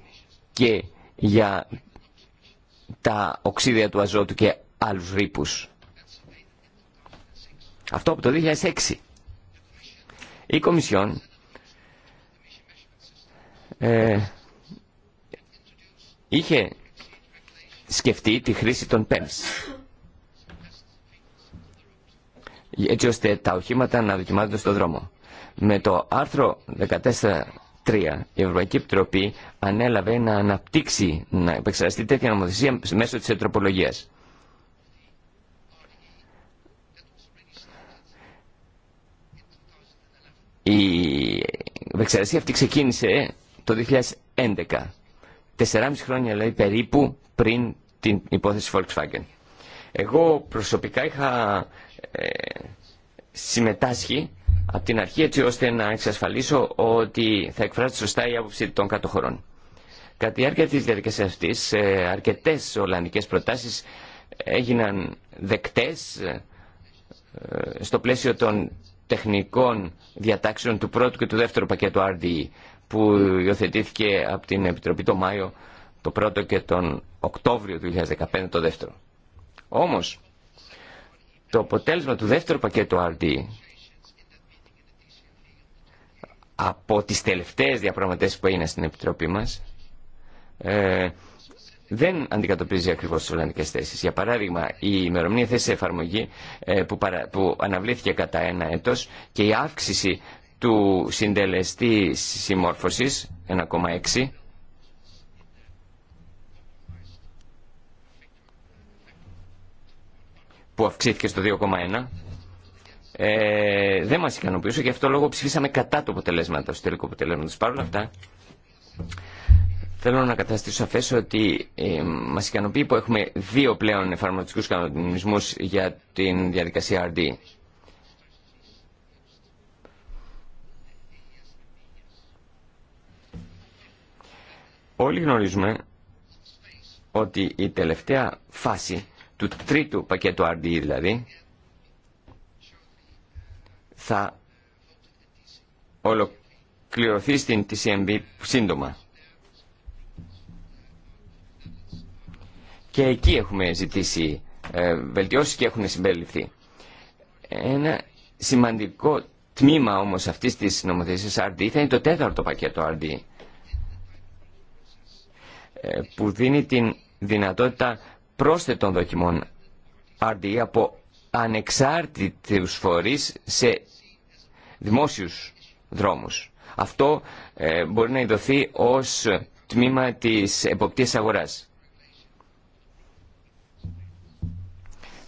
B: και για τα οξύδια του αζότου και άλλους ρήπους. Αυτό από το 2006. Η Κομισιόν ε, είχε σκεφτεί τη χρήση των PEMS έτσι ώστε τα οχήματα να δοκιμάζονται στο δρόμο. Με το άρθρο 14.3 η Ευρωπαϊκή Επιτροπή ανέλαβε να αναπτύξει, να επεξεργαστεί τέτοια νομοθεσία μέσω της ετροπολογίας. Η επεξεργασία αυτή ξεκίνησε το 2011, 4,5 χρόνια λέει, περίπου πριν την υπόθεση Volkswagen. Εγώ προσωπικά είχα ε, συμμετάσχει από την αρχή έτσι ώστε να εξασφαλίσω ότι θα εκφράσει σωστά η άποψη των κατοχωρών. Κατά τη διάρκεια της διαδικασίας αυτής ε, αρκετές ολλανδικές προτάσεις έγιναν δεκτές ε, στο πλαίσιο των τεχνικών διατάξεων του πρώτου και του δεύτερου πακέτου RDE που υιοθετήθηκε από την Επιτροπή το Μάιο το πρώτο και τον Οκτώβριο του 2015 το δεύτερο. Όμως το αποτέλεσμα του δεύτερου πακέτου RD από τις τελευταίες διαπραγματεύσεις που έγιναν στην Επιτροπή μας ε, δεν αντικατοπίζει ακριβώς τις Ολλανδικές θέσεις. Για παράδειγμα, η ημερομηνία θέση εφαρμογή ε, που, που αναβλήθηκε κατά ένα έτος και η αύξηση του συντελεστή συμμόρφωσης 1,6 που αυξήθηκε στο 2,1 ε, δεν μας ικανοποιούσε και αυτό λόγο ψηφίσαμε κατά το αποτελέσμα στο τελικό αποτέλεσμα της όλα αυτά, θέλω να καταστήσω σαφές ότι ε, μας ικανοποιεί που έχουμε δύο πλέον εφαρμοστικούς κανονισμούς για την διαδικασία RD. Όλοι γνωρίζουμε ότι η τελευταία φάση του τρίτου πακέτου RDE δηλαδή, θα ολοκληρωθεί στην TCMB σύντομα. Και εκεί έχουμε ζητήσει ε, βελτιώσεις και έχουν συμπεριληφθεί. Ένα σημαντικό τμήμα όμως αυτής της νομοθεσίας RD θα είναι το τέταρτο πακέτο RD ε, που δίνει την δυνατότητα πρόσθετων δοκιμών RDE από ανεξάρτητους φορείς σε δημόσιους δρόμους. Αυτό ε, μπορεί να ειδωθεί ως τμήμα της εποπτείας αγοράς.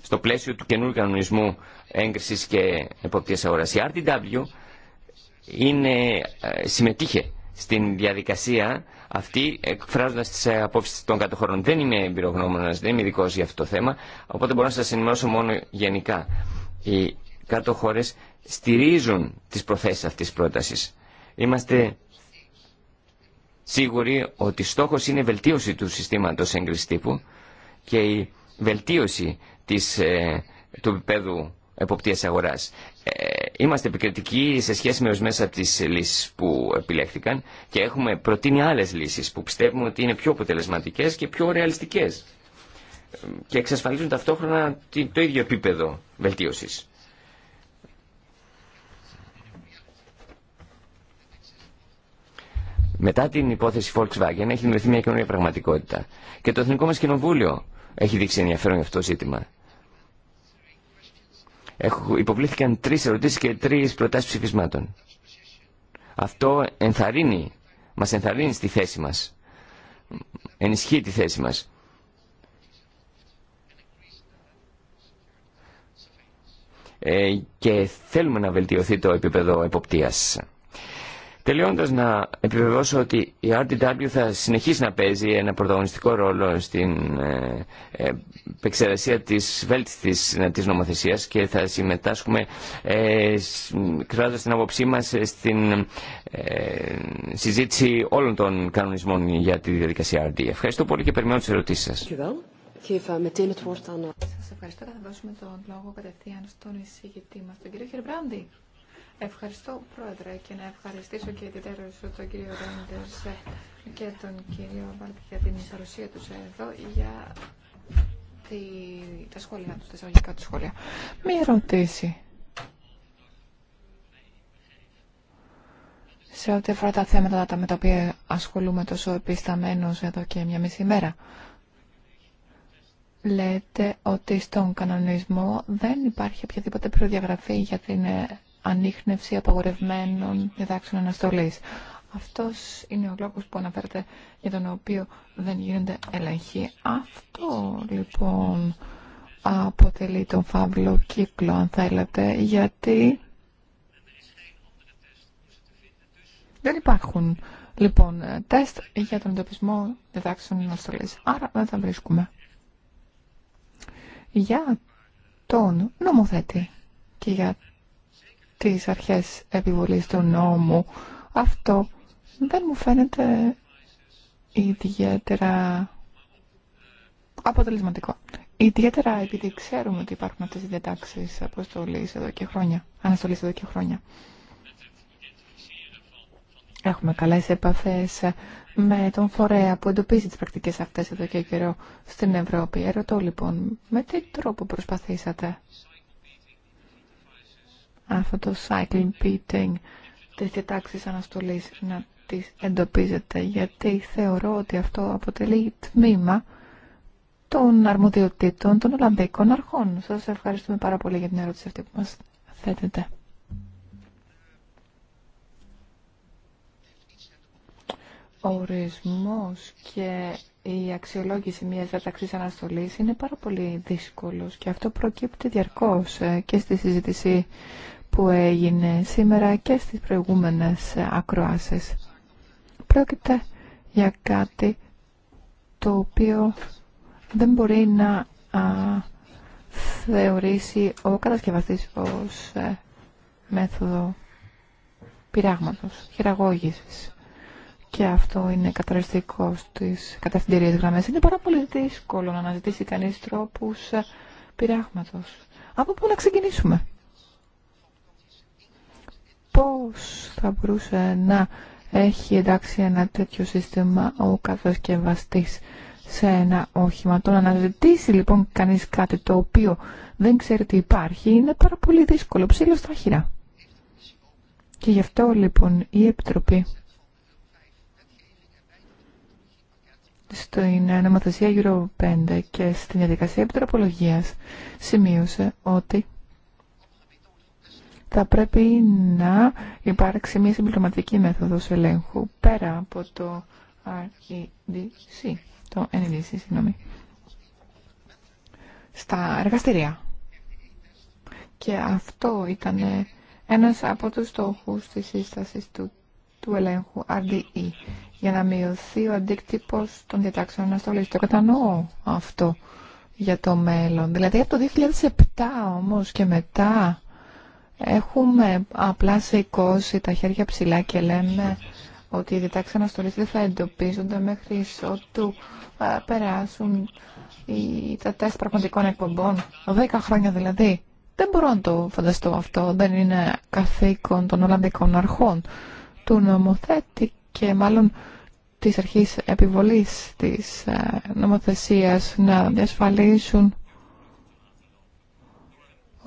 B: Στο πλαίσιο του καινούργιου κανονισμού έγκρισης και εποπτείας αγοράς. Η RDW είναι, ε, συμμετείχε στην διαδικασία αυτή, εκφράζοντα τι ε, απόψει των χώρων, Δεν είμαι εμπειρογνώμονα, δεν είμαι ειδικό για αυτό το θέμα, οπότε μπορώ να σα ενημερώσω μόνο γενικά. Οι κάτω στηρίζουν τι προθέσει αυτή τη πρόταση. Είμαστε σίγουροι ότι στόχο είναι η βελτίωση του συστήματο έγκριση και η βελτίωση της, ε, του επίπεδου εποπτείας αγοράς είμαστε επικριτικοί σε σχέση με ορισμένε από τι λύσει που επιλέχθηκαν και έχουμε προτείνει άλλε λύσει που πιστεύουμε ότι είναι πιο αποτελεσματικέ και πιο ρεαλιστικέ και εξασφαλίζουν ταυτόχρονα το ίδιο επίπεδο βελτίωση. Μετά την υπόθεση Volkswagen έχει δημιουργηθεί μια καινούργια πραγματικότητα. Και το Εθνικό μα Κοινοβούλιο έχει δείξει ενδιαφέρον για αυτό το ζήτημα υποβλήθηκαν τρεις ερωτήσεις και τρεις προτάσεις ψηφισμάτων. Αυτό ενθαρρύνει, μας ενθαρρύνει στη θέση μας. Ενισχύει τη θέση μας. Ε, και θέλουμε να βελτιωθεί το επίπεδο εποπτείας. Τελειώντας να επιβεβαιώσω ότι η RDW θα συνεχίσει να παίζει ένα πρωταγωνιστικό ρόλο στην ε, ε, επεξεργασία της βέλτιστης ε, της νομοθεσίας και θα συμμετάσχουμε ε, στην την άποψή μας στην συζήτηση όλων των κανονισμών για τη διαδικασία RD. Ευχαριστώ πολύ και περιμένω τις ερωτήσεις σας. Uh,
C: σας ευχαριστώ και θα δώσουμε τον λόγο κατευθείαν στον εισηγητή μας, τον κύριο Χερμπράντη. Ευχαριστώ, Πρόεδρε, και να ευχαριστήσω και ιδιαίτερω τον κύριο Ρέντερς και τον κύριο Βάλτη για την παρουσία τους εδώ για τη... τα σχόλια τους, τα εισαγωγικά του σχόλια. Μία ερωτήση. σε ό,τι αφορά τα θέματα με τα οποία ασχολούμαι τόσο επισταμένος εδώ και μια μισή μέρα. Λέτε ότι στον κανονισμό δεν υπάρχει οποιαδήποτε προδιαγραφή για την ε, ανείχνευση απαγορευμένων διδάξεων αναστολή. Αυτό είναι ο λόγο που αναφέρεται για τον οποίο δεν γίνονται ελεγχοί. Αυτό λοιπόν αποτελεί τον φαύλο κύκλο αν θέλετε γιατί δεν υπάρχουν λοιπόν τεστ για τον εντοπισμό διδάξεων αναστολή. Άρα δεν θα βρίσκουμε. Για τον νομοθέτη και για τις αρχές επιβολής του νόμου. Αυτό δεν μου φαίνεται ιδιαίτερα αποτελεσματικό. Ιδιαίτερα επειδή ξέρουμε ότι υπάρχουν αυτές οι διατάξεις αποστολής εδώ και χρόνια, αναστολής εδώ και χρόνια. Έχουμε καλές επαφές με τον φορέα που εντοπίζει τις πρακτικές αυτές εδώ και καιρό στην Ευρώπη. Ερωτώ λοιπόν, με τι τρόπο προσπαθήσατε αυτό το cycling beating, τις διατάξεις αναστολής να τις εντοπίζετε, γιατί θεωρώ ότι αυτό αποτελεί τμήμα των αρμοδιοτήτων των Ολλανδικών αρχών. Σας ευχαριστούμε πάρα πολύ για την ερώτηση αυτή που μας θέτετε. ορισμός και η αξιολόγηση μιας διαταξής αναστολής είναι πάρα πολύ δύσκολος και αυτό προκύπτει διαρκώς ε, και στη συζήτηση που έγινε σήμερα και στις προηγούμενες ακροάσεις. Πρόκειται για κάτι το οποίο δεν μπορεί να α, θεωρήσει ο κατασκευαστής ως ε, μέθοδο πειράγματος, χειραγώγησης. Και αυτό είναι καταριστικό στις κατευθυντήριες γραμμές. Είναι πάρα πολύ δύσκολο να αναζητήσει κανείς τρόπους ε, πειράγματος. Από πού να ξεκινήσουμε πώς θα μπορούσε να έχει εντάξει ένα τέτοιο σύστημα ο κατασκευαστής σε ένα όχημα. Το να αναζητήσει λοιπόν κανείς κάτι το οποίο δεν ξέρει τι υπάρχει είναι πάρα πολύ δύσκολο, ψήλο στα χειρά. Και γι' αυτό λοιπόν η Επιτροπή στην νομοθεσία Euro 5 και στην διαδικασία επιτροπολογίας σημείωσε ότι θα πρέπει να υπάρξει μια συμπληρωματική μέθοδος ελέγχου πέρα από το RDC e το NDC e συγγνώμη, στα εργαστηρία. Και αυτό ήταν ένας από τους στόχους της σύστασης του, του ελέγχου RDE για να μειωθεί ο αντίκτυπος των διατάξεων αναστολής. Το κατανοώ αυτό για το μέλλον. Δηλαδή από το 2007 όμως και μετά Έχουμε απλά σηκώσει τα χέρια ψηλά και λέμε ότι οι διτάξεις αναστολής δεν θα εντοπίζονται μέχρι ότου ε, περάσουν οι, τα τεστ πραγματικών εκπομπών. Δέκα χρόνια δηλαδή. Δεν μπορώ να το φανταστώ αυτό. Δεν είναι καθήκον των Ολλανδικών αρχών του νομοθέτη και μάλλον της αρχής επιβολής της ε, νομοθεσίας να διασφαλίσουν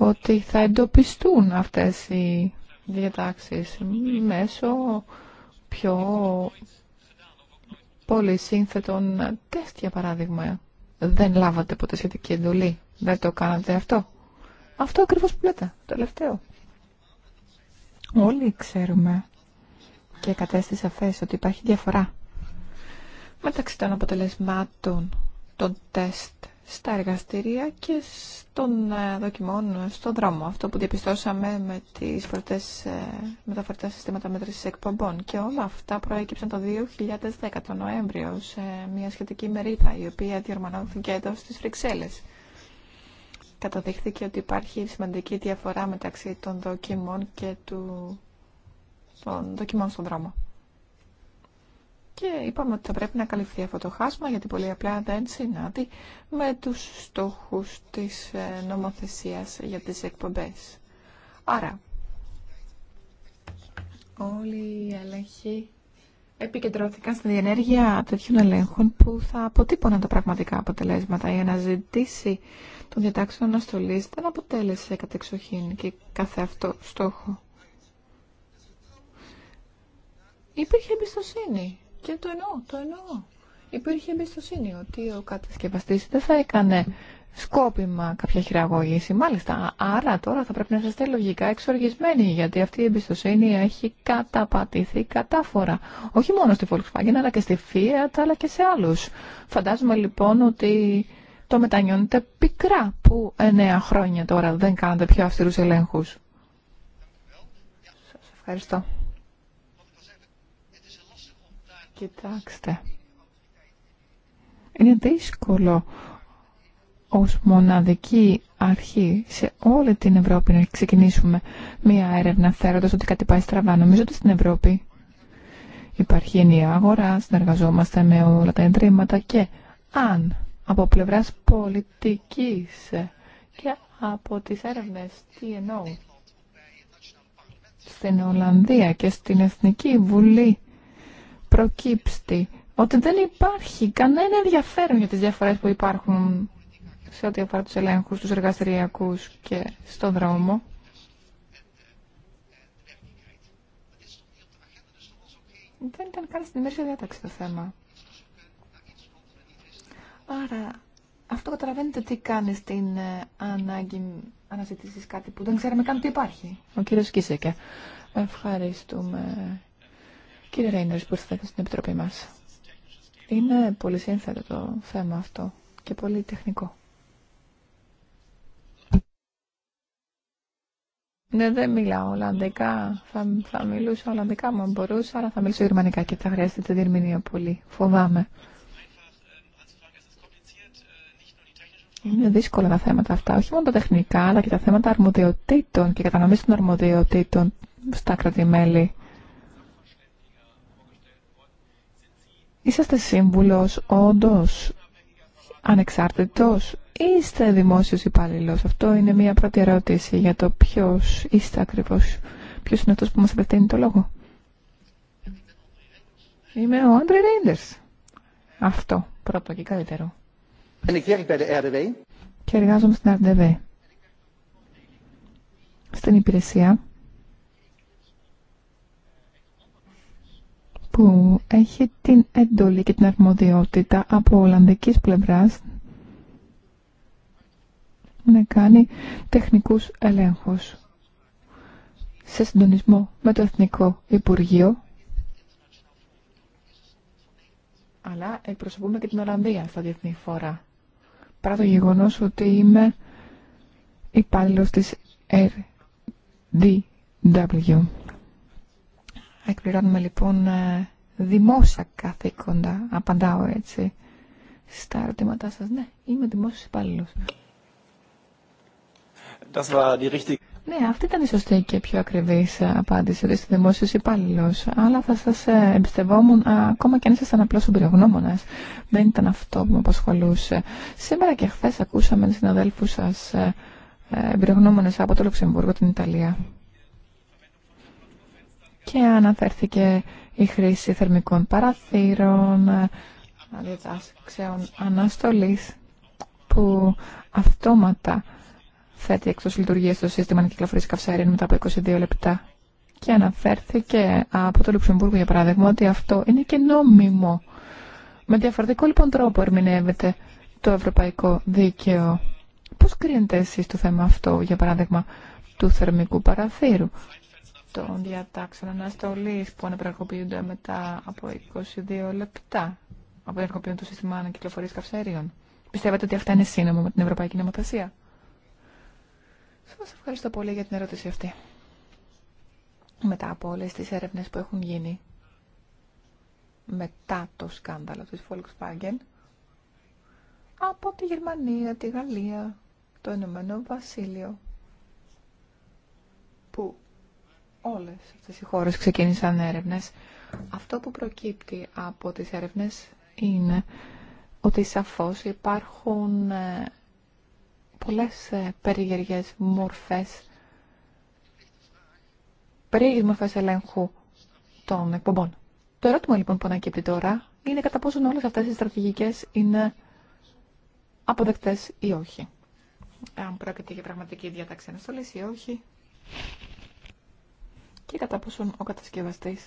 C: ότι θα εντοπιστούν αυτές οι διατάξεις μέσω πιο πολύ σύνθετων τεστ, για παράδειγμα. Δεν λάβατε ποτέ σχετική εντολή. Δεν το κάνατε αυτό. Αυτό ακριβώς που λέτε, το τελευταίο. Όλοι ξέρουμε και κατέστησα θέση ότι υπάρχει διαφορά μεταξύ των αποτελεσμάτων των τεστ στα εργαστήρια και στον ε, δοκιμών στον δρόμο. Αυτό που διαπιστώσαμε με τις φορτές, ε, με τα φορτές συστήματα μέτρησης εκπομπών. Και όλα αυτά προέκυψαν το 2010, τον Νοέμβριο, σε μια σχετική μερίδα, η οποία διοργανώθηκε εδώ στις Φρυξέλλες. Καταδείχθηκε ότι υπάρχει σημαντική διαφορά μεταξύ των δοκιμών και του, των δοκιμών στον δρόμο. Και είπαμε ότι θα πρέπει να καλυφθεί αυτό το χάσμα γιατί πολύ απλά δεν συνάδει με τους στόχους της ε, νομοθεσίας για τις εκπομπές. Άρα, όλοι οι έλεγχοι επικεντρώθηκαν στην διενέργεια τέτοιων ελέγχων που θα αποτύπωναν τα πραγματικά αποτελέσματα. Η αναζητήση των διατάξεων αναστολή δεν αποτέλεσε κατεξοχήν και κάθε αυτό στόχο. Υπήρχε εμπιστοσύνη και το εννοώ, το εννοώ. Υπήρχε εμπιστοσύνη ότι ο κατασκευαστή δεν θα έκανε σκόπιμα κάποια χειραγώγηση. Μάλιστα, άρα τώρα θα πρέπει να είστε λογικά εξοργισμένοι, γιατί αυτή η εμπιστοσύνη έχει καταπατηθεί κατάφορα. Όχι μόνο στη Volkswagen, αλλά και στη Fiat, αλλά και σε άλλου. Φαντάζομαι λοιπόν ότι το μετανιώνετε πικρά που εννέα χρόνια τώρα δεν κάνετε πιο αυστηρούς ελέγχου. Σα ευχαριστώ. Κοιτάξτε, είναι δύσκολο ως μοναδική αρχή σε όλη την Ευρώπη να ξεκινήσουμε μία έρευνα φέροντας ότι κάτι πάει στραβά. Νομίζω ότι στην Ευρώπη υπάρχει ενιαία αγορά, συνεργαζόμαστε με όλα τα εντρήματα και αν από πλευράς πολιτικής και από τις έρευνες TNO στην Ολλανδία και στην Εθνική Βουλή προκύψει ότι δεν υπάρχει κανένα ενδιαφέρον για τις διαφορές που υπάρχουν σε ό,τι αφορά τους ελέγχους, τους εργαστηριακούς και στον δρόμο. Δεν ήταν καν στην ημέρια διάταξη το θέμα. Άρα, αυτό καταλαβαίνετε τι κάνει στην ε, ανάγκη αναζητήσει κάτι που δεν ξέραμε καν τι υπάρχει. Ο κύριος Κίσεκε. Ευχαριστούμε Κύριε Ρέινερς, που ήρθατε στην Επιτροπή μας. Είναι πολύ σύνθετο το θέμα αυτό και πολύ τεχνικό. Ναι, δεν μιλάω Ολλανδικά. Θα, θα μιλούσα Ολλανδικά μου μπορούσα, αλλά θα μιλήσω Γερμανικά και θα χρειάζεται την πολύ. Φοβάμαι. Είναι δύσκολα τα θέματα αυτά, όχι μόνο τα τεχνικά, αλλά και τα θέματα αρμοδιοτήτων και κατανομής των αρμοδιοτήτων στα κρατημέλη. Είσαστε σύμβουλος όντως ανεξάρτητος ή είστε δημόσιος υπάλληλος. Αυτό είναι μια πρώτη ερώτηση για το ποιος είστε ακριβώς. Ποιος είναι αυτός που μας απευθύνει το λόγο. Είμαι ο Άντρι Ρέιντερς. Αυτό πρώτο και καλύτερο. Και εργάζομαι στην RDV. Στην υπηρεσία Που έχει την έντολη και την αρμοδιότητα από Ολλανδικής πλευράς να κάνει τεχνικούς ελέγχους σε συντονισμό με το Εθνικό Υπουργείο αλλά εκπροσωπούμε και την Ολλανδία στα διεθνή φορά. Παρά το γεγονός ότι είμαι υπάλληλο της RDW. Εκπληρώνουμε λοιπόν ε, δημόσια καθήκοντα, απαντάω έτσι στα ερωτήματά σας. Ναι, είμαι δημόσιος υπάλληλο. Ναι, αυτή ήταν η σωστή και πιο ακριβής απάντηση, ότι είστε δημόσιος υπάλληλος. Αλλά θα σας ε, εμπιστευόμουν ακόμα και αν ήσασταν απλός ομπειρογνώμονα. Δεν ήταν αυτό που με απασχολούσε. Σήμερα και χθε ακούσαμε συναδέλφου σας ε, εμπειρογνώμονες από το Λουξεμβούργο, την Ιταλία και αναφέρθηκε η χρήση θερμικών παραθύρων, διατάξεων αναστολής που αυτόματα θέτει εκτός λειτουργίας το σύστημα να κυκλοφορήσει μετά από 22 λεπτά. Και αναφέρθηκε από το Λουξεμβούργο, για παράδειγμα, ότι αυτό είναι και νόμιμο. Με διαφορετικό λοιπόν τρόπο ερμηνεύεται το ευρωπαϊκό δίκαιο. Πώς κρίνετε εσείς το θέμα αυτό, για παράδειγμα, του θερμικού παραθύρου των διατάξεων αναστολή που αναπροερχοποιούνται μετά από 22 λεπτά από ενεργοποιούν το σύστημα ανακυκλοφορίας καυσαέριων. Πιστεύετε ότι αυτά είναι σύνομο με την Ευρωπαϊκή Νομοθεσία. Σας ευχαριστώ πολύ για την ερώτηση αυτή. Μετά από όλε τι έρευνε που έχουν γίνει μετά το σκάνδαλο της Volkswagen από τη Γερμανία, τη Γαλλία, το Ηνωμένο Βασίλειο όλες αυτές οι χώρες ξεκίνησαν έρευνες. Αυτό που προκύπτει από τις έρευνες είναι ότι σαφώς υπάρχουν ε, πολλές ε, περίεργες μορφές, περίεργες μορφές ελέγχου των εκπομπών. Το ερώτημα λοιπόν που ανακύπτει τώρα είναι κατά πόσον όλες αυτές οι στρατηγικές είναι αποδεκτές ή όχι. Αν πρόκειται για πραγματική διατάξη αναστολής ή όχι και κατά πόσον ο κατασκευαστής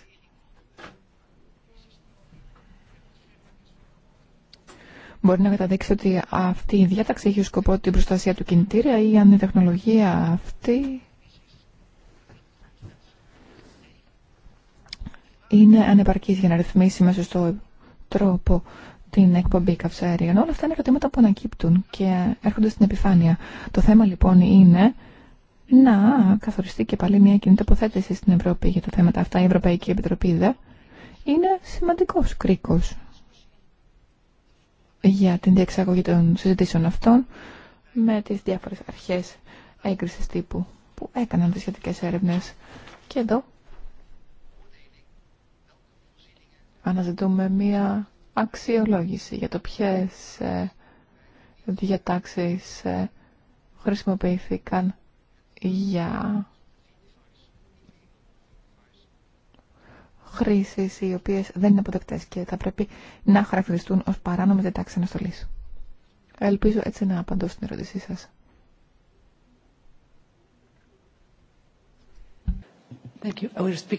C: μπορεί να καταδείξει ότι αυτή η διάταξη έχει σκοπό την προστασία του κινητήρα ή αν η τεχνολογία αυτή είναι ανεπαρκής για να ρυθμίσει μέσα στο τρόπο την εκπομπή καυσαέριων. Όλα αυτά είναι ερωτήματα που ανακύπτουν και έρχονται στην επιφάνεια. Το θέμα λοιπόν είναι να καθοριστεί και πάλι μια κοινή τοποθέτηση στην Ευρώπη για τα θέματα αυτά. Η Ευρωπαϊκή Επιτροπή είναι σημαντικός κρίκος για την διεξαγωγή των συζητήσεων αυτών με τις διάφορες αρχές έγκρισης τύπου που έκαναν τις σχετικές έρευνες. Και εδώ αναζητούμε μία αξιολόγηση για το ποιες ε, διατάξεις ε, χρησιμοποιήθηκαν για χρήσεις οι οποίες δεν είναι αποδεκτές και θα πρέπει να χαρακτηριστούν ως παράνομες διατάξεις αναστολής. Ελπίζω έτσι να απαντώ στην ερώτησή σας. Oh,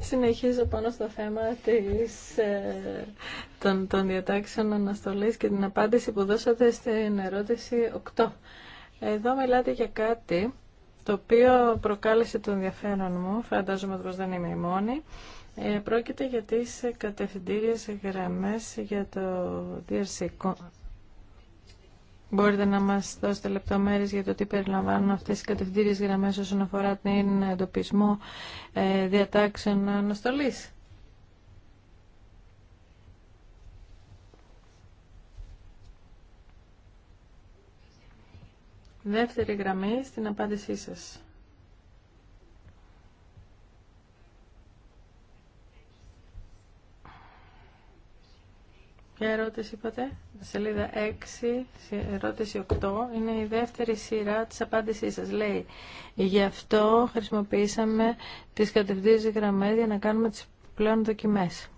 A: Συνεχίζω πάνω στο θέμα της, ε, των, των διατάξεων αναστολής και την απάντηση που δώσατε στην ερώτηση 8. Εδώ μιλάτε για κάτι το οποίο προκάλεσε τον ενδιαφέρον μου, φαντάζομαι πως δεν είμαι η μόνη. Ε, πρόκειται για τις κατευθυντήριες γραμμές για το DRC Μπορείτε να μας δώσετε λεπτομέρειες για το τι περιλαμβάνουν αυτές οι κατευθυντήριες γραμμές όσον αφορά την εντοπισμό ε, διατάξεων αναστολής. Δεύτερη γραμμή στην απάντησή σας. Ποια ερώτηση είπατε, σελίδα 6, ερώτηση 8, είναι η δεύτερη σειρά της απάντησής σας. Λέει, γι' αυτό χρησιμοποιήσαμε τις κατευθύνσεις γραμμές για να κάνουμε τις πλέον δοκιμές.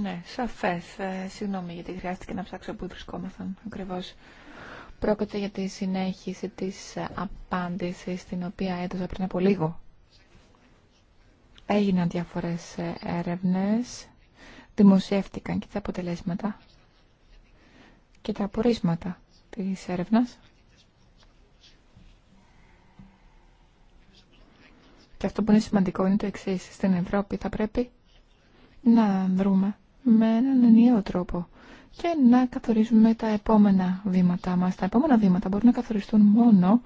C: Ναι, σαφές. Ε, συγγνώμη γιατί χρειάστηκε να ψάξω πού βρισκόμασταν ακριβώς. Πρόκειται για τη συνέχιση της ε, απάντησης την οποία έδωσα πριν από λίγο. Έγιναν διάφορες ε, έρευνες, δημοσιεύτηκαν και τα αποτελέσματα και τα απορίσματα της έρευνας. Και αυτό που είναι σημαντικό είναι το εξή. Στην Ευρώπη θα πρέπει να δρούμε με έναν ενιαίο τρόπο και να καθορίζουμε τα επόμενα βήματα μας. Τα επόμενα βήματα μπορούν να καθοριστούν μόνο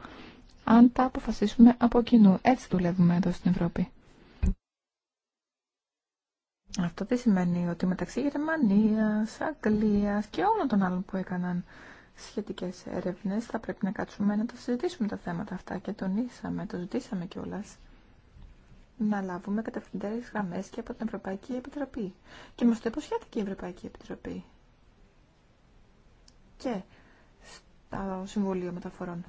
C: αν τα αποφασίσουμε από κοινού. Έτσι δουλεύουμε εδώ στην Ευρώπη. Αυτό τι σημαίνει ότι μεταξύ Γερμανίας, Αγγλίας και όλων των άλλων που έκαναν σχετικές έρευνες θα πρέπει να κάτσουμε να τα συζητήσουμε τα θέματα αυτά και τονίσαμε, το ζητήσαμε κιόλα να λάβουμε κατευθυντέρες γραμμές και από την Ευρωπαϊκή Επιτροπή. Και μας το υποσχέθηκε η Ευρωπαϊκή Επιτροπή και στα Συμβουλίο Μεταφορών.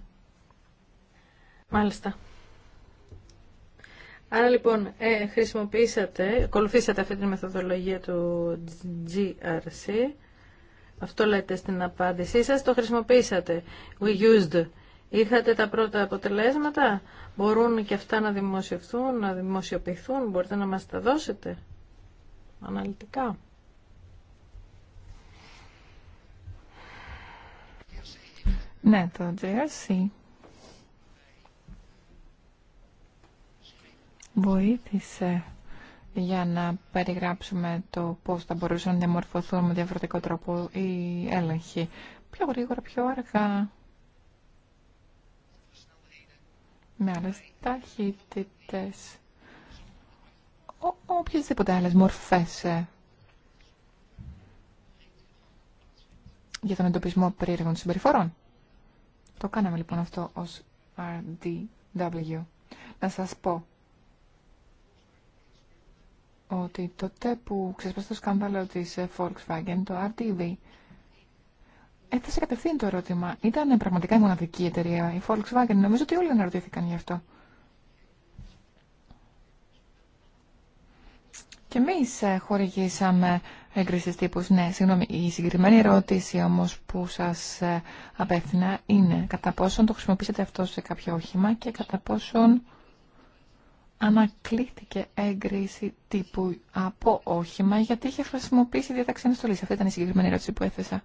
C: Μάλιστα. Άρα
A: λοιπόν ε, χρησιμοποιήσατε, ακολουθήσατε αυτή τη μεθοδολογία του GRC. Αυτό λέτε στην απάντησή σας, το χρησιμοποίησατε. We used. Είχατε τα πρώτα αποτελέσματα, μπορούν και αυτά να δημοσιευθούν, να δημοσιοποιηθούν, μπορείτε να μας τα δώσετε
C: αναλυτικά. Ναι, το JRC βοήθησε για να περιγράψουμε το πώς θα μπορούσαν να διαμορφωθούν με διαφορετικό τρόπο οι έλεγχοι. Πιο γρήγορα, πιο αργά. Με άλλες ταχύτητες. Οποιασδήποτε άλλες μορφές ε, για τον εντοπισμό περίεργων συμπεριφορών. Το κάναμε λοιπόν αυτό ως RDW. Να σας πω ότι τότε που ξεσπάσε το σκάνδαλο της ε, Volkswagen, το RDV, έθεσε κατευθείαν το ερώτημα. Ήταν πραγματικά η μοναδική εταιρεία, η Volkswagen. Νομίζω ότι όλοι αναρωτήθηκαν γι' αυτό. Και εμεί ε, χορηγήσαμε έγκρισης τύπους. Ναι, συγγνώμη, η συγκεκριμένη ερώτηση όμως που σας ε, απέθυνα είναι κατά πόσον το χρησιμοποιήσατε αυτό σε κάποιο όχημα και κατά πόσον ανακλήθηκε έγκριση τύπου από όχημα γιατί είχε χρησιμοποιήσει διατάξη αναστολή. Αυτή ήταν η συγκεκριμένη ερώτηση που έθεσα.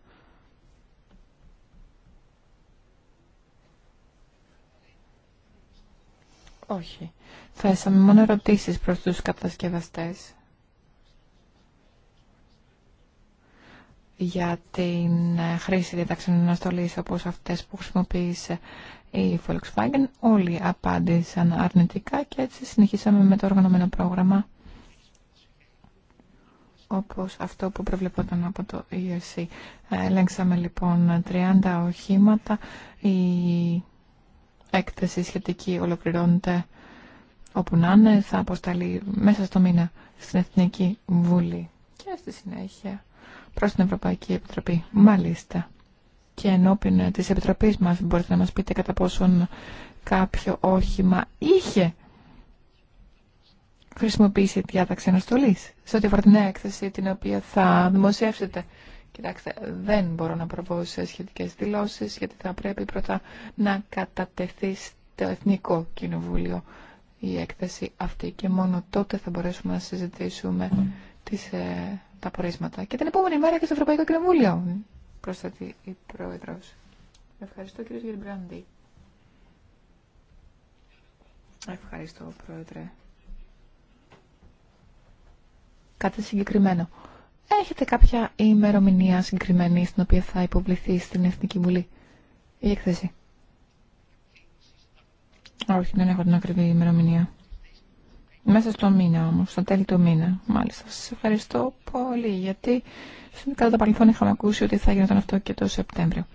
C: Όχι. Θέσαμε μόνο ερωτήσεις προς τους κατασκευαστές για την ε, χρήση διατάξεων αναστολή όπως αυτές που χρησιμοποίησε η Volkswagen. Όλοι απάντησαν αρνητικά και έτσι συνεχίσαμε με το οργανωμένο πρόγραμμα όπως αυτό που προβλεπόταν από το ERC. Ε, ελέγξαμε λοιπόν 30 οχήματα. Η έκθεση σχετική ολοκληρώνεται όπου να είναι. Θα αποσταλεί μέσα στο μήνα στην Εθνική Βουλή. Και στη συνέχεια προς την Ευρωπαϊκή Επιτροπή. Μάλιστα. Και ενώπιν της Επιτροπής μας μπορείτε να μας πείτε κατά πόσον κάποιο όχημα είχε χρησιμοποιήσει διάταξη αναστολή σε ό,τι αφορά την έκθεση την οποία θα δημοσιεύσετε. Κοιτάξτε, δεν μπορώ να προβώ σε σχετικές δηλώσεις γιατί θα πρέπει πρώτα να κατατεθεί στο Εθνικό Κοινοβούλιο η έκθεση αυτή και μόνο τότε θα μπορέσουμε να συζητήσουμε τα πορίσματα. Και την επόμενη μέρα και στο Ευρωπαϊκό Κοινοβούλιο, προσθέτει η Πρόεδρος. Ευχαριστώ κύριε Γερμπράντη. Ευχαριστώ Πρόεδρε. Κάτι συγκεκριμένο. Έχετε κάποια ημερομηνία συγκεκριμένη στην οποία θα υποβληθεί στην Εθνική Βουλή η έκθεση. Όχι, δεν έχω την ακριβή ημερομηνία. Μέσα στο μήνα όμω, στο τέλη του μήνα, μάλιστα. Σα ευχαριστώ πολύ, γιατί κατά το παρελθόν είχαμε ακούσει ότι θα γινόταν αυτό και το Σεπτέμβριο.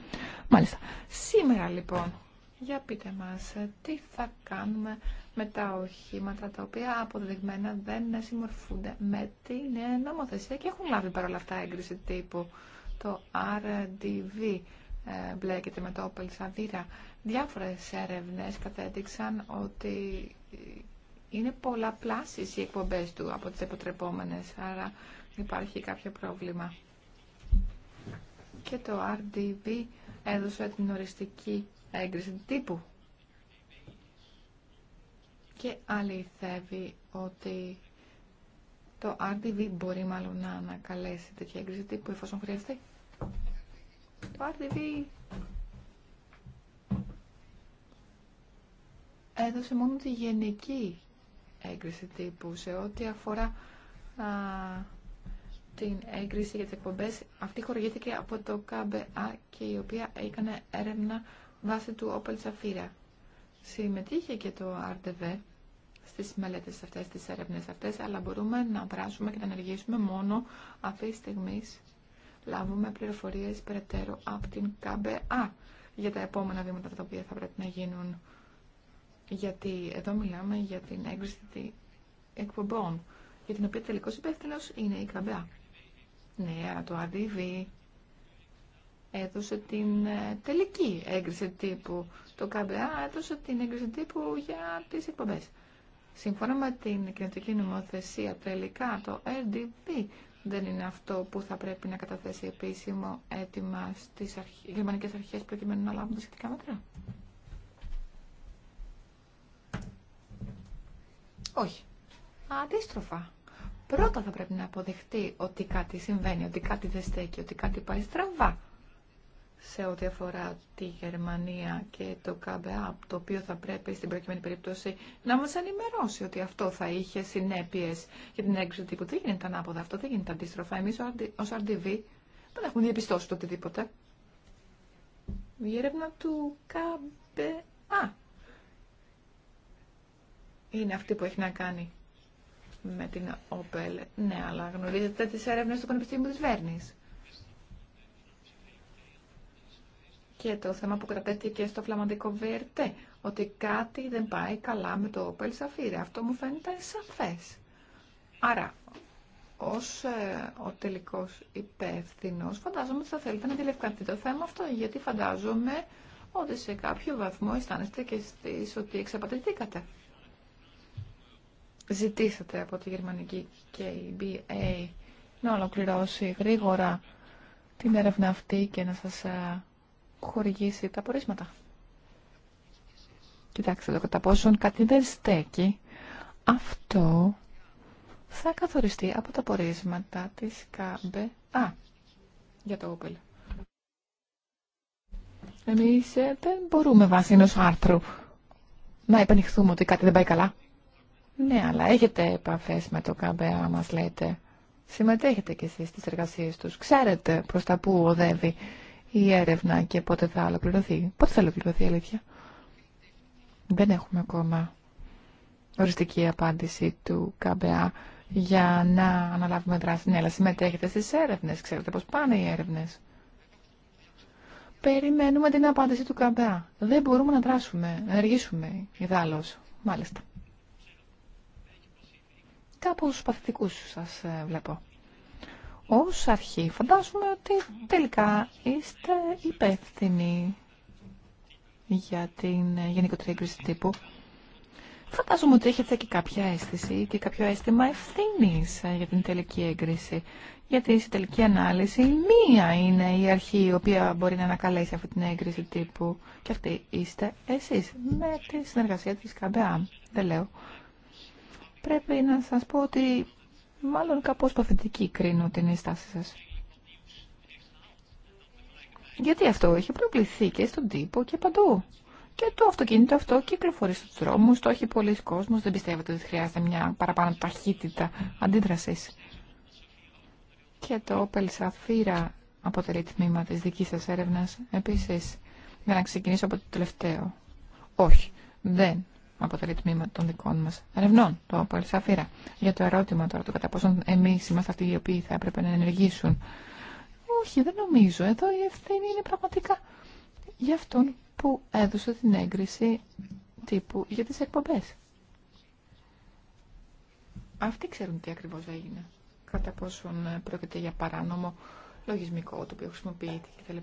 C: Μάλιστα. Σήμερα λοιπόν, για πείτε μα, τι θα κάνουμε με τα οχήματα τα οποία αποδεδειγμένα δεν συμμορφούνται με την ε, νομοθεσία και έχουν λάβει παρόλα αυτά έγκριση τύπου. Το RDV ε, μπλέκεται με το Opel Σαββίρα. Διάφορες έρευνες κατέδειξαν ότι είναι πολλαπλάσεις οι εκπομπές του από τις επιτρεπόμενες, άρα υπάρχει κάποιο πρόβλημα. Και το RDV έδωσε την οριστική έγκριση τύπου και αληθεύει ότι το RDB μπορεί μάλλον να ανακαλέσει τέτοια έγκριση τύπου εφόσον χρειαστεί. Το RDV έδωσε μόνο τη γενική έγκριση τύπου. Σε ό,τι αφορά α, την έγκριση για τις εκπομπές, αυτή χορηγήθηκε από το ΚΑΜΠΕΑ και η οποία έκανε έρευνα βάσει του Opel Zafira. Συμμετείχε και το RTV στις μελέτες αυτές, τις έρευνες αυτές, αλλά μπορούμε να δράσουμε και να ενεργήσουμε μόνο αυτή τη στιγμή. Λάβουμε πληροφορίες περαιτέρω από την ΚΑΜΠΕΑ για τα επόμενα βήματα τα οποία θα πρέπει να γίνουν γιατί εδώ μιλάμε για την έγκριση εκπομπών, για την οποία τελικός υπεύθυνο είναι η ΚΑΜΠΑ. Ναι, το RDV έδωσε την ε, τελική έγκριση τύπου. Το ΚΑΜΠΑ έδωσε την έγκριση τύπου για τις εκπομπές. Σύμφωνα με την κοινωνική νομοθεσία, τελικά το RDV δεν είναι αυτό που θα πρέπει να καταθέσει επίσημο αίτημα στις αρχ... γερμανικές αρχές προκειμένου να λάβουν τα σχετικά μέτρα. Όχι. Αντίστροφα. Πρώτα θα πρέπει να αποδεχτεί ότι κάτι συμβαίνει, ότι κάτι δεν στέκει, ότι κάτι πάει στραβά σε ό,τι αφορά τη Γερμανία και το ΚΑΜΠΕΑ, το οποίο θα πρέπει στην προκειμένη περίπτωση να μας ενημερώσει ότι αυτό θα είχε συνέπειες για την έγκριση τύπου. Δεν γίνεται ανάποδα αυτό, δεν γίνεται αντίστροφα. Εμείς ως RDV δεν έχουμε διαπιστώσει το οτιδήποτε. Η έρευνα του ΚΑΜΠΕΑ είναι αυτή που έχει να κάνει με την Opel. Ναι, αλλά γνωρίζετε τις έρευνες του Πανεπιστήμιου της Βέρνης. Και το θέμα που κρατέθηκε στο φλαμαντικό ΒΕΡΤΕ, ότι κάτι δεν πάει καλά με το Opel Safira. Αυτό μου φαίνεται σαφές. Άρα, ως ε, ο τελικός υπεύθυνο, φαντάζομαι ότι θα θέλετε να διελευκάνετε το θέμα αυτό, γιατί φαντάζομαι ότι σε κάποιο βαθμό αισθάνεστε και εσείς ότι εξαπατηθήκατε ζητήσατε από τη γερμανική KBA να ολοκληρώσει γρήγορα την έρευνα αυτή και να σας ε, χορηγήσει τα πορίσματα. Κοιτάξτε εδώ κατά πόσον κάτι δεν στέκει. Αυτό θα καθοριστεί από τα πορίσματα της KBA. για το Όπελ. Εμείς ε, δεν μπορούμε βάσει ενός άρθρου να υπενηχθούμε ότι κάτι δεν πάει καλά. Ναι, αλλά έχετε επαφές με το ΚΑΜΠΕΑ, μας λέτε. Συμμετέχετε κι εσείς στις εργασίες τους. Ξέρετε προς τα που οδεύει η έρευνα και πότε θα ολοκληρωθεί. Πότε θα ολοκληρωθεί, αλήθεια. Δεν έχουμε ακόμα οριστική απάντηση του ΚΑΜΠΕΑ για να αναλάβουμε δράση. Ναι, αλλά συμμετέχετε στις έρευνες. Ξέρετε πώς πάνε οι έρευνες. Περιμένουμε την απάντηση του ΚΑΜΠΕΑ. Δεν μπορούμε να δράσουμε, να ενεργήσουμε, ιδάλλως. Μάλιστα κάπως παθητικούς σας ε, βλέπω. Ως αρχή φαντάζομαι ότι τελικά είστε υπεύθυνοι για την ε, γενικότερη έγκριση τύπου. Φαντάζομαι ότι έχετε και κάποια αίσθηση και κάποιο αίσθημα ευθύνη ε, για την τελική έγκριση. Γιατί στη τελική ανάλυση μία είναι η αρχή η οποία μπορεί να ανακαλέσει αυτή την έγκριση τύπου. Και αυτή είστε εσείς με τη συνεργασία της ΚΑΜΠΕΑ. Δεν λέω πρέπει να σας πω ότι μάλλον κάπως παθητική κρίνω την στάση σας. Γιατί αυτό έχει προβληθεί και στον τύπο και παντού. Και το αυτοκίνητο αυτό κυκλοφορεί στους δρόμους, το έχει πολλοί κόσμος, δεν πιστεύετε ότι χρειάζεται μια παραπάνω ταχύτητα αντίδρασης. Και το Opel Safira αποτελεί τμήμα της δικής σας έρευνας. Επίσης, για να ξεκινήσω από το τελευταίο. Όχι, δεν αποτελεί τμήμα των δικών μα. ερευνών, το Πολυσαφήρα. Για το ερώτημα τώρα του κατά πόσον εμεί είμαστε αυτοί οι οποίοι θα έπρεπε να ενεργήσουν. Όχι, δεν νομίζω. Εδώ η ευθύνη είναι πραγματικά για αυτόν που έδωσε την έγκριση τύπου για τι εκπομπέ. Αυτοί ξέρουν τι ακριβώς έγινε. Κατά πόσον πρόκειται για παράνομο λογισμικό το οποίο χρησιμοποιείται κτλ.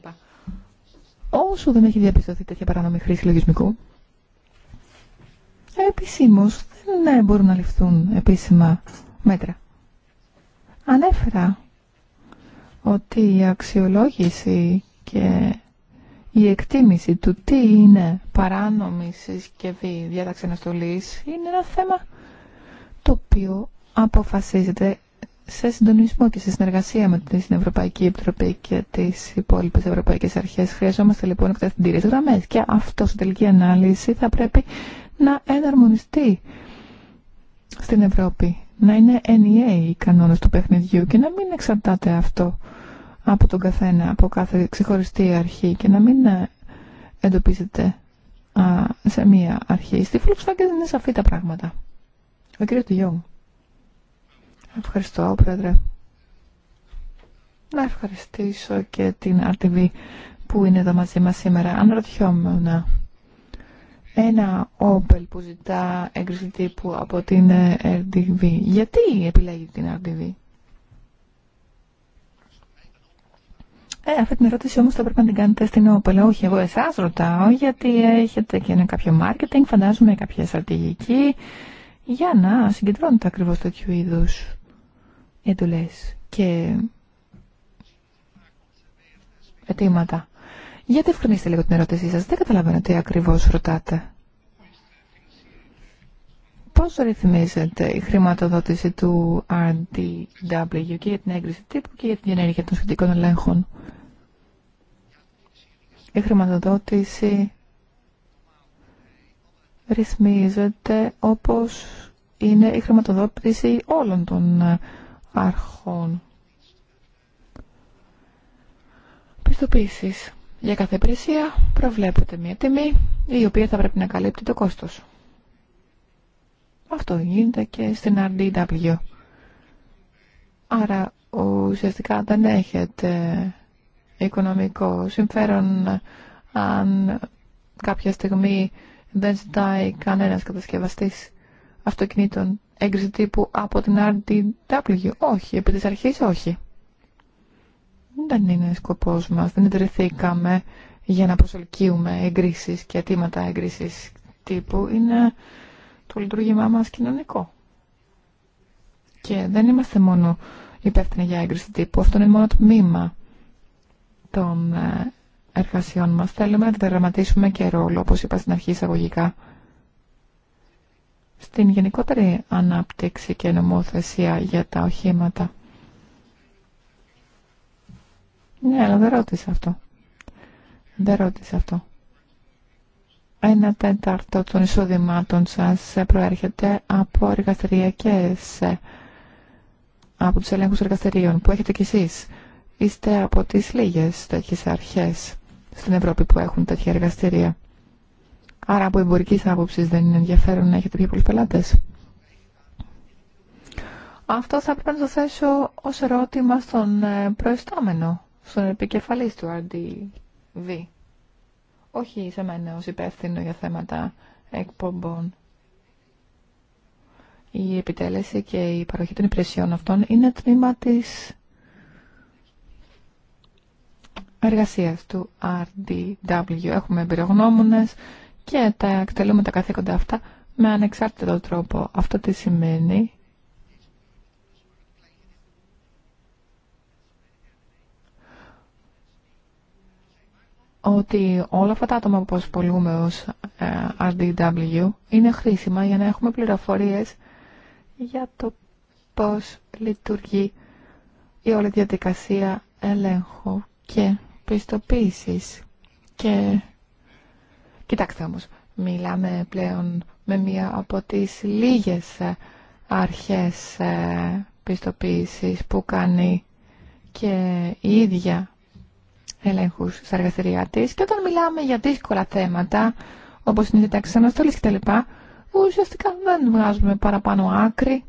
C: Όσο δεν έχει διαπιστωθεί τέτοια παράνομη χρήση λογισμικού, Επίσημώ δεν ναι, μπορούν να ληφθούν επίσημα μέτρα. Ανέφερα ότι η αξιολόγηση και η εκτίμηση του τι είναι παράνομη συσκευή διάταξη αναστολής είναι ένα θέμα το οποίο αποφασίζεται σε συντονισμό και σε συνεργασία με την Ευρωπαϊκή Επιτροπή και τι υπόλοιπε Ευρωπαϊκέ Αρχέ. Χρειαζόμαστε λοιπόν εκτεθειντήριε γραμμέ και αυτό στην τελική ανάλυση θα πρέπει να εναρμονιστεί στην Ευρώπη. Να είναι ενιαίοι οι κανόνες του παιχνιδιού και να μην εξαρτάται αυτό από τον καθένα, από κάθε ξεχωριστή αρχή και να μην ε, εντοπίζεται σε μία αρχή. Στη δεν είναι σαφή τα πράγματα. Ο κ. Τουγιόγκ. Ευχαριστώ, Πρόεδρε. Να ευχαριστήσω και την RTV που είναι εδώ μαζί μας σήμερα. Αν ρωτιόμουν ένα όπελ που ζητά έγκριση τύπου από την RDV. Ε, γιατί επιλέγει την RDV. Ε, αυτή την ερώτηση όμως θα πρέπει να την κάνετε στην όπελ. Όχι, εγώ εσάς ρωτάω, γιατί έχετε και ένα κάποιο marketing, φαντάζομαι κάποια στρατηγική, για να συγκεντρώνετε ακριβώς τέτοιου είδους εντολές και αιτήματα. Γιατί διευκρινίστε λίγο την ερώτησή σας. Δεν καταλαβαίνω τι ακριβώς ρωτάτε. Πώς ρυθμίζεται η χρηματοδότηση του RDW και για την έγκριση τύπου και για την ενέργεια των σχετικών ελέγχων. Η χρηματοδότηση ρυθμίζεται όπως είναι η χρηματοδότηση όλων των αρχών. Πιστοποίησης. Για κάθε υπηρεσία προβλέπεται μια τιμή η οποία θα πρέπει να καλύπτει το κόστος. Αυτό γίνεται και στην RDW. Άρα ουσιαστικά δεν έχετε οικονομικό συμφέρον αν κάποια στιγμή δεν ζητάει κανένας κατασκευαστής αυτοκινήτων έγκριση τύπου από την RDW. Όχι, επί της αρχής όχι δεν είναι σκοπός μας. Δεν εντρεθήκαμε για να προσελκύουμε εγκρίσεις και αιτήματα εγκρίσεις τύπου. Είναι το λειτουργήμά μας κοινωνικό. Και δεν είμαστε μόνο υπεύθυνοι για έγκριση τύπου. Αυτό είναι μόνο το τμήμα των ε, εργασιών μας. Θέλουμε να δραματίσουμε και ρόλο, όπως είπα στην αρχή εισαγωγικά, στην γενικότερη ανάπτυξη και νομοθεσία για τα οχήματα. Ναι, αλλά δεν ρώτησε αυτό. Δεν ρώτησε αυτό. Ένα τέταρτο των εισοδημάτων σας προέρχεται από εργαστηριακές, από τους ελέγχους εργαστηρίων που έχετε κι εσείς. Είστε από τις λίγες τέτοιες αρχές στην Ευρώπη που έχουν τέτοια εργαστήρια. Άρα από εμπορική άποψη δεν είναι ενδιαφέρον να έχετε πιο πολλού πελάτε. Αυτό θα πρέπει να το θέσω ω ερώτημα στον ε, προϊστάμενο στον επικεφαλής του RDV. Όχι σε μένα ως υπεύθυνο για θέματα εκπομπών. Η επιτέλεση και η παροχή των υπηρεσιών αυτών είναι τμήμα της εργασίας του RDW. Έχουμε εμπειρογνώμονες και τα εκτελούμε τα καθήκοντα αυτά με ανεξάρτητο τρόπο. Αυτό τι σημαίνει ότι όλα αυτά τα άτομα που ασχολούμαι ως ε, RDW είναι χρήσιμα για να έχουμε πληροφορίες για το πώς λειτουργεί η όλη διαδικασία ελέγχου και πιστοποίηση. Και κοιτάξτε όμω, μιλάμε πλέον με μία από τις λίγες ε, αρχές ε, πιστοποίηση που κάνει και η ίδια ελέγχου στα εργαστηριά τη. Και όταν μιλάμε για δύσκολα θέματα, όπω είναι η διατάξη αναστολή κτλ., ουσιαστικά δεν βγάζουμε παραπάνω άκρη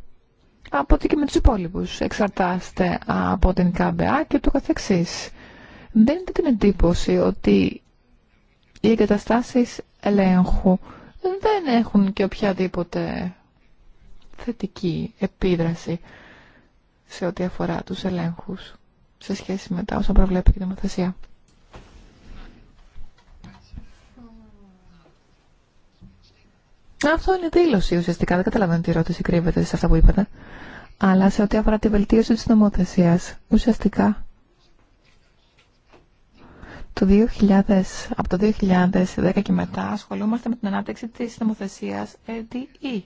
C: από ότι και με του υπόλοιπου. Εξαρτάστε από την ΚΑΜΠΑ και το καθεξή. είναι την εντύπωση ότι οι εγκαταστάσει ελέγχου δεν έχουν και οποιαδήποτε θετική επίδραση σε ό,τι αφορά τους ελέγχους σε σχέση με τα όσα προβλέπει και η νομοθεσία. Αυτό είναι δήλωση ουσιαστικά. Δεν καταλαβαίνω τι ερώτηση κρύβεται σε αυτά που είπατε. Αλλά σε ό,τι αφορά τη βελτίωση της νομοθεσίας, ουσιαστικά το 2000, από το 2010 και μετά ασχολούμαστε με την ανάπτυξη της νομοθεσίας LDE.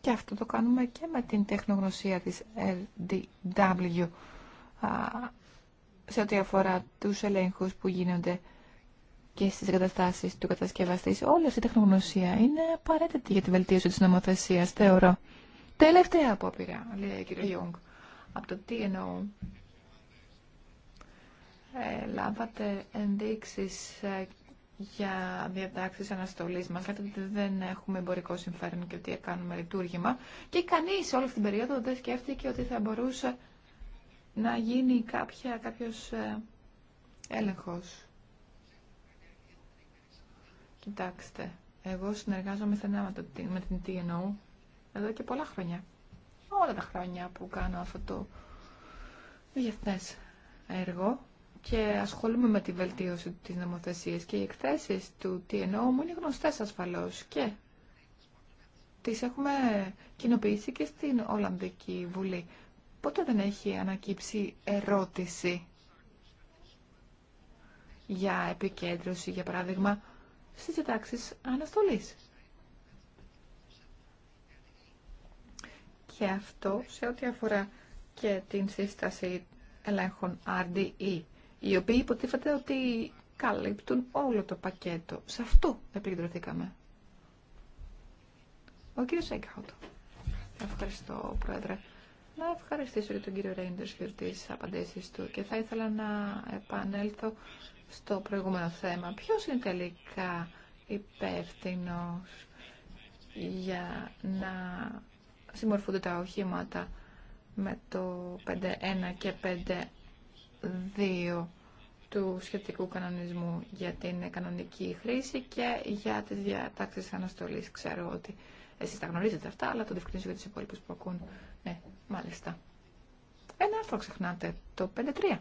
C: Και αυτό το κάνουμε και με την τεχνογνωσία της LDW σε ό,τι αφορά τους ελέγχους που γίνονται και στις εγκαταστάσεις του κατασκευαστή. Όλη αυτή η τεχνογνωσία είναι απαραίτητη για τη βελτίωση της νομοθεσίας, θεωρώ. Τελευταία απόπειρα, λέει ο κ. Ιούγκ. Από το τι εννοώ. Ε, λάβατε ενδείξεις ε, για διατάξεις αναστολής μας. Λέτε ότι δεν έχουμε εμπορικό συμφέρον και ότι κάνουμε λειτουργήμα. Και κανείς όλη αυτή την περίοδο δεν σκέφτηκε ότι θα μπορούσε να γίνει κάποια, κάποιος ε, έλεγχος. Κοιτάξτε, εγώ συνεργάζομαι στενά με, το, με την TNO εδώ και πολλά χρόνια. Όλα τα χρόνια που κάνω αυτό το διεθνές έργο και ασχολούμαι με τη βελτίωση της νομοθεσίας και οι εκθέσεις του TNO μου είναι γνωστές ασφαλώς και τις έχουμε κοινοποιήσει και στην Ολλανδική Βουλή ποτέ δεν έχει ανακύψει ερώτηση για επικέντρωση, για παράδειγμα, στις διατάξεις αναστολής. Και αυτό σε ό,τι αφορά και την σύσταση ελέγχων RDE, οι οποίοι υποτίθεται ότι καλύπτουν όλο το πακέτο. Σε αυτό επικεντρωθήκαμε. Ο κύριος Έγκαουτ. Ευχαριστώ, Πρόεδρε. Να ευχαριστήσω και τον κύριο Ρέιντερς για τις απαντήσεις του και θα ήθελα να επανέλθω στο προηγούμενο θέμα. Ποιος είναι τελικά υπεύθυνο για να συμμορφούνται τα οχήματα με το 5.1 και 5.2 του σχετικού κανονισμού για την κανονική χρήση και για τις διατάξεις αναστολής. Ξέρω ότι εσείς τα γνωρίζετε αυτά, αλλά το διευκρινίζω για τους υπόλοιπους που ακούν ναι, μάλιστα. Ένα άρθρο ξεχνάτε, το 5-3.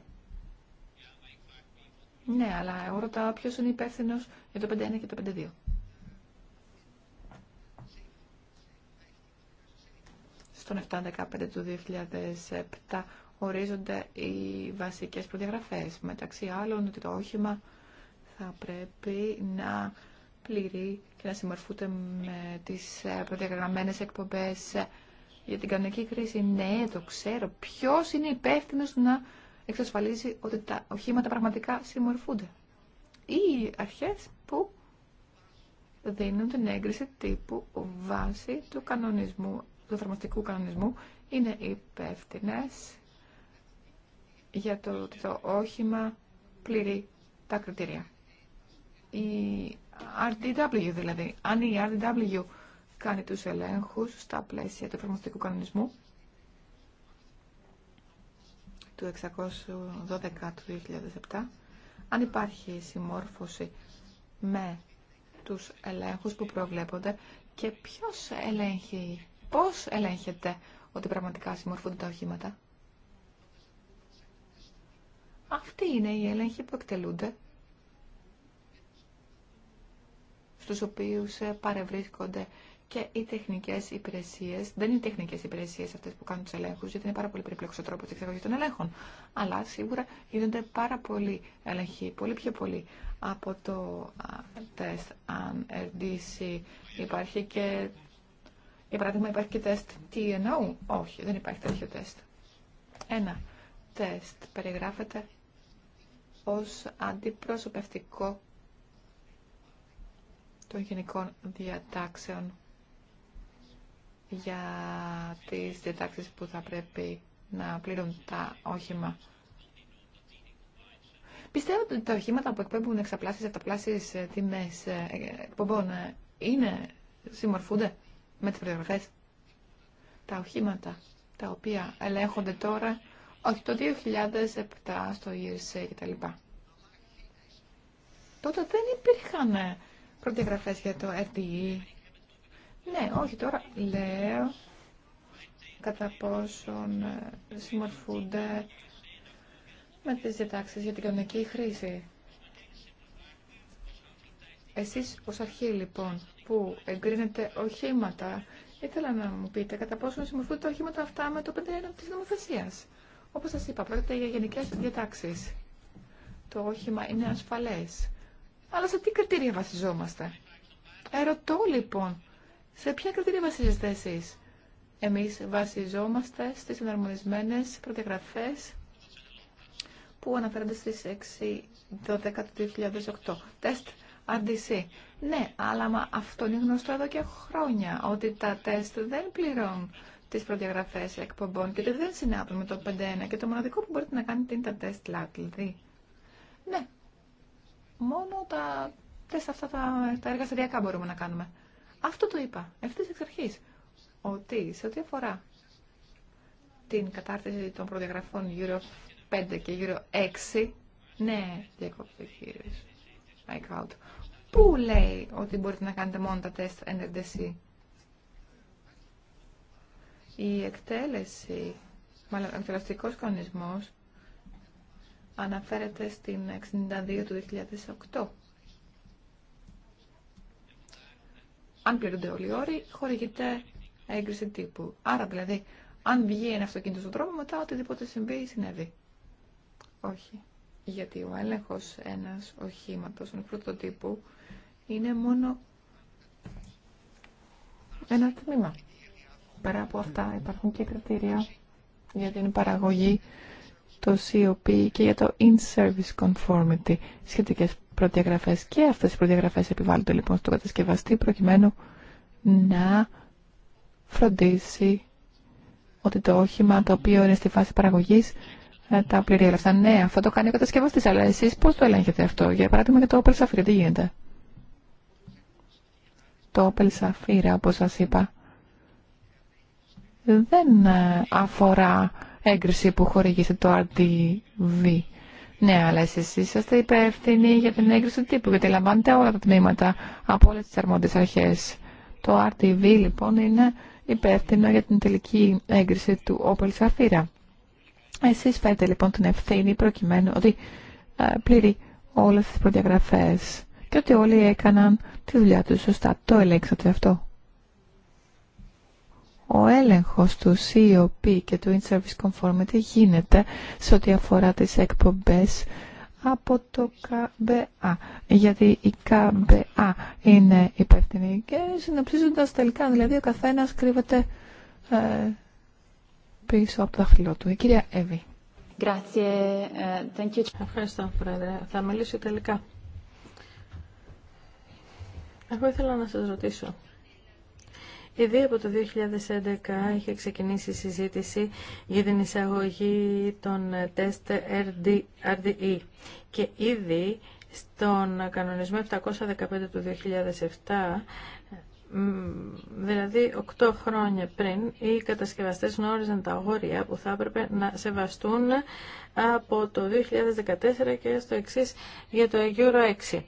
C: Ναι, αλλά εγώ ρωτάω ποιο είναι υπεύθυνο για το 5-1 και το 5-2. Στον 7-15 του 2007 ορίζονται οι βασικές προδιαγραφές. Μεταξύ άλλων ότι το όχημα θα πρέπει να πληρεί και να συμμορφούνται με τις ε, προδιαγραμμένες εκπομπές ε, για την κανονική κρίση. Ναι, το ξέρω. Ποιο είναι υπεύθυνο να εξασφαλίζει ότι τα οχήματα πραγματικά συμμορφούνται. Ή αρχές που δίνουν την έγκριση τύπου βάση του κανονισμού, του θερμοστικού κανονισμού, είναι υπεύθυνε για το ότι το όχημα πληρεί τα κριτήρια. Η RDW δηλαδή. Αν η RDW κάνει τους ελέγχους στα πλαίσια του εφαρμοστικού κανονισμού του 612 του 2007 αν υπάρχει συμμόρφωση με τους ελέγχους που προβλέπονται και ποιος ελέγχει, πώς ελέγχεται ότι πραγματικά συμμορφούνται τα οχήματα. Αυτοί είναι οι έλεγχοι που εκτελούνται στους οποίους ε, παρευρίσκονται και οι τεχνικέ υπηρεσίε, δεν είναι οι τεχνικέ υπηρεσίε αυτέ που κάνουν του ελέγχου, γιατί είναι πάρα πολύ περίπλοκο ο τη εξαγωγή των ελέγχων. Αλλά σίγουρα γίνονται πάρα πολλοί ελεγχοί, πολύ πιο πολλοί από το τεστ αν RDC. Υπάρχει και, για παράδειγμα, υπάρχει και τεστ TNO. Όχι, δεν υπάρχει τέτοιο τεστ. Ένα τεστ περιγράφεται ως αντιπροσωπευτικό των γενικών διατάξεων για τις διατάξεις που θα πρέπει να πληρούν τα όχημα. Πιστεύω ότι τα οχήματα που εκπέμπουν εξαπλάσεις, αυταπλάσει ε, τιμές ε, εκπομπών ε, είναι, συμμορφούνται με τις Τα οχήματα τα οποία ελέγχονται τώρα, όχι το 2007 στο ΙΡΣΕ κτλ. Τότε δεν υπήρχαν προδιαγραφές για το RTE. Ναι, όχι τώρα λέω κατά πόσον ε, συμμορφούνται με τις διατάξεις για την κανονική χρήση. Εσείς ως αρχή λοιπόν που εγκρίνετε οχήματα, ήθελα να μου πείτε κατά πόσο συμμορφούνται τα οχήματα αυτά με το 51 της νομοθεσίας. Όπως σας είπα, πρόκειται για γενικές διατάξεις. Το όχημα είναι ασφαλές. Αλλά σε τι κριτήρια βασιζόμαστε. Ερωτώ λοιπόν, σε ποια κριτήρια βασίζεστε εσείς. Εμείς βασιζόμαστε στις εναρμονισμένες προδιαγραφέ που αναφέρονται στι 6-12 του 2008. Τεστ RDC. Ναι, αλλά μα αυτό είναι γνωστό εδώ και χρόνια, ότι τα τεστ δεν πληρώνουν τις προδιαγραφέ εκπομπών και δεν συνάπτουν με το 5.1 και το μοναδικό που μπορείτε να κάνετε είναι τα τεστ lab, δηλαδή. Ναι, μόνο τα τεστ αυτά τα, τα μπορούμε να κάνουμε. Αυτό το είπα ευθύ εξ αρχή. Ότι σε ό,τι αφορά την κατάρτιση των προδιαγραφών γύρω 5 και γύρω 6, ναι, διακόπτω κύριο Άικαουτ. Πού λέει ότι μπορείτε να κάνετε μόνο τα τεστ NRDC. Η εκτέλεση, μάλλον ο εκτελεστικός κανονισμός αναφέρεται στην 62 του 2008 αν πληρούνται όλοι οι όροι, χορηγείται έγκριση τύπου. Άρα δηλαδή, αν βγει ένα αυτοκίνητο στον τρόπο, μετά οτιδήποτε συμβεί, συνέβη. Όχι. Γιατί ο έλεγχο ένα οχήματο, ενό πρωτοτύπου, είναι μόνο ένα τμήμα. Πέρα από αυτά υπάρχουν και κριτήρια για την παραγωγή, το COP και για το in-service conformity, σχετικές και αυτές οι προδιαγραφές επιβάλλονται λοιπόν στον κατασκευαστή προκειμένου να φροντίσει ότι το όχημα το οποίο είναι στη φάση παραγωγής ε, τα πληρεί αυτά. Ναι, αυτό το κάνει ο κατασκευαστή, αλλά εσεί πώ το ελέγχετε αυτό, για παράδειγμα για το Opel Safira, τι γίνεται. Το Opel Safira, όπω σα είπα, δεν ε, αφορά έγκριση που χορηγήσε το RDV. Ναι, αλλά εσεί είσαστε υπεύθυνοι για την έγκριση του τύπου, γιατί λαμβάνετε όλα τα τμήματα από όλε τι αρμόδιε αρχέ. Το RTV λοιπόν είναι υπεύθυνο για την τελική έγκριση του Opel Σαφύρα. Εσεί φέρετε λοιπόν την ευθύνη προκειμένου ότι ε, πλήρει όλε τι προδιαγραφέ και ότι όλοι έκαναν τη δουλειά του σωστά. Το ελέγξατε αυτό ο έλεγχος του COP και του In-Service Conformity γίνεται σε ό,τι αφορά τις εκπομπές από το ΚΜΠΑ. Γιατί η ΚΜΠΑ είναι υπεύθυνη και συνοψίζοντας τελικά, δηλαδή ο καθένας κρύβεται ε, πίσω από το δάχτυλό του. Η κυρία Εύη.
A: Ε, Ευχαριστώ, Πρόεδρε. Θα μιλήσω τελικά. Εγώ ήθελα να σας ρωτήσω Ήδη από το 2011 είχε ξεκινήσει η συζήτηση για την εισαγωγή των τεστ RDE και ήδη στον κανονισμό 715 του 2007 δηλαδή 8 χρόνια πριν οι κατασκευαστές γνώριζαν τα όρια που θα έπρεπε να σεβαστούν από το 2014 και στο εξής για το Euro 6.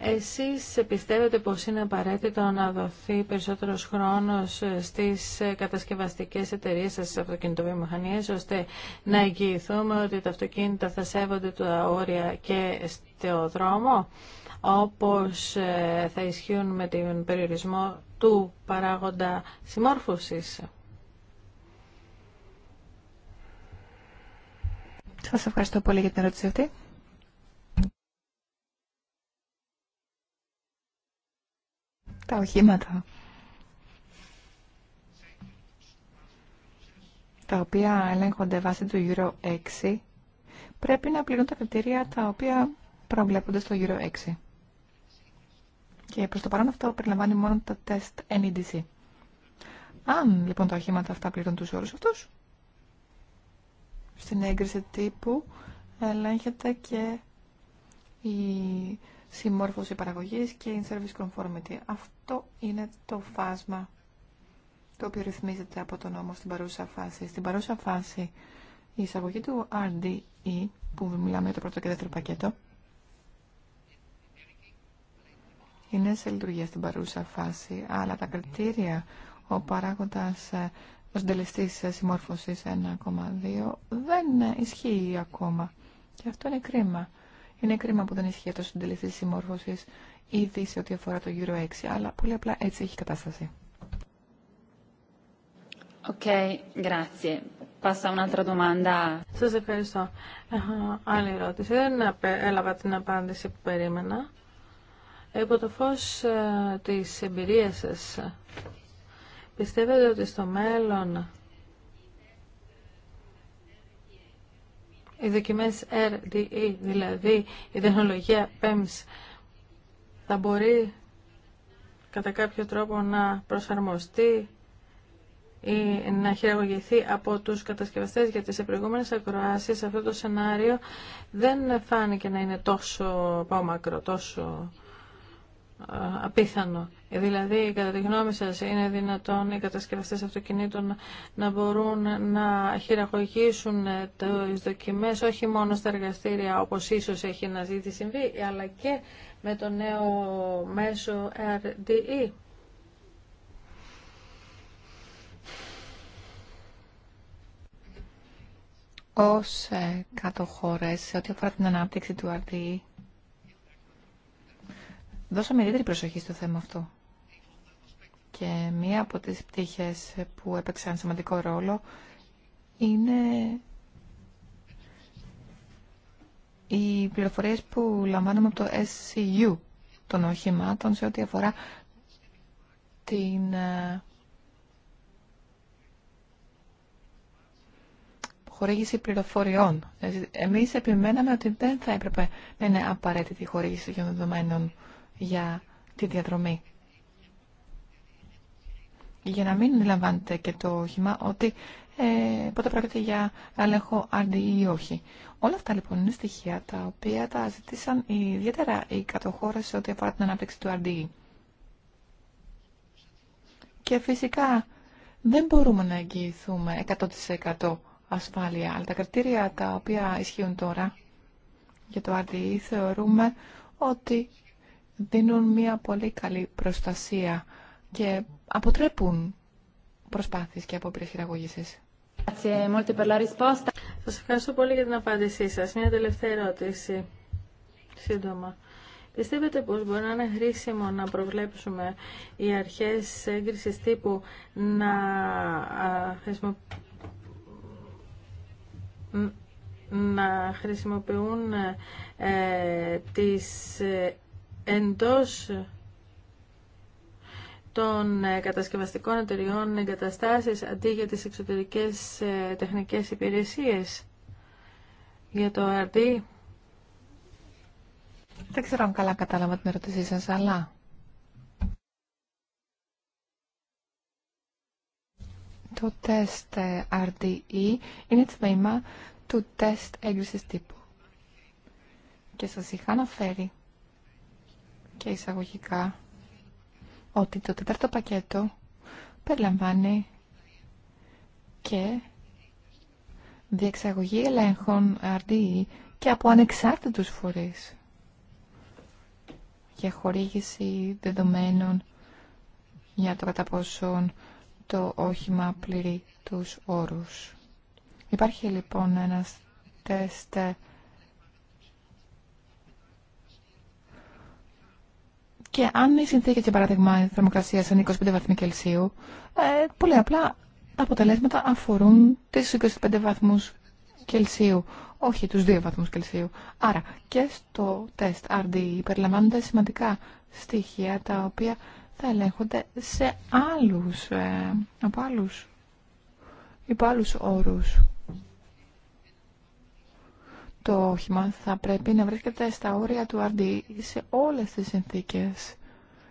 A: Εσείς πιστεύετε πως είναι απαραίτητο να δοθεί περισσότερος χρόνος στις κατασκευαστικές εταιρείες σας, στις αυτοκινητοβιομηχανίες, ώστε να εγγυηθούμε ότι τα αυτοκίνητα θα σέβονται τα όρια και στο δρόμο, όπως ε, θα ισχύουν με τον περιορισμό του παράγοντα συμμόρφωσης.
C: Σας ευχαριστώ πολύ για την ερώτηση αυτή. τα οχήματα τα οποία ελέγχονται βάσει του Euro 6 πρέπει να πληρούν τα κριτήρια τα οποία προβλέπονται στο Euro 6. Και προς το παρόν αυτό περιλαμβάνει μόνο τα τεστ NEDC. Αν λοιπόν τα οχήματα αυτά πληρούν τους όρους αυτούς, στην έγκριση τύπου ελέγχεται και η συμμόρφωση παραγωγής και in-service conformity. Αυτό είναι το φάσμα το οποίο ρυθμίζεται από τον νόμο στην παρούσα φάση. Στην παρούσα φάση η εισαγωγή του RDE, που μιλάμε για το πρώτο και δεύτερο πακέτο, είναι σε λειτουργία στην παρούσα φάση, αλλά τα κριτήρια, ο παράγοντας, ε, ο συντελεστής ε, συμμόρφωσης 1,2 δεν ε, ισχύει ακόμα. Και αυτό είναι κρίμα. Είναι κρίμα που δεν ισχύει το συντελεστή συμμόρφωση ήδη σε ό,τι αφορά το γύρο 6, αλλά πολύ απλά έτσι έχει κατάσταση. Okay, grazie.
A: Πάσα un'altra domanda. Σα ευχαριστώ. Έχω άλλη ερώτηση. Δεν έλαβα την απάντηση που περίμενα. Υπό το φως ε, της εμπειρία σα. πιστεύετε ότι στο μέλλον Οι δοκιμές RDE, δηλαδή η τεχνολογία PEMS, θα μπορεί κατά κάποιο τρόπο να προσαρμοστεί ή να χειραγωγηθεί από τους κατασκευαστές για τις προηγούμενες ακροάσεις αυτό το σενάριο δεν φάνηκε να είναι τόσο μακρό, τόσο απίθανο. Δηλαδή, κατά τη γνώμη σα είναι δυνατόν οι κατασκευαστέ αυτοκινήτων να μπορούν να χειραγωγήσουν το δοκιμέ όχι μόνο στα εργαστήρια όπως ίσως έχει να ζήτη συμβεί, αλλά και με το νέο μέσο RDE.
C: Ως ε, κάτω σε ό,τι αφορά την ανάπτυξη του RDE, δώσαμε ιδιαίτερη προσοχή στο θέμα αυτό. Και μία από τις πτυχές που έπαιξαν σημαντικό ρόλο είναι οι πληροφορίες που λαμβάνουμε από το SCU των οχημάτων σε ό,τι αφορά την ε, χορήγηση πληροφοριών. Δηλαδή, εμείς επιμέναμε ότι δεν θα έπρεπε να είναι απαραίτητη η χορήγηση των δεδομένων για τη διαδρομή για να μην λαμβάνετε και το όχημα ότι ε, πότε πρόκειται για έλεγχο αντί ή όχι. Όλα αυτά λοιπόν είναι στοιχεία τα οποία τα ζητήσαν ιδιαίτερα οι κατοχώρες σε ό,τι αφορά την ανάπτυξη του RDE. Και φυσικά δεν μπορούμε να εγγυηθούμε 100% ασφάλεια, αλλά τα κριτήρια τα οποία ισχύουν τώρα για το RDE θεωρούμε ότι δίνουν μια πολύ καλή προστασία και αποτρέπουν προσπάθειες και απόπειρες χειραγώγησης.
A: Σας ευχαριστώ πολύ για την απάντησή σας. Μια τελευταία ερώτηση, σύντομα. Πιστεύετε πως μπορεί να είναι χρήσιμο να προβλέψουμε οι αρχές έγκρισης τύπου να χρησιμοποιούν να χρησιμοποιούν ε, τις ε, εντός των ε, κατασκευαστικών εταιριών εγκαταστάσεις αντί για τις εξωτερικές ε, τεχνικές
C: υπηρεσίες για το RD. Δεν ξέρω αν καλά κατάλαβα την ερώτησή σας, αλλά... Το τεστ ε, RDE είναι τμήμα του τεστ έγκρισης τύπου. Και σας είχα αναφέρει και εισαγωγικά ότι το τέταρτο πακέτο περιλαμβάνει και διεξαγωγή ελέγχων RDE και από ανεξάρτητους φορείς για χορήγηση δεδομένων για το κατά πόσον το όχημα πληρεί τους όρους. Υπάρχει λοιπόν ένας τεστ Και αν η συνθήκη, για παράδειγμα, θερμοκρασία είναι 25 βαθμοί Κελσίου, ε, πολύ απλά τα αποτελέσματα αφορούν τις 25 βαθμούς Κελσίου, όχι τους 2 βαθμούς Κελσίου. Άρα και στο τεστ RD περιλαμβάνονται σημαντικά στοιχεία τα οποία θα ελέγχονται σε άλλους, ε, από άλλους, υπό άλλους όρους το όχημα θα πρέπει να βρίσκεται στα όρια του RD σε όλες τις συνθήκες.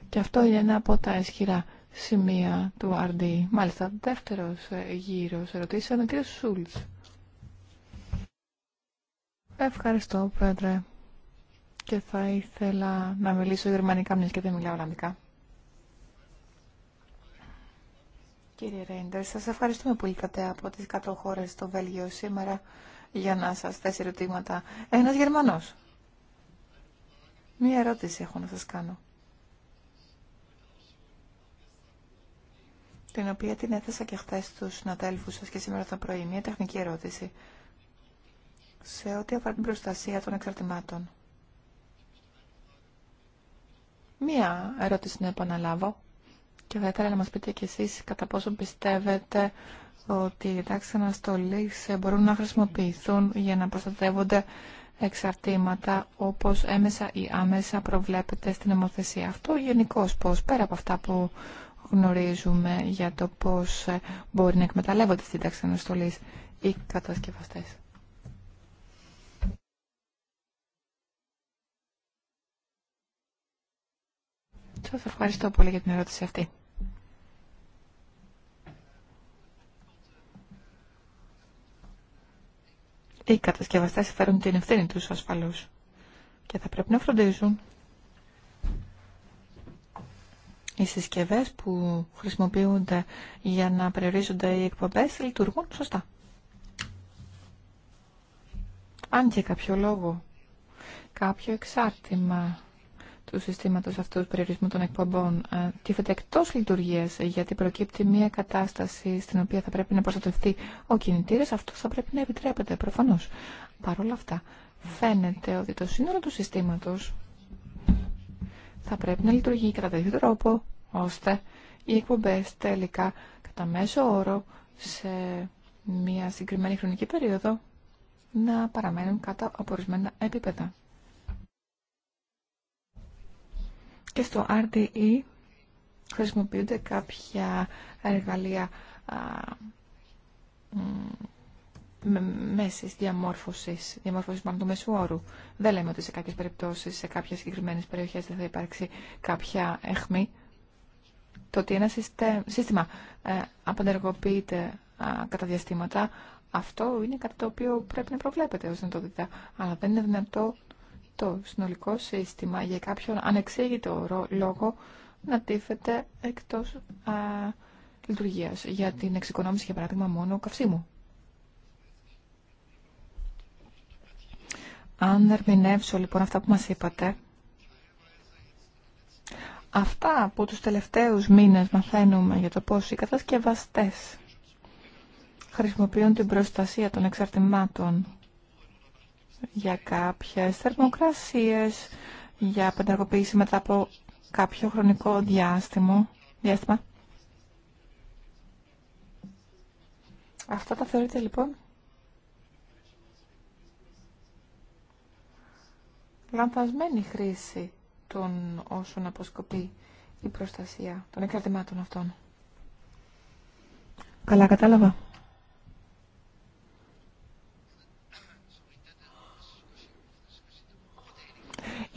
C: Και αυτό είναι ένα από τα ισχυρά σημεία του RD. Μάλιστα, δεύτερος ε, γύρος ερωτήσεων, ο κ. Σούλτς. Ευχαριστώ, Πέτρε Και θα ήθελα να μιλήσω γερμανικά, μιας και δεν μιλάω ολλανδικά. Κύριε Ρέιντερ, σας ευχαριστούμε πολύ κατέ από τις 100 χώρες στο Βέλγιο σήμερα για να σα θέσει ερωτήματα. Ένα γερμανο. Μία ερώτηση έχω να σας κάνω. Την οποία την έθεσα και χθε στους συναδέλφου σα και σήμερα το πρωί. Μία τεχνική ερώτηση. Σε ό,τι αφορά την προστασία των εξαρτημάτων. Μία ερώτηση να επαναλάβω και θα ήθελα να μας πείτε κι εσείς κατά πόσον πιστεύετε ότι οι τάξεις αναστολής μπορούν να χρησιμοποιηθούν για να προστατεύονται εξαρτήματα όπως έμεσα ή άμεσα προβλέπεται στην νομοθεσία. Αυτό γενικώ πώς, πέρα από αυτά που γνωρίζουμε για το πώς μπορεί να εκμεταλλεύονται στην τάξη αναστολή οι κατασκευαστές. Σας ευχαριστώ πολύ για την ερώτηση αυτή. οι κατασκευαστέ φέρουν την ευθύνη του ασφαλώ. και θα πρέπει να φροντίζουν οι συσκευέ που χρησιμοποιούνται για να περιορίζονται οι εκπομπέ λειτουργούν σωστά. Αν και κάποιο λόγο, κάποιο εξάρτημα του συστήματο αυτού του περιορισμού των εκπομπών ε, τίθεται εκτό λειτουργία γιατί προκύπτει μια κατάσταση στην οποία θα πρέπει να προστατευτεί ο κινητήρας, αυτό θα πρέπει να επιτρέπεται Προφανώ. Παρ' όλα αυτά φαίνεται ότι το σύνολο του συστήματο θα πρέπει να λειτουργεί κατά τέτοιο τρόπο ώστε οι εκπομπέ τελικά κατά μέσο όρο σε μια συγκεκριμένη χρονική περίοδο να παραμένουν κατά απορισμένα επίπεδα. Και στο RDE χρησιμοποιούνται κάποια εργαλεία μέσης διαμόρφωσης, διαμόρφωσης μάλλον του μέσου όρου. Δεν λέμε ότι σε κάποιες περιπτώσεις, σε κάποιες συγκεκριμένες περιοχές δεν θα υπάρξει κάποια εχμή. Το ότι ένα σύστημα ε, απαντεργοποιείται κατά διαστήματα, αυτό είναι κάτι το οποίο πρέπει να προβλέπεται ως δυνατότητα. Αλλά δεν είναι δυνατό το συνολικό σύστημα για κάποιον ανεξήγητο λόγο να τύφεται εκτός α, λειτουργίας για την εξοικονόμηση, για παράδειγμα, μόνο καυσίμου. Αν ερμηνεύσω λοιπόν αυτά που μας είπατε, αυτά που τους τελευταίους μήνες μαθαίνουμε για το πώς οι κατασκευαστές χρησιμοποιούν την προστασία των εξαρτημάτων για κάποιες θερμοκρασίες, για πενταργοποίηση μετά από κάποιο χρονικό διάστημα. διάστημα. Αυτά τα θεωρείτε λοιπόν. Λανθασμένη χρήση των όσων αποσκοπεί η προστασία των εκκρατημάτων αυτών. Καλά κατάλαβα.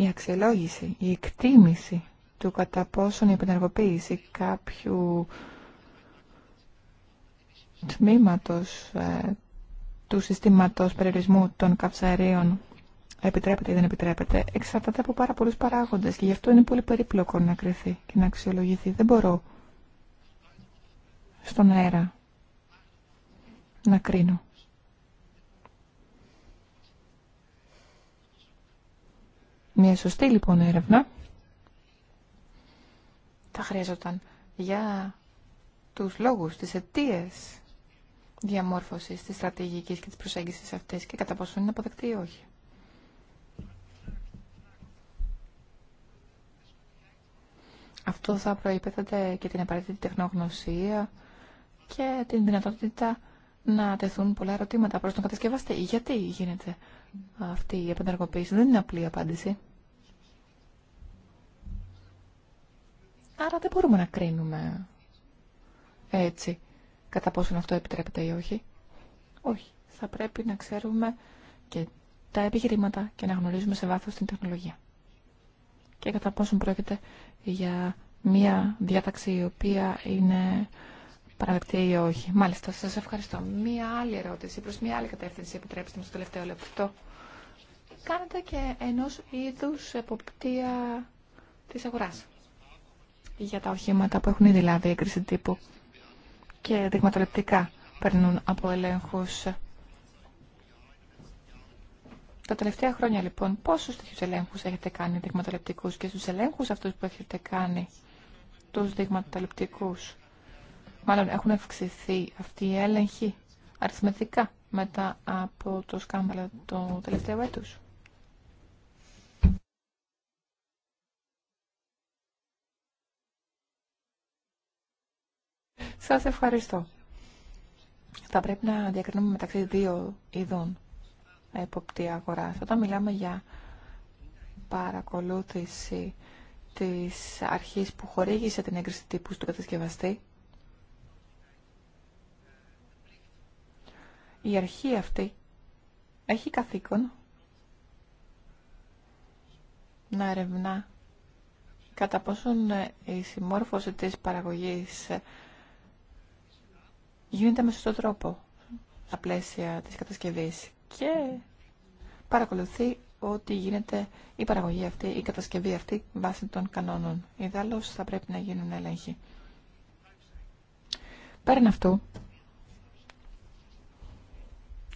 C: η αξιολόγηση, η εκτίμηση του κατά πόσον η επενεργοποίηση κάποιου τμήματος ε, του συστήματος περιορισμού των καυσαρίων επιτρέπεται ή δεν επιτρέπεται, εξαρτάται από πάρα πολλούς παράγοντες και γι' αυτό είναι πολύ περίπλοκο να κρυθεί και να αξιολογηθεί. Δεν μπορώ στον αέρα να κρίνω. Μια σωστή λοιπόν έρευνα θα χρειαζόταν για τους λόγους, τις αιτίε διαμόρφωσης της στρατηγικής και της προσέγγισης αυτής και κατά πόσο είναι αποδεκτή ή όχι. Αυτό θα προϋπέθεται και την απαραίτητη τεχνογνωσία και την δυνατότητα να τεθούν πολλά ερωτήματα προς τον κατασκευαστή. Γιατί γίνεται αυτή η επενεργοποίηση, δεν είναι απλή απάντηση. Άρα δεν μπορούμε να κρίνουμε έτσι κατά πόσον αυτό επιτρέπεται ή όχι. Όχι. Θα πρέπει να ξέρουμε και τα επιχειρήματα και να γνωρίζουμε σε βάθος την τεχνολογία. Και κατά πόσον πρόκειται για μία διάταξη η οποία είναι παραδεκτή ή όχι. Μάλιστα, σας ευχαριστώ. Μία άλλη ερώτηση προς μία άλλη κατεύθυνση, επιτρέψτε μου στο τελευταίο λεπτό. Κάνετε και ενός είδους εποπτεία της αγοράς για τα οχήματα που έχουν ήδη λάβει έγκριση τύπου και δειγματοληπτικά περνούν από ελέγχους. Τα τελευταία χρόνια λοιπόν πόσους τέτοιους ελέγχους έχετε κάνει δειγματοληπτικούς και στους ελέγχους αυτούς που έχετε κάνει τους δειγματοληπτικούς μάλλον έχουν αυξηθεί αυτοί οι έλεγχοι αριθμητικά μετά από το σκάνδαλο του τελευταίου έτους. Σας ευχαριστώ. Θα πρέπει να διακρινούμε μεταξύ δύο είδων εποπτεία αγοράς. Όταν μιλάμε για παρακολούθηση της αρχής που χορήγησε την έγκριση τύπου του κατασκευαστή, η αρχή αυτή έχει καθήκον να ερευνά κατά πόσον η συμμόρφωση της παραγωγής γίνεται με σωστό τρόπο τα πλαίσια της κατασκευής και παρακολουθεί ότι γίνεται η παραγωγή αυτή, η κατασκευή αυτή βάσει των κανόνων. Ιδάλλως θα πρέπει να γίνουν έλεγχοι. Πέραν αυτού,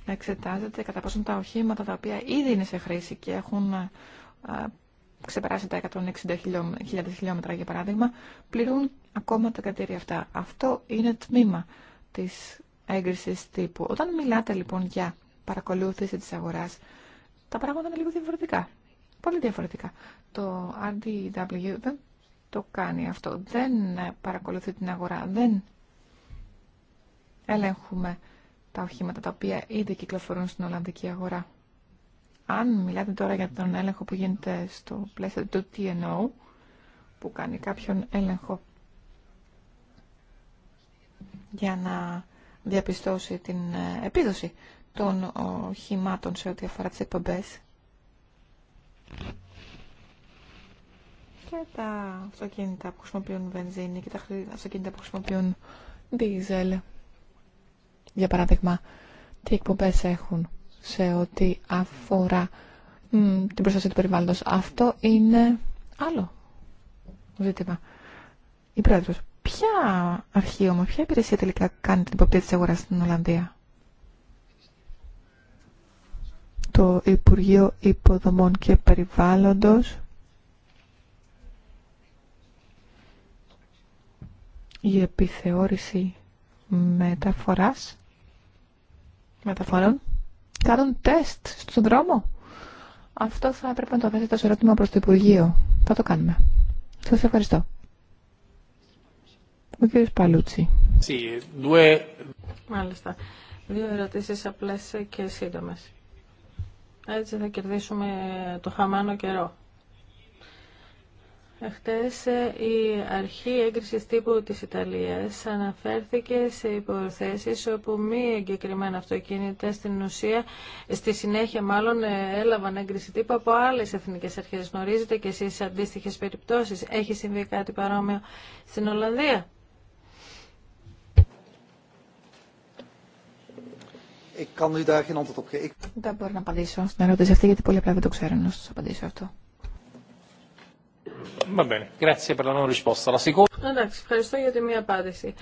C: εξετάζεται κατά πόσο τα οχήματα τα οποία ήδη είναι σε χρήση και έχουν ξεπεράσει τα 160.000 χιλιόμετρα για παράδειγμα, πληρούν ακόμα τα κατήρια αυτά. Αυτό είναι τμήμα της έγκρισης τύπου. Όταν μιλάτε λοιπόν για παρακολούθηση της αγοράς, τα πράγματα είναι λίγο διαφορετικά. Πολύ διαφορετικά. Το RDW δεν το κάνει αυτό. Δεν παρακολουθεί την αγορά. Δεν ελέγχουμε τα οχήματα τα οποία ήδη κυκλοφορούν στην Ολλανδική αγορά. Αν μιλάτε τώρα για τον έλεγχο που γίνεται στο πλαίσιο του TNO, που κάνει κάποιον έλεγχο για να διαπιστώσει την ε, επίδοση των ε, χημάτων σε ό,τι αφορά τις εκπομπές. Και τα αυτοκίνητα που χρησιμοποιούν βενζίνη και τα αυτοκίνητα που χρησιμοποιούν δίζελ. Για παράδειγμα, τι εκπομπές έχουν σε ό,τι αφορά την προστασία του περιβάλλοντος. Αυτό είναι άλλο ζήτημα. Η πρόεδρος. Ποια αρχή όμως, ποια υπηρεσία τελικά κάνει την υποπτήρια της αγοράς στην Ολλανδία. Το Υπουργείο Υποδομών και Περιβάλλοντος η επιθεώρηση μεταφοράς μεταφορών κάνουν τεστ στον δρόμο. Αυτό θα έπρεπε να το θέσετε ως ερώτημα προς το Υπουργείο. Θα το κάνουμε. Σας ευχαριστώ. Ο κύριος Παλούτσι.
A: Μάλιστα. Δύο ερωτήσεις απλές και σύντομες. Έτσι θα κερδίσουμε το χαμένο καιρό. Χτες η αρχή έγκριση τύπου της Ιταλίας αναφέρθηκε σε υποθέσεις όπου μη εγκεκριμένα αυτοκίνητα στην ουσία, στη συνέχεια μάλλον έλαβαν έγκριση τύπου από άλλες εθνικές αρχές. Γνωρίζετε και εσείς αντίστοιχες περιπτώσεις. Έχει συμβεί κάτι παρόμοιο στην Ολλανδία.
C: Δεν μπορώ να απαντήσω στην ερώτηση αυτή γιατί πολλοί απλά δεν το ξέρουν να σας απαντήσω αυτό. Εντάξει, ευχαριστώ για τη μία
A: απάντηση.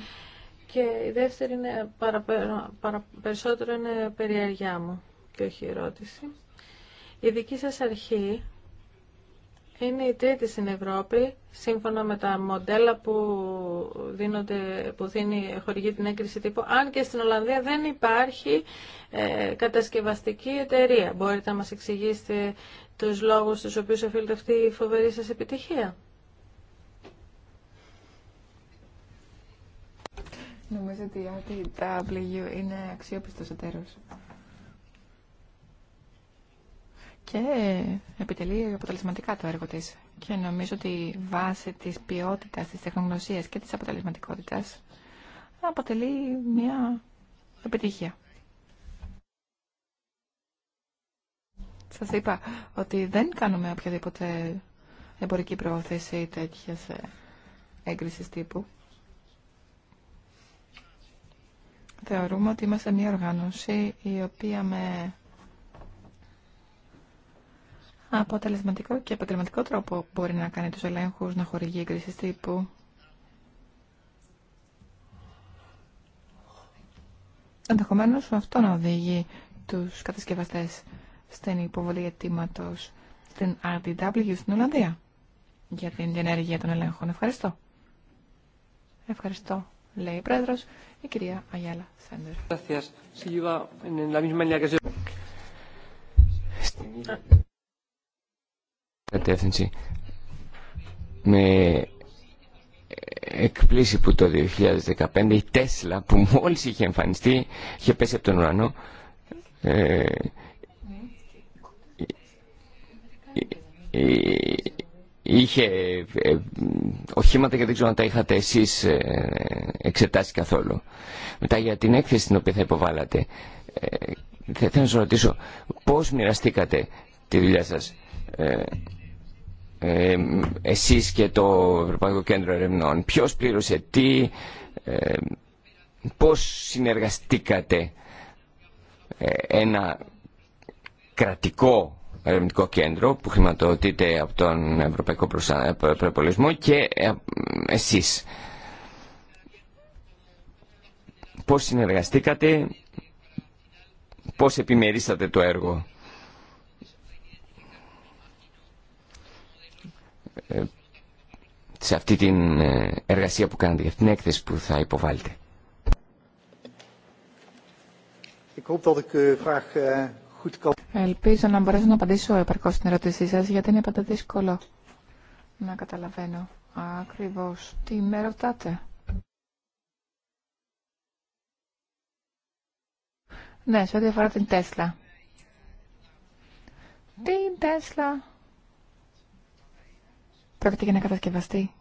A: Και η δεύτερη είναι περισσότερο είναι μου και όχι ερώτηση. Η δική σας αρχή είναι η τρίτη στην Ευρώπη, σύμφωνα με τα μοντέλα που, δίνονται, που δίνει, χορηγεί την έγκριση τύπου, αν και στην Ολλανδία δεν υπάρχει ε, κατασκευαστική εταιρεία. Μπορείτε να μας εξηγήσετε τους λόγους στους οποίους οφείλεται αυτή
C: η φοβερή σας επιτυχία. Νομίζω ότι η W είναι αξιόπιστος εταίρος και επιτελεί αποτελεσματικά το έργο της. Και νομίζω ότι βάση της ποιότητας, της τεχνογνωσίας και της αποτελεσματικότητας αποτελεί μια επιτυχία. Σας είπα ότι δεν κάνουμε οποιαδήποτε εμπορική προώθηση ή τέτοιες ε, έγκρισης τύπου. Θεωρούμε ότι είμαστε μια οργάνωση τέτοια οποία με αποτελεσματικό και επαγγελματικό τρόπο μπορεί να κάνει τους ελέγχους, να χορηγεί εγκρίσεις τύπου. Ενδεχομένω αυτό να οδηγεί τους κατασκευαστές στην υποβολή αιτήματο στην RDW στην Ολλανδία για την ενέργεια των ελέγχων. Ευχαριστώ. Ευχαριστώ, λέει η Πρόεδρος, η κυρία Αγιάλα Σέντερ
B: κατεύθυνση. Με εκπλήση που το 2015 η Τέσλα που μόλις είχε εμφανιστεί, είχε πέσει από τον ουρανό, ε, ε είχε ε, οχήματα και δεν ξέρω αν τα είχατε εσείς ε, εξετάσει καθόλου. Μετά για την έκθεση την οποία θα υποβάλατε, θα θέλω να σας ρωτήσω πώς μοιραστήκατε τη δουλειά σας εσείς και το Ευρωπαϊκό Κέντρο Ερευνών. Ποιος πλήρωσε τι, πώς συνεργαστήκατε ε, ένα κρατικό ερευνητικό κέντρο που χρηματοδοτείται από τον Ευρωπαϊκό Προπολισμό ε, και ε, εσείς. Πώς συνεργαστήκατε, πώς επιμερίσατε το έργο. Ε, σε αυτή την ε, εργασία που κάνετε, για την έκθεση που θα υποβάλλετε.
D: Ε,
C: Ελπίζω να μπορέσω να απαντήσω επαρκώς στην ερώτησή σα γιατί είναι πάντα δύσκολο να καταλαβαίνω Ακριβώ τι με ρωτάτε. Ναι, σε ό,τι αφορά την Τέσλα. Την Τέσλα Πρόκειται για ένα κατασκευαστή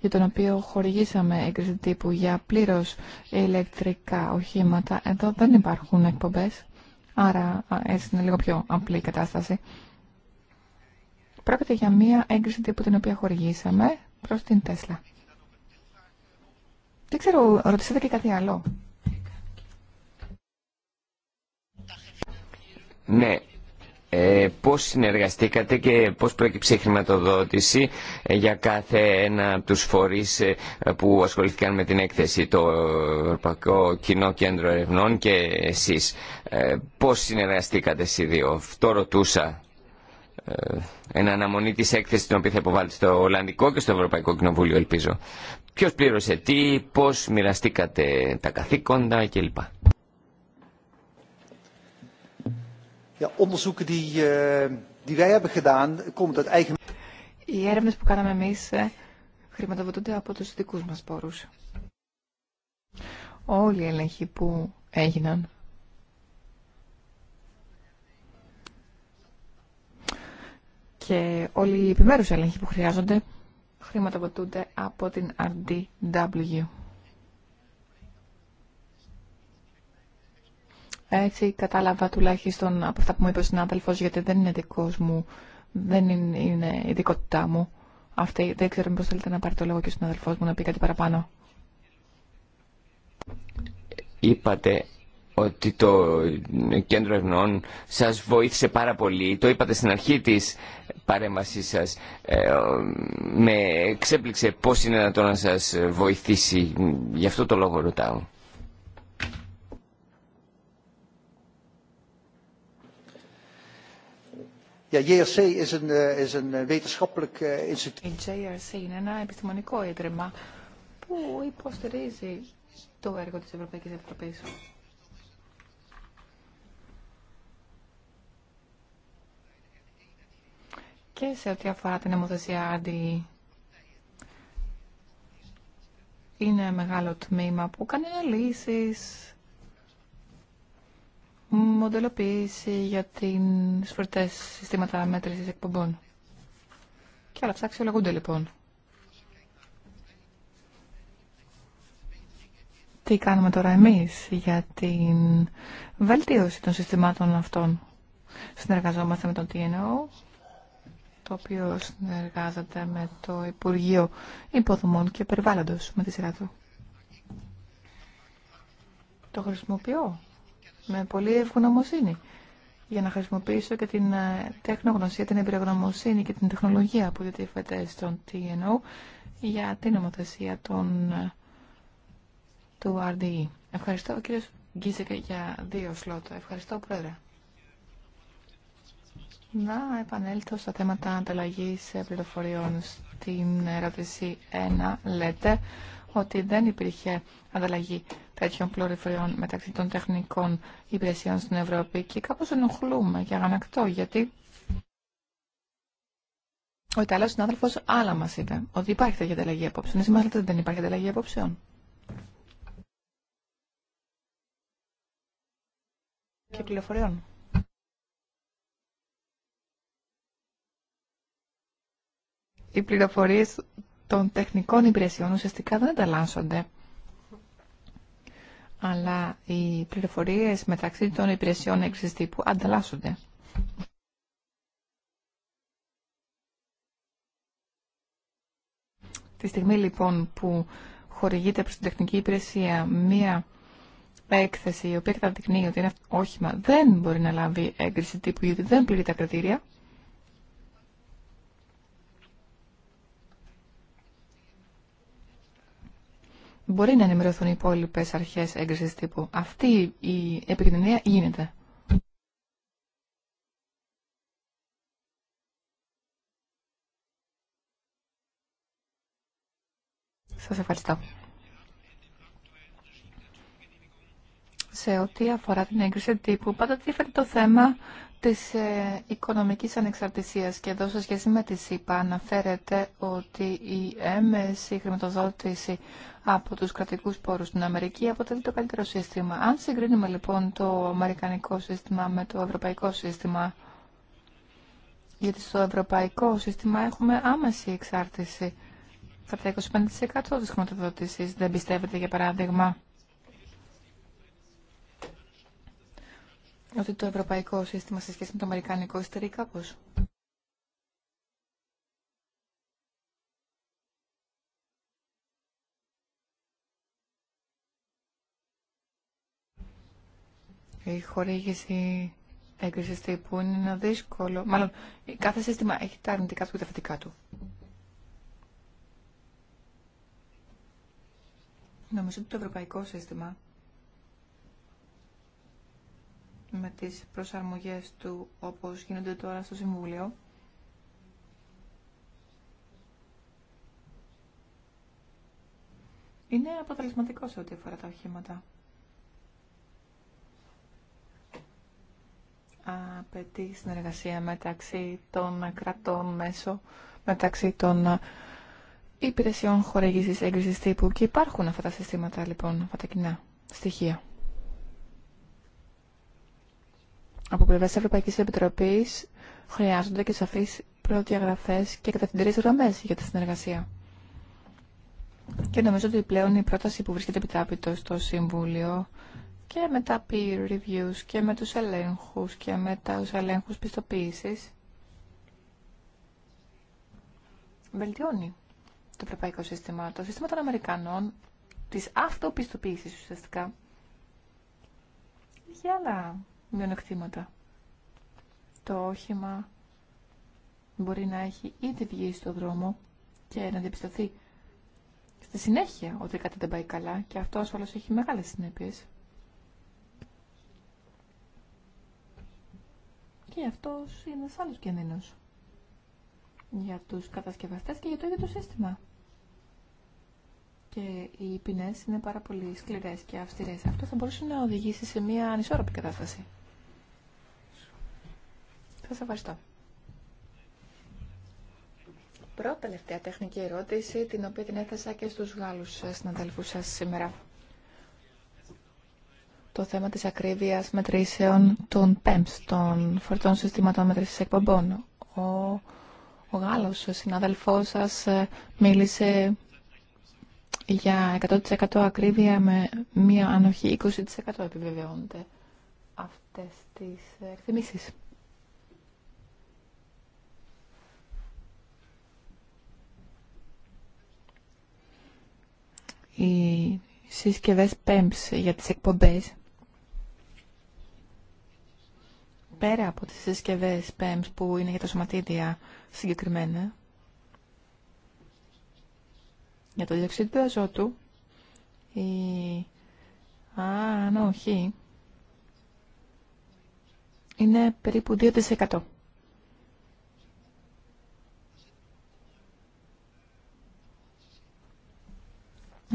C: για τον οποίο χορηγήσαμε έγκριση τύπου για πλήρως ηλεκτρικά οχήματα. Εδώ δεν υπάρχουν εκπομπές, άρα έτσι είναι λίγο πιο απλή η κατάσταση. Πρόκειται για μία έγκριση τύπου την οποία χορηγήσαμε προς την Τέσλα. Δεν ξέρω, ρωτήσατε και κάτι άλλο.
B: Ναι, ε, πώς συνεργαστήκατε και πώς πρόκειψε η χρηματοδότηση ε, για κάθε ένα από τους φορείς ε, που ασχολήθηκαν με την έκθεση, το Ευρωπαϊκό Κοινό Κέντρο Ερευνών και εσείς. Ε, πώς συνεργαστήκατε εσείς δύο, αυτό ρωτούσα. Ε, εν αναμονή της έκθεσης την οποία θα υποβάλλετε στο Ολλανδικό και στο Ευρωπαϊκό Κοινοβούλιο ελπίζω. Ποιος πλήρωσε τι, πώς μοιραστήκατε τα καθήκοντα κλπ.
D: onderzoeken die, eh, die wij hebben gedaan, komen uit eigen...
C: Οι έρευνε που κάναμε εμεί ε, χρηματοδοτούνται από του δικού μα πόρου. Όλοι οι έλεγχοι που έγιναν και όλοι οι επιμέρους έλεγχοι που χρειάζονται χρηματοδοτούνται από την RDW. Έτσι κατάλαβα τουλάχιστον από αυτά που μου είπε ο συνάδελφος, γιατί δεν είναι δικός μου, δεν είναι, ειδικότητά μου. Αυτή, δεν ξέρω μήπως θέλετε να πάρει το λόγο και ο συνάδελφός μου να πει κάτι παραπάνω.
B: Είπατε ότι το κέντρο ευνών σας βοήθησε πάρα πολύ. Το είπατε στην αρχή της παρέμβασής σας. Ε, με ξέπληξε πώς είναι το να σας βοηθήσει. Γι' αυτό το λόγο ρωτάω.
C: Η JRC είναι ένα επιστημονικό ίδρυμα που υποστηρίζει το έργο της Ευρωπαϊκής Επιτροπής. Και σε ό,τι αφορά την νομοθεσία αντι είναι μεγάλο τμήμα που κάνει αναλύσεις μοντελοποίηση για τι φορτές συστήματα μέτρηση εκπομπών. Και όλα αυτά αξιολογούνται λοιπόν. Τι κάνουμε τώρα εμείς για την βελτίωση των συστημάτων αυτών. Συνεργαζόμαστε με τον TNO, το οποίο συνεργάζεται με το Υπουργείο Υποδομών και Περιβάλλοντος με τη σειρά του. Το χρησιμοποιώ με πολύ ευγνωμοσύνη για να χρησιμοποιήσω και την ε, τεχνογνωσία, την εμπειρογνωμοσύνη και την τεχνολογία που διατίθεται στον TNO για την νομοθεσία των, ε, του RDE. Ευχαριστώ, κύριο Γκίζικε, για δύο σλότ. Ευχαριστώ, Πρόεδρε. Να επανέλθω στα θέματα ανταλλαγή πληροφοριών. Στην ερώτηση 1 λέτε ότι δεν υπήρχε ανταλλαγή τέτοιων πληροφοριών μεταξύ των τεχνικών υπηρεσιών στην Ευρώπη και κάπως ενοχλούμε και αγανακτώ γιατί ο Ιταλός συνάδελφος άλλα μας είπε ότι υπάρχει τέτοια ανταλλαγή απόψεων. Εσύ μας λέτε ότι δεν υπάρχει ανταλλαγή απόψεων. Και πληροφοριών. Οι πληροφορίες των τεχνικών υπηρεσιών ουσιαστικά δεν ανταλλάσσονται αλλά οι πληροφορίες μεταξύ των υπηρεσιών έξις τύπου ανταλλάσσονται. Τη στιγμή λοιπόν που χορηγείται προς την τεχνική υπηρεσία μία έκθεση η οποία καταδεικνύει ότι ένα όχημα δεν μπορεί να λάβει έγκριση τύπου γιατί δεν πληρεί τα κριτήρια, μπορεί να ενημερωθούν οι υπόλοιπε αρχέ έγκριση τύπου. Αυτή η επικοινωνία γίνεται. Σας ευχαριστώ. σε ό,τι αφορά την έγκριση τύπου, πάντα τίφερε το θέμα της ε, οικονομικής ανεξαρτησίας και εδώ σε σχέση με τη ΣΥΠΑ αναφέρεται ότι η έμεση χρηματοδότηση από τους κρατικούς πόρους στην Αμερική αποτελεί το καλύτερο σύστημα. Αν συγκρίνουμε λοιπόν το αμερικανικό σύστημα με το ευρωπαϊκό σύστημα, γιατί στο ευρωπαϊκό σύστημα έχουμε άμεση εξάρτηση κατά 25% της χρηματοδότησης, δεν πιστεύετε για παράδειγμα ότι το ευρωπαϊκό σύστημα σε σχέση με το αμερικανικό στερεί κάπως. Η χορήγηση έγκρισης τύπου είναι δύσκολο... Μάλλον, κάθε σύστημα έχει τα αρνητικά του και τα θετικά του. Νομίζω ότι το ευρωπαϊκό σύστημα με τις προσαρμογές του όπως γίνονται τώρα στο Συμβούλιο. Είναι αποτελεσματικό σε ό,τι αφορά τα οχήματα. Απαιτεί συνεργασία μεταξύ των κρατών μέσω, μεταξύ των υπηρεσιών χορηγήσης έγκρισης τύπου και υπάρχουν αυτά τα συστήματα λοιπόν, αυτά τα κοινά στοιχεία. από πλευρά τη Ευρωπαϊκή Επιτροπή χρειάζονται και σαφεί προδιαγραφέ και κατευθυντήριε γραμμέ για τη συνεργασία. Και νομίζω ότι πλέον η πρόταση που βρίσκεται επιτάπητο στο Συμβούλιο και με τα peer reviews και με τους ελέγχους και με τους ελέγχους πιστοποίησης βελτιώνει το ευρωπαϊκό σύστημα. Το σύστημα των Αμερικανών της αυτοπιστοποίησης ουσιαστικά για άλλα μειονεκτήματα. Το όχημα μπορεί να έχει ήδη βγει στο δρόμο και να διαπιστωθεί στη συνέχεια ότι κάτι δεν πάει καλά και αυτό ασφαλώς έχει μεγάλες συνέπειες. Και αυτός είναι ένας άλλος κινδύνος για τους κατασκευαστές και για το ίδιο το σύστημα. Και οι ποινές είναι πάρα πολύ σκληρές και αυστηρές. Αυτό θα μπορούσε να οδηγήσει σε μια ανισόρροπη κατάσταση. Σας ευχαριστώ. Πρώτα τελευταία τεχνική ερώτηση, την οποία την έθεσα και στους Γάλλους συναδέλφους σας σήμερα. Το θέμα της ακρίβειας μετρήσεων των PEMS, των φορτών συστήματων μετρήσεων εκπομπών. Ο, ο Γάλλος συναδελφός σας ε, μίλησε για 100% ακρίβεια με μία ανοχή 20% επιβεβαιώνεται αυτές τις ε, εκτιμήσεις. οι συσκευές PEMS για τις εκπομπές πέρα από τις συσκευές PEMS που είναι για τα σωματίδια συγκεκριμένα για το διοξείδιο του αζότου η ανοχή είναι περίπου 2%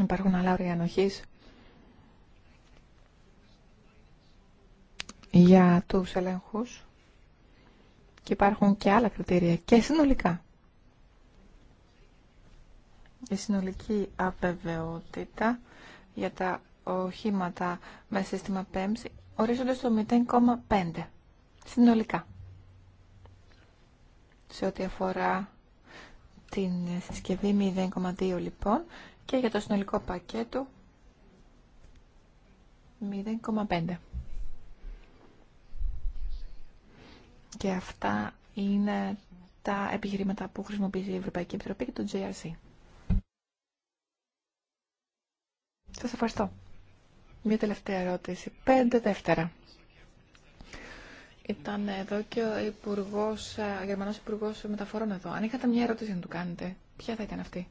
C: Υπάρχουν άλλα όρια ανοχής για τους ελέγχους και υπάρχουν και άλλα κριτήρια και συνολικά. Η συνολική αβεβαιότητα για τα οχήματα με σύστημα PEMS ορίζονται στο 0,5 συνολικά σε ό,τι αφορά την συσκευή 0,2 λοιπόν και για το συνολικό πακέτο 0,5. Και αυτά είναι τα επιχειρήματα που χρησιμοποιεί η Ευρωπαϊκή Επιτροπή και το JRC. Σας ευχαριστώ. Μια τελευταία ερώτηση. Πέντε δεύτερα. Ήταν εδώ και ο, υπουργός, ε, ο Γερμανός Μεταφορών εδώ. Αν είχατε μια ερώτηση να του κάνετε, ποια θα ήταν αυτή.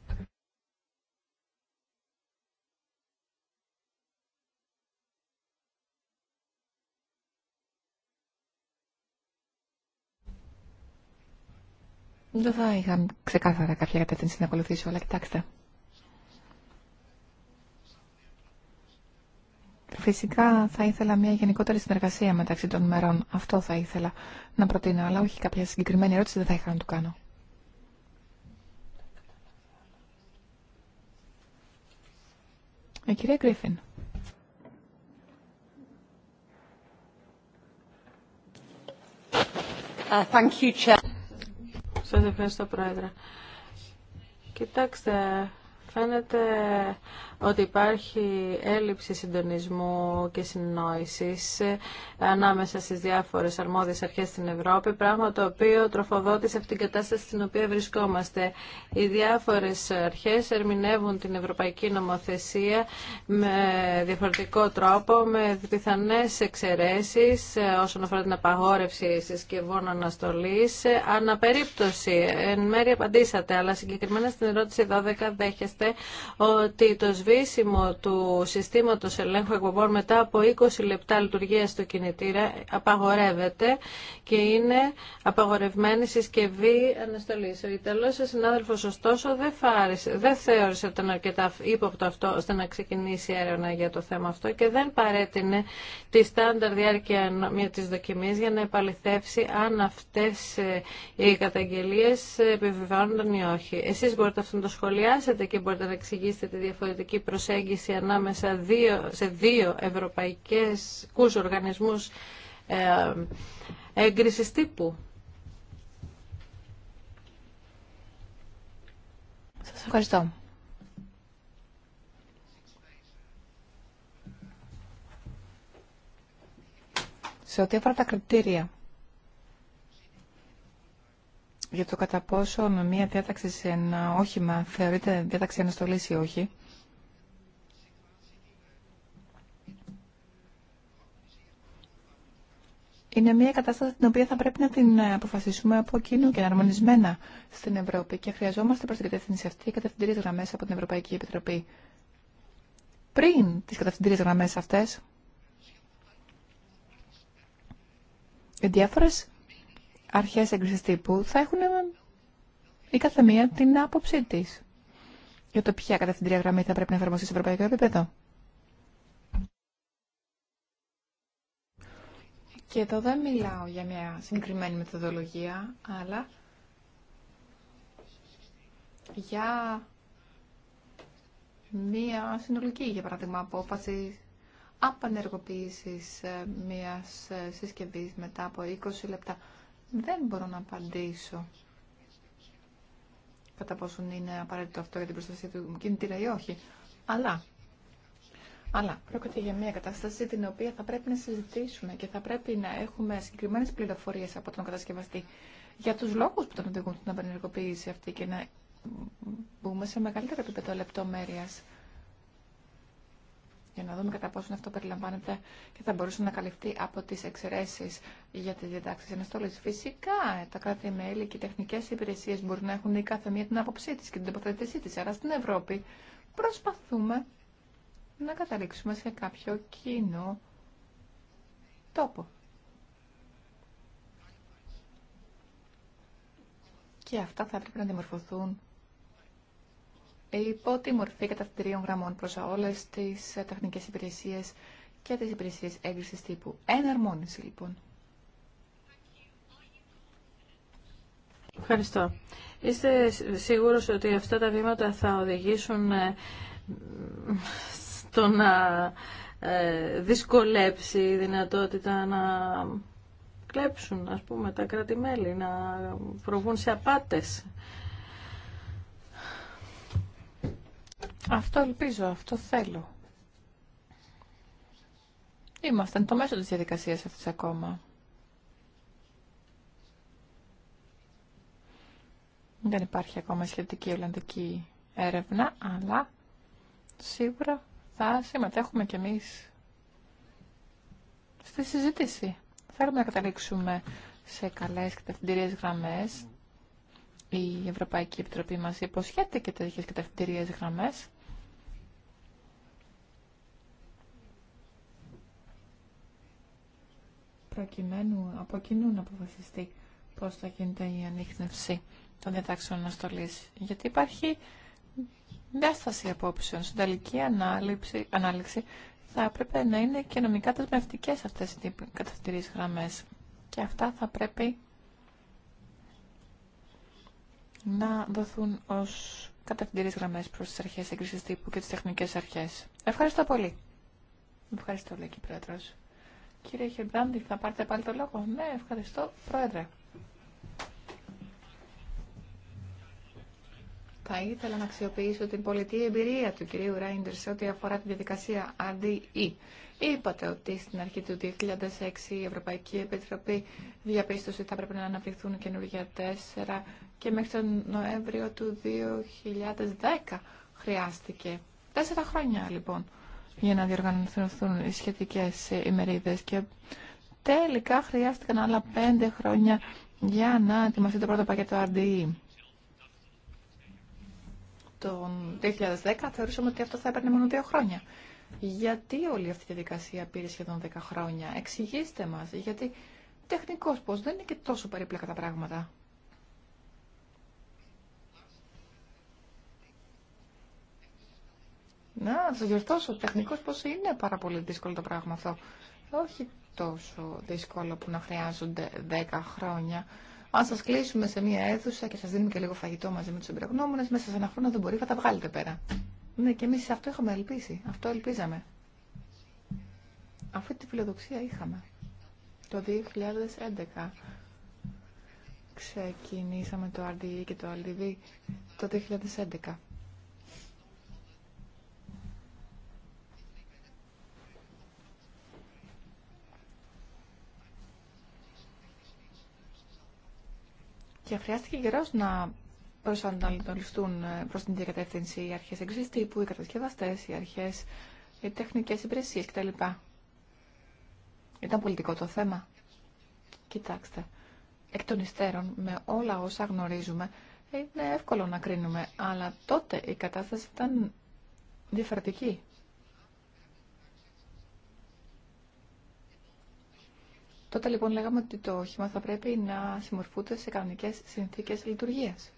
C: Δεν θα είχα ξεκάθαρα κάποια κατεύθυνση να ακολουθήσω, αλλά κοιτάξτε. Φυσικά θα ήθελα μια γενικότερη συνεργασία μεταξύ των μερών. Αυτό θα ήθελα να προτείνω, αλλά όχι κάποια συγκεκριμένη ερώτηση δεν θα είχα να του κάνω. Η ε, κυρία Γκρίφιν.
A: Uh, thank you, Chair. Σας ευχαριστώ, Πρόεδρε. Κοιτάξτε, φαίνεται ότι υπάρχει έλλειψη συντονισμού και συνεννόησης ε, ανάμεσα στις διάφορες αρμόδιες αρχές στην Ευρώπη, πράγμα το οποίο τροφοδότησε αυτήν την κατάσταση στην οποία βρισκόμαστε. Οι διάφορες αρχές ερμηνεύουν την ευρωπαϊκή νομοθεσία με διαφορετικό τρόπο, με πιθανές εξαιρέσεις ε, όσον αφορά την απαγόρευση συσκευών αναστολής. Ε, αναπερίπτωση, εν μέρει απαντήσατε, αλλά συγκεκριμένα στην ερώτηση 12 δέχεστε ότι το σβήσιμο του συστήματος ελέγχου εκπομπών μετά από 20 λεπτά λειτουργία στο κινητήρα απαγορεύεται και είναι απαγορευμένη συσκευή αναστολής. Ο Ιταλός συνάδελφος ωστόσο δεν, φάρισε, δεν θεώρησε τον αρκετά ύποπτο αυτό ώστε να ξεκινήσει έρευνα για το θέμα αυτό και δεν παρέτεινε τη στάνταρ διάρκεια μια της δοκιμής για να επαληθεύσει αν αυτές ε, οι καταγγελίες επιβεβαιώνονταν ή όχι. Εσείς μπορείτε αυτό να το σχολιάσετε και μπορείτε μπορείτε να εξηγήσετε τη διαφορετική προσέγγιση ανάμεσα σε δύο ευρωπαϊκούς οργανισμούς
C: ε, τύπου. Σας ευχαριστώ. Σε ό,τι αφορά τα κριτήρια για το κατά πόσο μια κατάσταση την οποία θα πρέπει να την ε, αποφασίσουμε από κοινού και αρμονισμένα στην Ευρώπη και χρειαζόμαστε προς την κατεύθυνση αυτή κατευθυντήριες γραμμές από την Ευρωπαϊκή Επιτροπή. Πριν τις κατευθυντήριες γραμμές αυτές, οι αρχές έγκρισης τύπου θα έχουν ε, η καθεμία την άποψή τη για το ποια κατευθυντήρια γραμμή θα πρέπει να εφαρμοστεί σε ευρωπαϊκό επίπεδο. Και εδώ δεν μιλάω για μια συγκεκριμένη μεθοδολογία, αλλά για μια συνολική, για παράδειγμα, απόφαση απανεργοποίησης ε, μιας ε, συσκευής μετά από 20 λεπτά δεν μπορώ να απαντήσω κατά πόσον είναι απαραίτητο αυτό για την προστασία του κινητήρα ή όχι. Αλλά, αλλά πρόκειται για μια κατάσταση την οποία θα πρέπει να συζητήσουμε και θα πρέπει να έχουμε συγκεκριμένες πληροφορίες από τον κατασκευαστή για τους λόγους που τον οδηγούν στην απενεργοποίηση αυτή και να μπούμε σε μεγαλύτερο επίπεδο λεπτομέρειας για να δούμε κατά πόσο αυτό περιλαμβάνεται και θα μπορούσε να καλυφθεί από τις εξαιρεσει για τι διατάξει αναστολή. Φυσικά, ε, τα κράτη-μέλη και οι τεχνικέ υπηρεσίες μπορούν να έχουν η κάθε μία την άποψή τη και την τοποθέτησή τη Άρα στην Ευρώπη προσπαθούμε να καταλήξουμε σε κάποιο κοινό τόπο. Και αυτά θα έπρεπε να δημορφωθούν υπό τη μορφή καταθετηρίων γραμμών προς όλες τις ε, τεχνικές υπηρεσίες και τι υπηρεσίες έγκρισης τύπου. Εναρμόνιση λοιπόν. Ευχαριστώ. Είστε
A: σίγουρος ότι αυτά τα βήματα θα οδηγήσουν ε, στο να ε, δυσκολέψει η δυνατότητα να κλέψουν, ας πούμε, τα κρατη να προβούν σε απάτες.
C: Αυτό ελπίζω, αυτό θέλω. Είμαστε το μέσο της διαδικασίας αυτής ακόμα. Δεν υπάρχει ακόμα σχετική ολλανδική έρευνα, αλλά σίγουρα θα συμμετέχουμε κι εμείς στη συζήτηση. Θέλουμε να καταλήξουμε σε καλές κατευθυντήριες γραμμές η Ευρωπαϊκή Επιτροπή μα υποσχέται και τέτοιες κατευθυντηρίες γραμμές. Προκειμένου από κοινού να αποφασιστεί πώ θα γίνεται η ανείχνευση των διατάξεων αναστολή. Γιατί υπάρχει διάσταση απόψεων. Στην τελική ανάληψη, θα έπρεπε να είναι και νομικά δεσμευτικέ αυτέ οι κατευθυντηρίες γραμμέ. Και αυτά θα πρέπει να δοθούν ως κατευθυντήριες γραμμές προς τις αρχές έγκρισης τύπου και τις τεχνικές αρχές. Ευχαριστώ πολύ. Ευχαριστώ, λέει και η Κύριε Χερμπράντη, θα πάρετε πάλι το λόγο. Ναι, ευχαριστώ, Πρόεδρε. Θα ήθελα να αξιοποιήσω την πολιτική εμπειρία του κυρίου Ράιντερ σε ό,τι αφορά τη διαδικασία RDE Είπατε ότι στην αρχή του 2006 η Ευρωπαϊκή Επιτροπή διαπίστωσε ότι θα πρέπει να αναπτυχθούν καινούργια τέσσερα και μέχρι τον Νοέμβριο του 2010 χρειάστηκε. Τέσσερα χρόνια λοιπόν για να διοργανωθούν οι σχετικές ημερίδες και τελικά χρειάστηκαν άλλα πέντε χρόνια για να ετοιμαστεί το πρώτο πακέτο RDE. Τον 2010 θεωρούσαμε ότι αυτό θα έπαιρνε μόνο δύο χρόνια. Γιατί όλη αυτή η διαδικασία πήρε σχεδόν 10 χρόνια. Εξηγήστε μας, γιατί τεχνικός πώς δεν είναι και τόσο περίπλοκα τα πράγματα. Να, το γιορτώσω. Τεχνικός πώς είναι πάρα πολύ δύσκολο το πράγμα αυτό. Όχι τόσο δύσκολο που να χρειάζονται 10 χρόνια. Αν σας κλείσουμε σε μία αίθουσα και σας δίνουμε και λίγο φαγητό μαζί με τους εμπειρογνώμονες, μέσα σε ένα χρόνο δεν μπορεί, να τα βγάλετε πέρα. Ναι, και εμείς αυτό είχαμε ελπίσει. Αυτό ελπίζαμε. Αυτή τη φιλοδοξία είχαμε. Το 2011 ξεκινήσαμε το RDE και το RDV το 2011. Και χρειάστηκε καιρό να προσανατολιστούν ε, προς την διακατεύθυνση οι αρχές εγκρισής τύπου, οι κατασκευαστές, οι αρχές, οι τεχνικές υπηρεσίες κτλ. Ήταν πολιτικό το θέμα. Κοιτάξτε, εκ των υστέρων με όλα όσα γνωρίζουμε είναι εύκολο να κρίνουμε, αλλά τότε η κατάσταση ήταν διαφορετική. Τότε λοιπόν λέγαμε ότι το όχημα θα πρέπει να συμμορφούνται σε κανονικές συνθήκες λειτουργίας.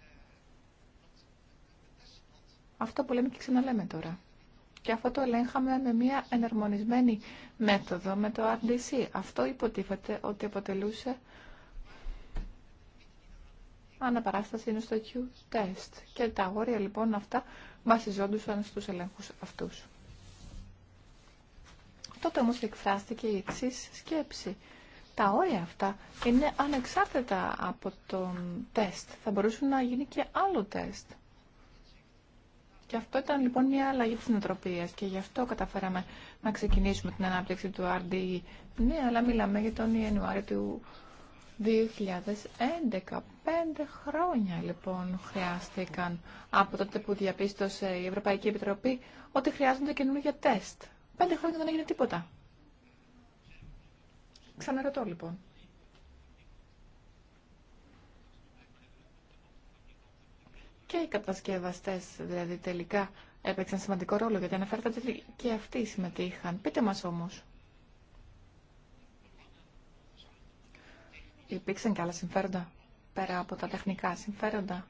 C: Αυτό που λέμε και ξαναλέμε τώρα. Και αυτό το ελέγχαμε με μια εναρμονισμένη μέθοδο, με το RDC. Αυτό υποτίθεται ότι αποτελούσε αναπαράσταση είναι στο Q-test. Και τα αγόρια λοιπόν αυτά βασιζόντουσαν στους ελέγχους αυτούς. Τότε όμως εκφράστηκε η εξή σκέψη. Τα όρια αυτά είναι ανεξάρτητα από τον τεστ. Θα μπορούσε να γίνει και άλλο τεστ. Και αυτό ήταν λοιπόν μια αλλαγή τη νοοτροπία και γι' αυτό καταφέραμε να ξεκινήσουμε την ανάπτυξη του RDE. Ναι, αλλά μιλάμε για τον Ιανουάριο του 2011. Πέντε χρόνια λοιπόν χρειάστηκαν από τότε που διαπίστωσε η Ευρωπαϊκή Επιτροπή ότι χρειάζονται καινούργια τεστ. Πέντε χρόνια δεν έγινε τίποτα. Ξαναρωτώ λοιπόν. και οι κατασκευαστέ δηλαδή τελικά έπαιξαν σημαντικό ρόλο γιατί αναφέρατε ότι και αυτοί συμμετείχαν. Πείτε μας όμως. Υπήρξαν και άλλα συμφέροντα πέρα από τα τεχνικά συμφέροντα.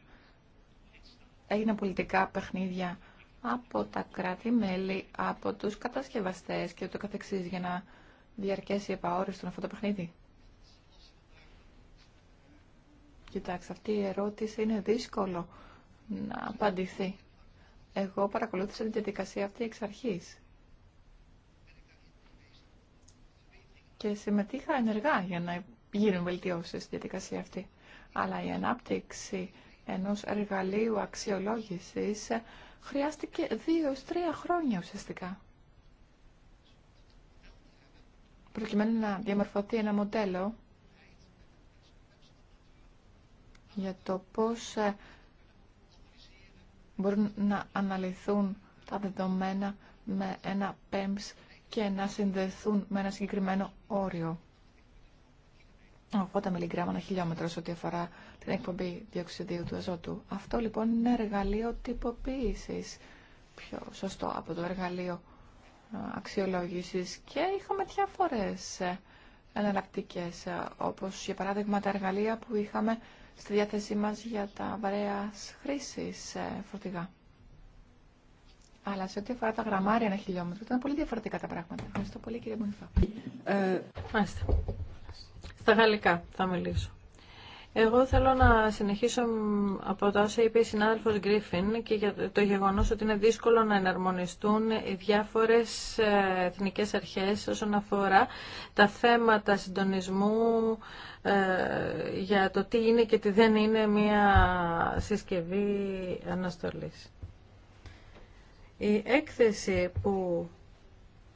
C: Έγιναν πολιτικά παιχνίδια από τα κράτη-μέλη, από τους κατασκευαστές και ούτω καθεξής για να διαρκέσει επαόριστον αυτό το παιχνίδι. Κοιτάξτε, αυτή η ερώτηση είναι δύσκολο να απαντηθεί. Εγώ παρακολούθησα την διαδικασία αυτή εξ αρχής. Και συμμετείχα ενεργά για να γίνουν βελτιώσεις στη διαδικασία αυτή. Αλλά η ανάπτυξη ενός εργαλείου αξιολόγησης χρειάστηκε δύο τρία χρόνια ουσιαστικά. Προκειμένου να διαμορφωθεί ένα μοντέλο για το πώς ε, μπορούν να αναλυθούν τα δεδομένα με ένα PEMS και να συνδεθούν με ένα συγκεκριμένο όριο. 80 μιλιγκράμμα ένα χιλιόμετρο σε ό,τι αφορά την εκπομπή διοξιδίου του αζότου. Αυτό λοιπόν είναι εργαλείο τυποποίηση. Πιο σωστό από το εργαλείο αξιολόγηση και είχαμε διάφορε εναλλακτικέ, ε, όπω για παράδειγμα τα εργαλεία που είχαμε στη διάθεσή μας για τα βαρέα χρήση ε, φορτηγά. Αλλά σε ό,τι αφορά τα γραμμάρια ένα χιλιόμετρο, ήταν πολύ διαφορετικά τα πράγματα. Ευχαριστώ πολύ κύριε Μουνιφά.
A: Ε, Στα γαλλικά θα μιλήσω. Εγώ θέλω να συνεχίσω από το όσα είπε η συνάδελφος Γκρίφιν και για το γεγονός ότι είναι δύσκολο να εναρμονιστούν οι διάφορες ε, εθνικές αρχές όσον αφορά τα θέματα συντονισμού ε, για το τι είναι και τι δεν είναι μια συσκευή αναστολής. Η έκθεση που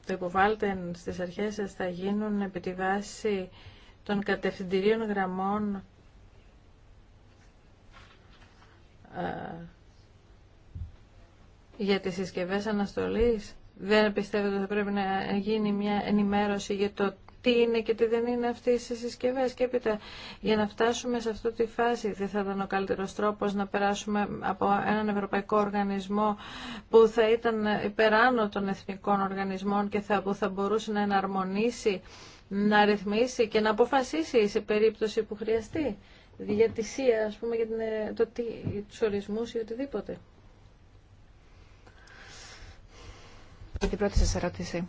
A: το υποβάλλεται στις αρχές σας θα γίνουν επί τη βάση των κατευθυντηρίων γραμμών Ε, για τις συσκευές αναστολής. Δεν πιστεύετε ότι θα πρέπει να γίνει μια ενημέρωση για το τι είναι και τι δεν είναι αυτές οι συσκευές Και έπειτα, για να φτάσουμε σε αυτή τη φάση, δεν θα ήταν ο καλύτερο τρόπο να περάσουμε από έναν ευρωπαϊκό οργανισμό που θα ήταν υπεράνω των εθνικών οργανισμών και θα, που θα μπορούσε να εναρμονίσει, να ρυθμίσει και να αποφασίσει σε περίπτωση που χρειαστεί διατησία, ας πούμε, για την, ε, το, τι, τους ορισμούς ή
C: οτιδήποτε. Για την πρώτη σας ερώτηση.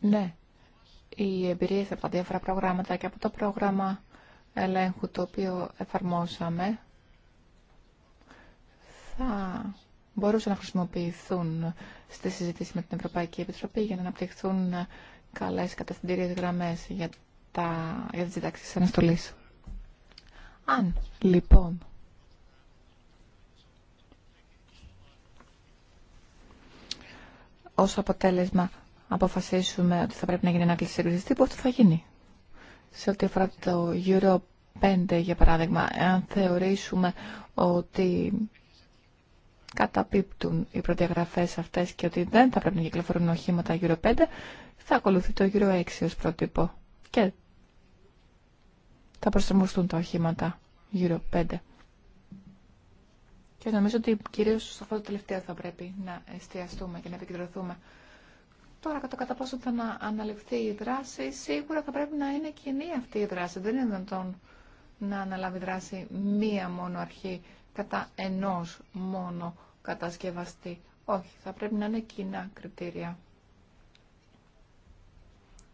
C: Ναι, η εμπειρία από διάφορα προγράμματα και από το πρόγραμμα ελέγχου το οποίο εφαρμόσαμε θα μπορούσαν να χρησιμοποιηθούν στη συζήτηση με την Ευρωπαϊκή Επιτροπή για να αναπτυχθούν καλές κατευθυντήριες γραμμές για, τα, για τις διδάξεις αναστολής. Αν, λοιπόν, ως αποτέλεσμα αποφασίσουμε ότι θα πρέπει να γίνει ένα σύγκρισης τύπου, αυτό θα γίνει. Σε ό,τι αφορά το Euro 5, για παράδειγμα, αν θεωρήσουμε ότι καταπίπτουν οι προδιαγραφές αυτές και ότι δεν θα πρέπει να κυκλοφορούν οχήματα γύρω 5, θα ακολουθεί το Euro 6 ως πρότυπο και θα προσαρμοστούν τα οχήματα γύρω 5. Και νομίζω ότι κυρίω στο αυτό το τελευταίο θα πρέπει να εστιαστούμε και να επικεντρωθούμε. Τώρα, κατά κατά πόσο θα να αναλυφθεί η δράση, σίγουρα θα πρέπει να είναι κοινή αυτή η δράση. Δεν είναι δυνατόν να αναλάβει δράση μία μόνο αρχή κατά ενός μόνο κατασκευαστή. Όχι, θα πρέπει να είναι κοινά κριτήρια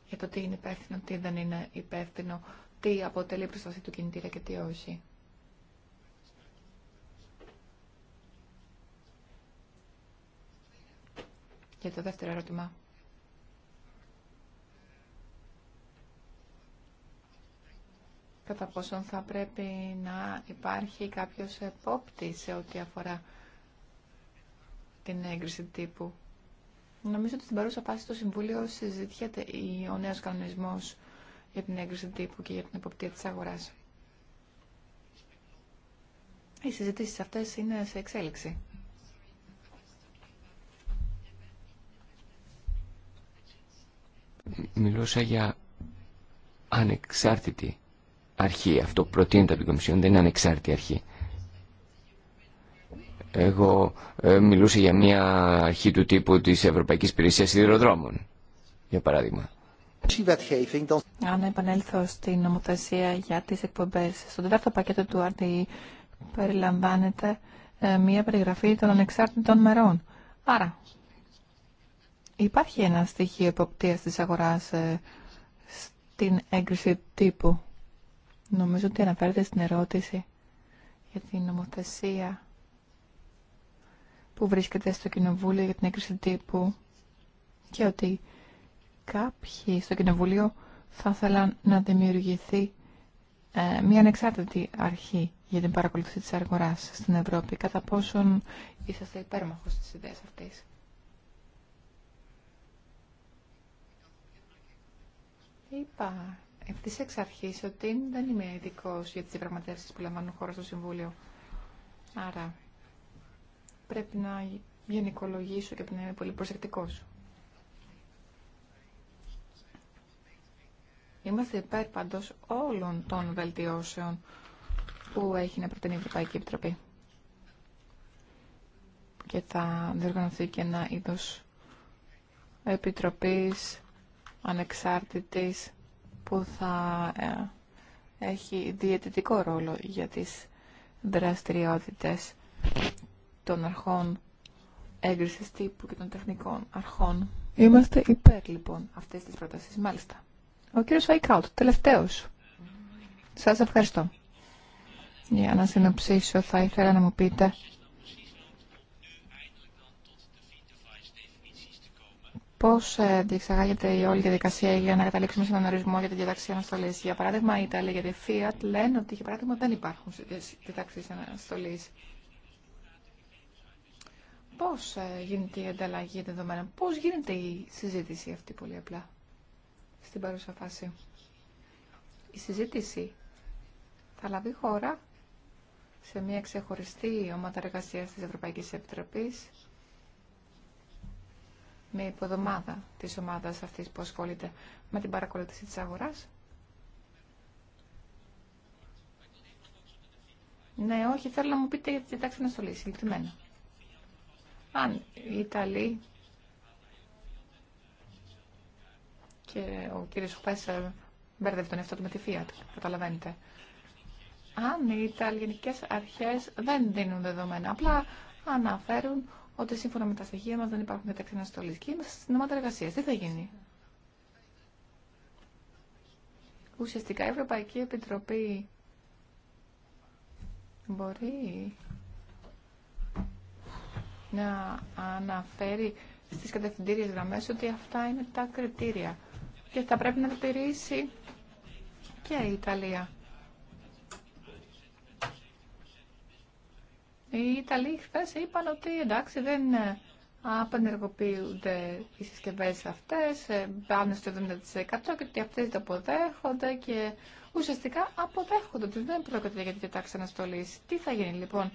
C: για το τι είναι υπεύθυνο, τι δεν είναι υπεύθυνο, τι αποτελεί προστασία του κινητήρα και τι όχι. Για το δεύτερο ερώτημα. κατά πόσον θα πρέπει να υπάρχει κάποιος επόπτη σε ό,τι αφορά την έγκριση τύπου. Νομίζω ότι στην παρούσα πάση το Συμβούλιο συζητιέται ο νέος κανονισμός για την έγκριση τύπου και για την εποπτεία της αγοράς. Οι συζητήσεις αυτές είναι σε εξέλιξη.
B: Μιλούσα για ανεξάρτητη αρχή. Αυτό προτείνεται από την Κομισιόν, δεν είναι ανεξάρτητη αρχή. Εγώ ε, μιλούσα για μια αρχή του τύπου της Ευρωπαϊκής Υπηρεσία Σιδηροδρόμων, για παράδειγμα.
C: Αν επανέλθω στην νομοθεσία για τις εκπομπές, στο τέταρτο πακέτο του RDE περιλαμβάνεται ε, μια περιγραφή των ανεξάρτητων μερών. Άρα, υπάρχει ένα στοιχείο εποπτείας της αγοράς ε, στην έγκριση τύπου. Νομίζω ότι αναφέρεται στην ερώτηση για την νομοθεσία που βρίσκεται στο Κοινοβούλιο για την έκρηση τύπου και ότι κάποιοι στο Κοινοβούλιο θα ήθελαν να δημιουργηθεί ε, μια ανεξάρτητη αρχή για την παρακολουθή της αργοράς στην Ευρώπη. Κατά πόσον είσαστε υπέρμαχος της ιδέας αυτής. Είπα ευθύ εξ αρχή ότι δεν είμαι ειδικό για τι διαπραγματεύσει που λαμβάνουν χώρα στο Συμβούλιο. Άρα πρέπει να γενικολογήσω και να είμαι πολύ προσεκτικό. Είμαστε υπέρ πάντω όλων των βελτιώσεων που έχει να προτείνει η Ευρωπαϊκή Επιτροπή. Και θα διοργανωθεί και ένα είδο επιτροπή, ανεξάρτητης που θα ε, έχει διαιτητικό ρόλο για τις δραστηριότητες των αρχών έγκρισης τύπου και των τεχνικών αρχών. Είμαστε υπέρ λοιπόν αυτής της προτάσεις. Μάλιστα. Ο κύριος Φαϊκάουτ, τελευταίος. Σας ευχαριστώ. Για να συνοψίσω θα ήθελα να μου πείτε πώς ε, διεξαγάγεται η όλη διαδικασία για να καταλήξουμε σε έναν ορισμό για τη διατάξη αναστολή. Για παράδειγμα, η Ιταλία για τη Fiat λένε ότι για παράδειγμα δεν υπάρχουν διατάξει αναστολή. Πώς ε, γίνεται η ανταλλαγή δεδομένων, Πώ γίνεται η συζήτηση αυτή πολύ απλά στην παρούσα φάση. Η συζήτηση θα λάβει χώρα σε μια ξεχωριστή ομάδα εργασία τη Ευρωπαϊκή Επιτροπής με υποδομάδα της ομάδας αυτής που ασχολείται με την παρακολούθηση της αγοράς. Ναι, όχι, θέλω να μου πείτε για την να αναστολή, συγκεκριμένα. Αν οι Ιταλοί και ο κύριος Χουπέσερ μπέρδευε τον εαυτό του με τη Fiat, καταλαβαίνετε. Αν οι Ιταλικές αρχές δεν δίνουν δεδομένα, απλά αναφέρουν ότι σύμφωνα με τα στοιχεία μας δεν υπάρχουν μεταξύ στολής και είμαστε στην ομάδα εργασίας. Τι θα γίνει. Ουσιαστικά η Ευρωπαϊκή Επιτροπή μπορεί να αναφέρει στις κατευθυντήριες γραμμές ότι αυτά είναι τα κριτήρια και θα πρέπει να τηρήσει και η Ιταλία. Οι Ιταλοί χθε είπαν ότι εντάξει δεν ε, απενεργοποιούνται οι συσκευέ αυτέ, ε, πάνε στο 70% και ότι αυτέ δεν αποδέχονται και ουσιαστικά αποδέχονται ότι δεν πρόκειται για τέτοια τάξη αναστολή. Τι θα γίνει λοιπόν,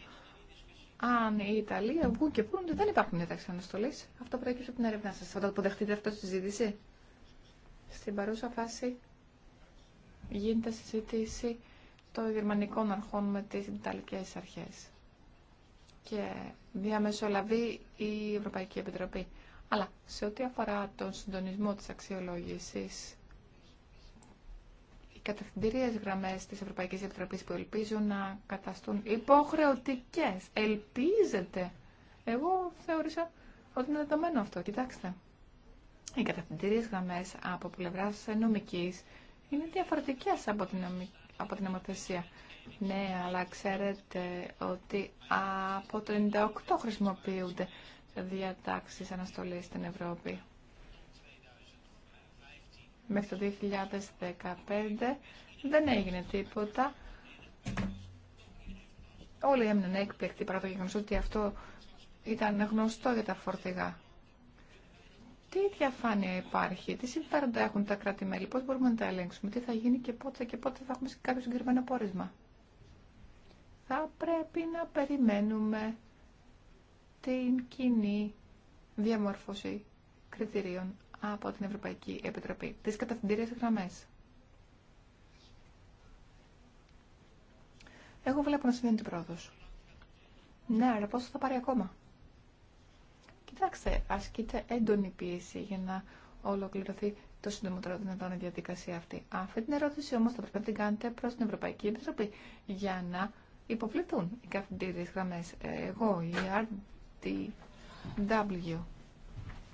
C: αν οι Ιταλοί βγουν και πούν ότι δεν υπάρχουν τάξη αναστολή. Αυτό προέκυψε από την έρευνά σα. Θα το αποδεχτείτε αυτό στη συζήτηση. Στην παρούσα φάση γίνεται συζήτηση των γερμανικών αρχών με τι Ιταλικέ αρχέ και διαμεσολαβεί η Ευρωπαϊκή Επιτροπή. Αλλά σε ό,τι αφορά τον συντονισμό της αξιολόγησης, οι κατευθυντήριες γραμμές της Ευρωπαϊκής Επιτροπής που ελπίζουν να καταστούν υποχρεωτικές, ελπίζεται. Εγώ θεώρησα ότι είναι δεδομένο αυτό, κοιτάξτε. Οι κατευθυντήριες γραμμές από πλευράς νομικής είναι διαφορετικές από την από την νομοθεσία. Ναι, αλλά ξέρετε ότι από το 98 χρησιμοποιούνται διατάξεις αναστολής στην Ευρώπη. Μέχρι το 2015 δεν έγινε τίποτα. Όλοι έμειναν έκπληκτοι παρά το γεγονός ότι αυτό ήταν γνωστό για τα φορτηγά. Τι διαφάνεια υπάρχει, τι συμφέροντα έχουν τα κράτη-μέλη, πώς μπορούμε να τα ελέγξουμε, τι θα γίνει και πότε και πότε θα έχουμε κάποιο συγκεκριμένο πόρισμα θα πρέπει να περιμένουμε την κοινή διαμόρφωση κριτηρίων από την Ευρωπαϊκή Επιτροπή, τις κατευθυντήριες γραμμές. Εγώ βλέπω να συμβαίνει την πρόοδος. Ναι, αλλά πόσο θα πάρει ακόμα. Κοιτάξτε, ασκείται έντονη πίεση για να ολοκληρωθεί το συντομότερο δυνατόν η διαδικασία αυτή. Αυτή την ερώτηση όμως θα πρέπει να την κάνετε προς την Ευρωπαϊκή Επιτροπή για να υποβληθούν οι καθημερινές γραμμές. Ε, εγώ, η RDW,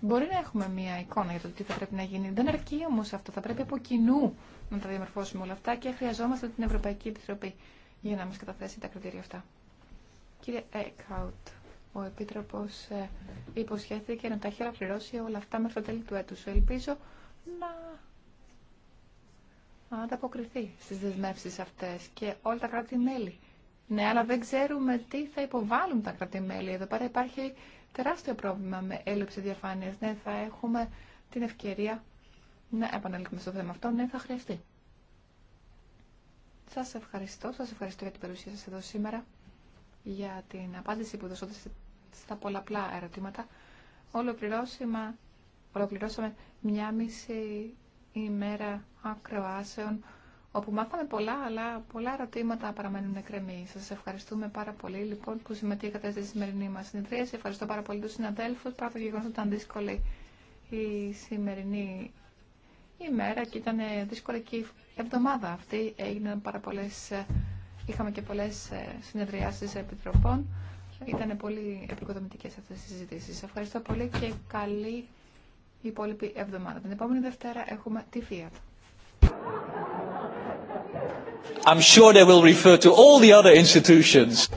C: μπορεί να έχουμε μία εικόνα για το τι θα πρέπει να γίνει. Δεν αρκεί όμω αυτό. Θα πρέπει από κοινού να τα διαμορφώσουμε όλα αυτά και χρειαζόμαστε την Ευρωπαϊκή Επιτροπή για να μα καταθέσει τα κριτήρια αυτά. Κύριε Έκχαουτ, ο Επίτροπος ε, υποσχέθηκε να τα έχει ολοκληρώσει όλα αυτά μέχρι το τέλη του έτου. Ελπίζω να ανταποκριθεί στι δεσμεύσει αυτέ και όλα τα κράτη-μέλη ναι, αλλά δεν ξέρουμε τι θα υποβάλουν τα κρατημέλη. Εδώ πέρα υπάρχει τεράστιο πρόβλημα με έλλειψη διαφάνειας. Ναι, θα έχουμε την ευκαιρία να επανέλθουμε στο θέμα αυτό. Ναι, θα χρειαστεί. Σας ευχαριστώ. Σας ευχαριστώ για την παρουσία σας εδώ σήμερα, για την απάντηση που δώσατε στα πολλαπλά ερωτήματα. Ολοκληρώσαμε μια μισή ημέρα ακροάσεων όπου μάθαμε πολλά, αλλά πολλά ερωτήματα παραμένουν εκκρεμή. Σας ευχαριστούμε πάρα πολύ λοιπόν που συμμετείχατε στη σημερινή μας συνεδρίαση. Ευχαριστώ πάρα πολύ τους συναδέλφους, παρά το γεγονός ότι ήταν δύσκολη η σημερινή ημέρα και ήταν δύσκολη και η εβδομάδα αυτή. Έγιναν πάρα είχαμε και πολλές ε, συνεδριάσεις επιτροπών. Ήταν πολύ επικοδομητικές αυτές οι συζητήσεις. Ευχαριστώ πολύ και καλή υπόλοιπη εβδομάδα. Την επόμενη Δευτέρα έχουμε τη Fiat.
D: I'm sure they will refer to all the other institutions.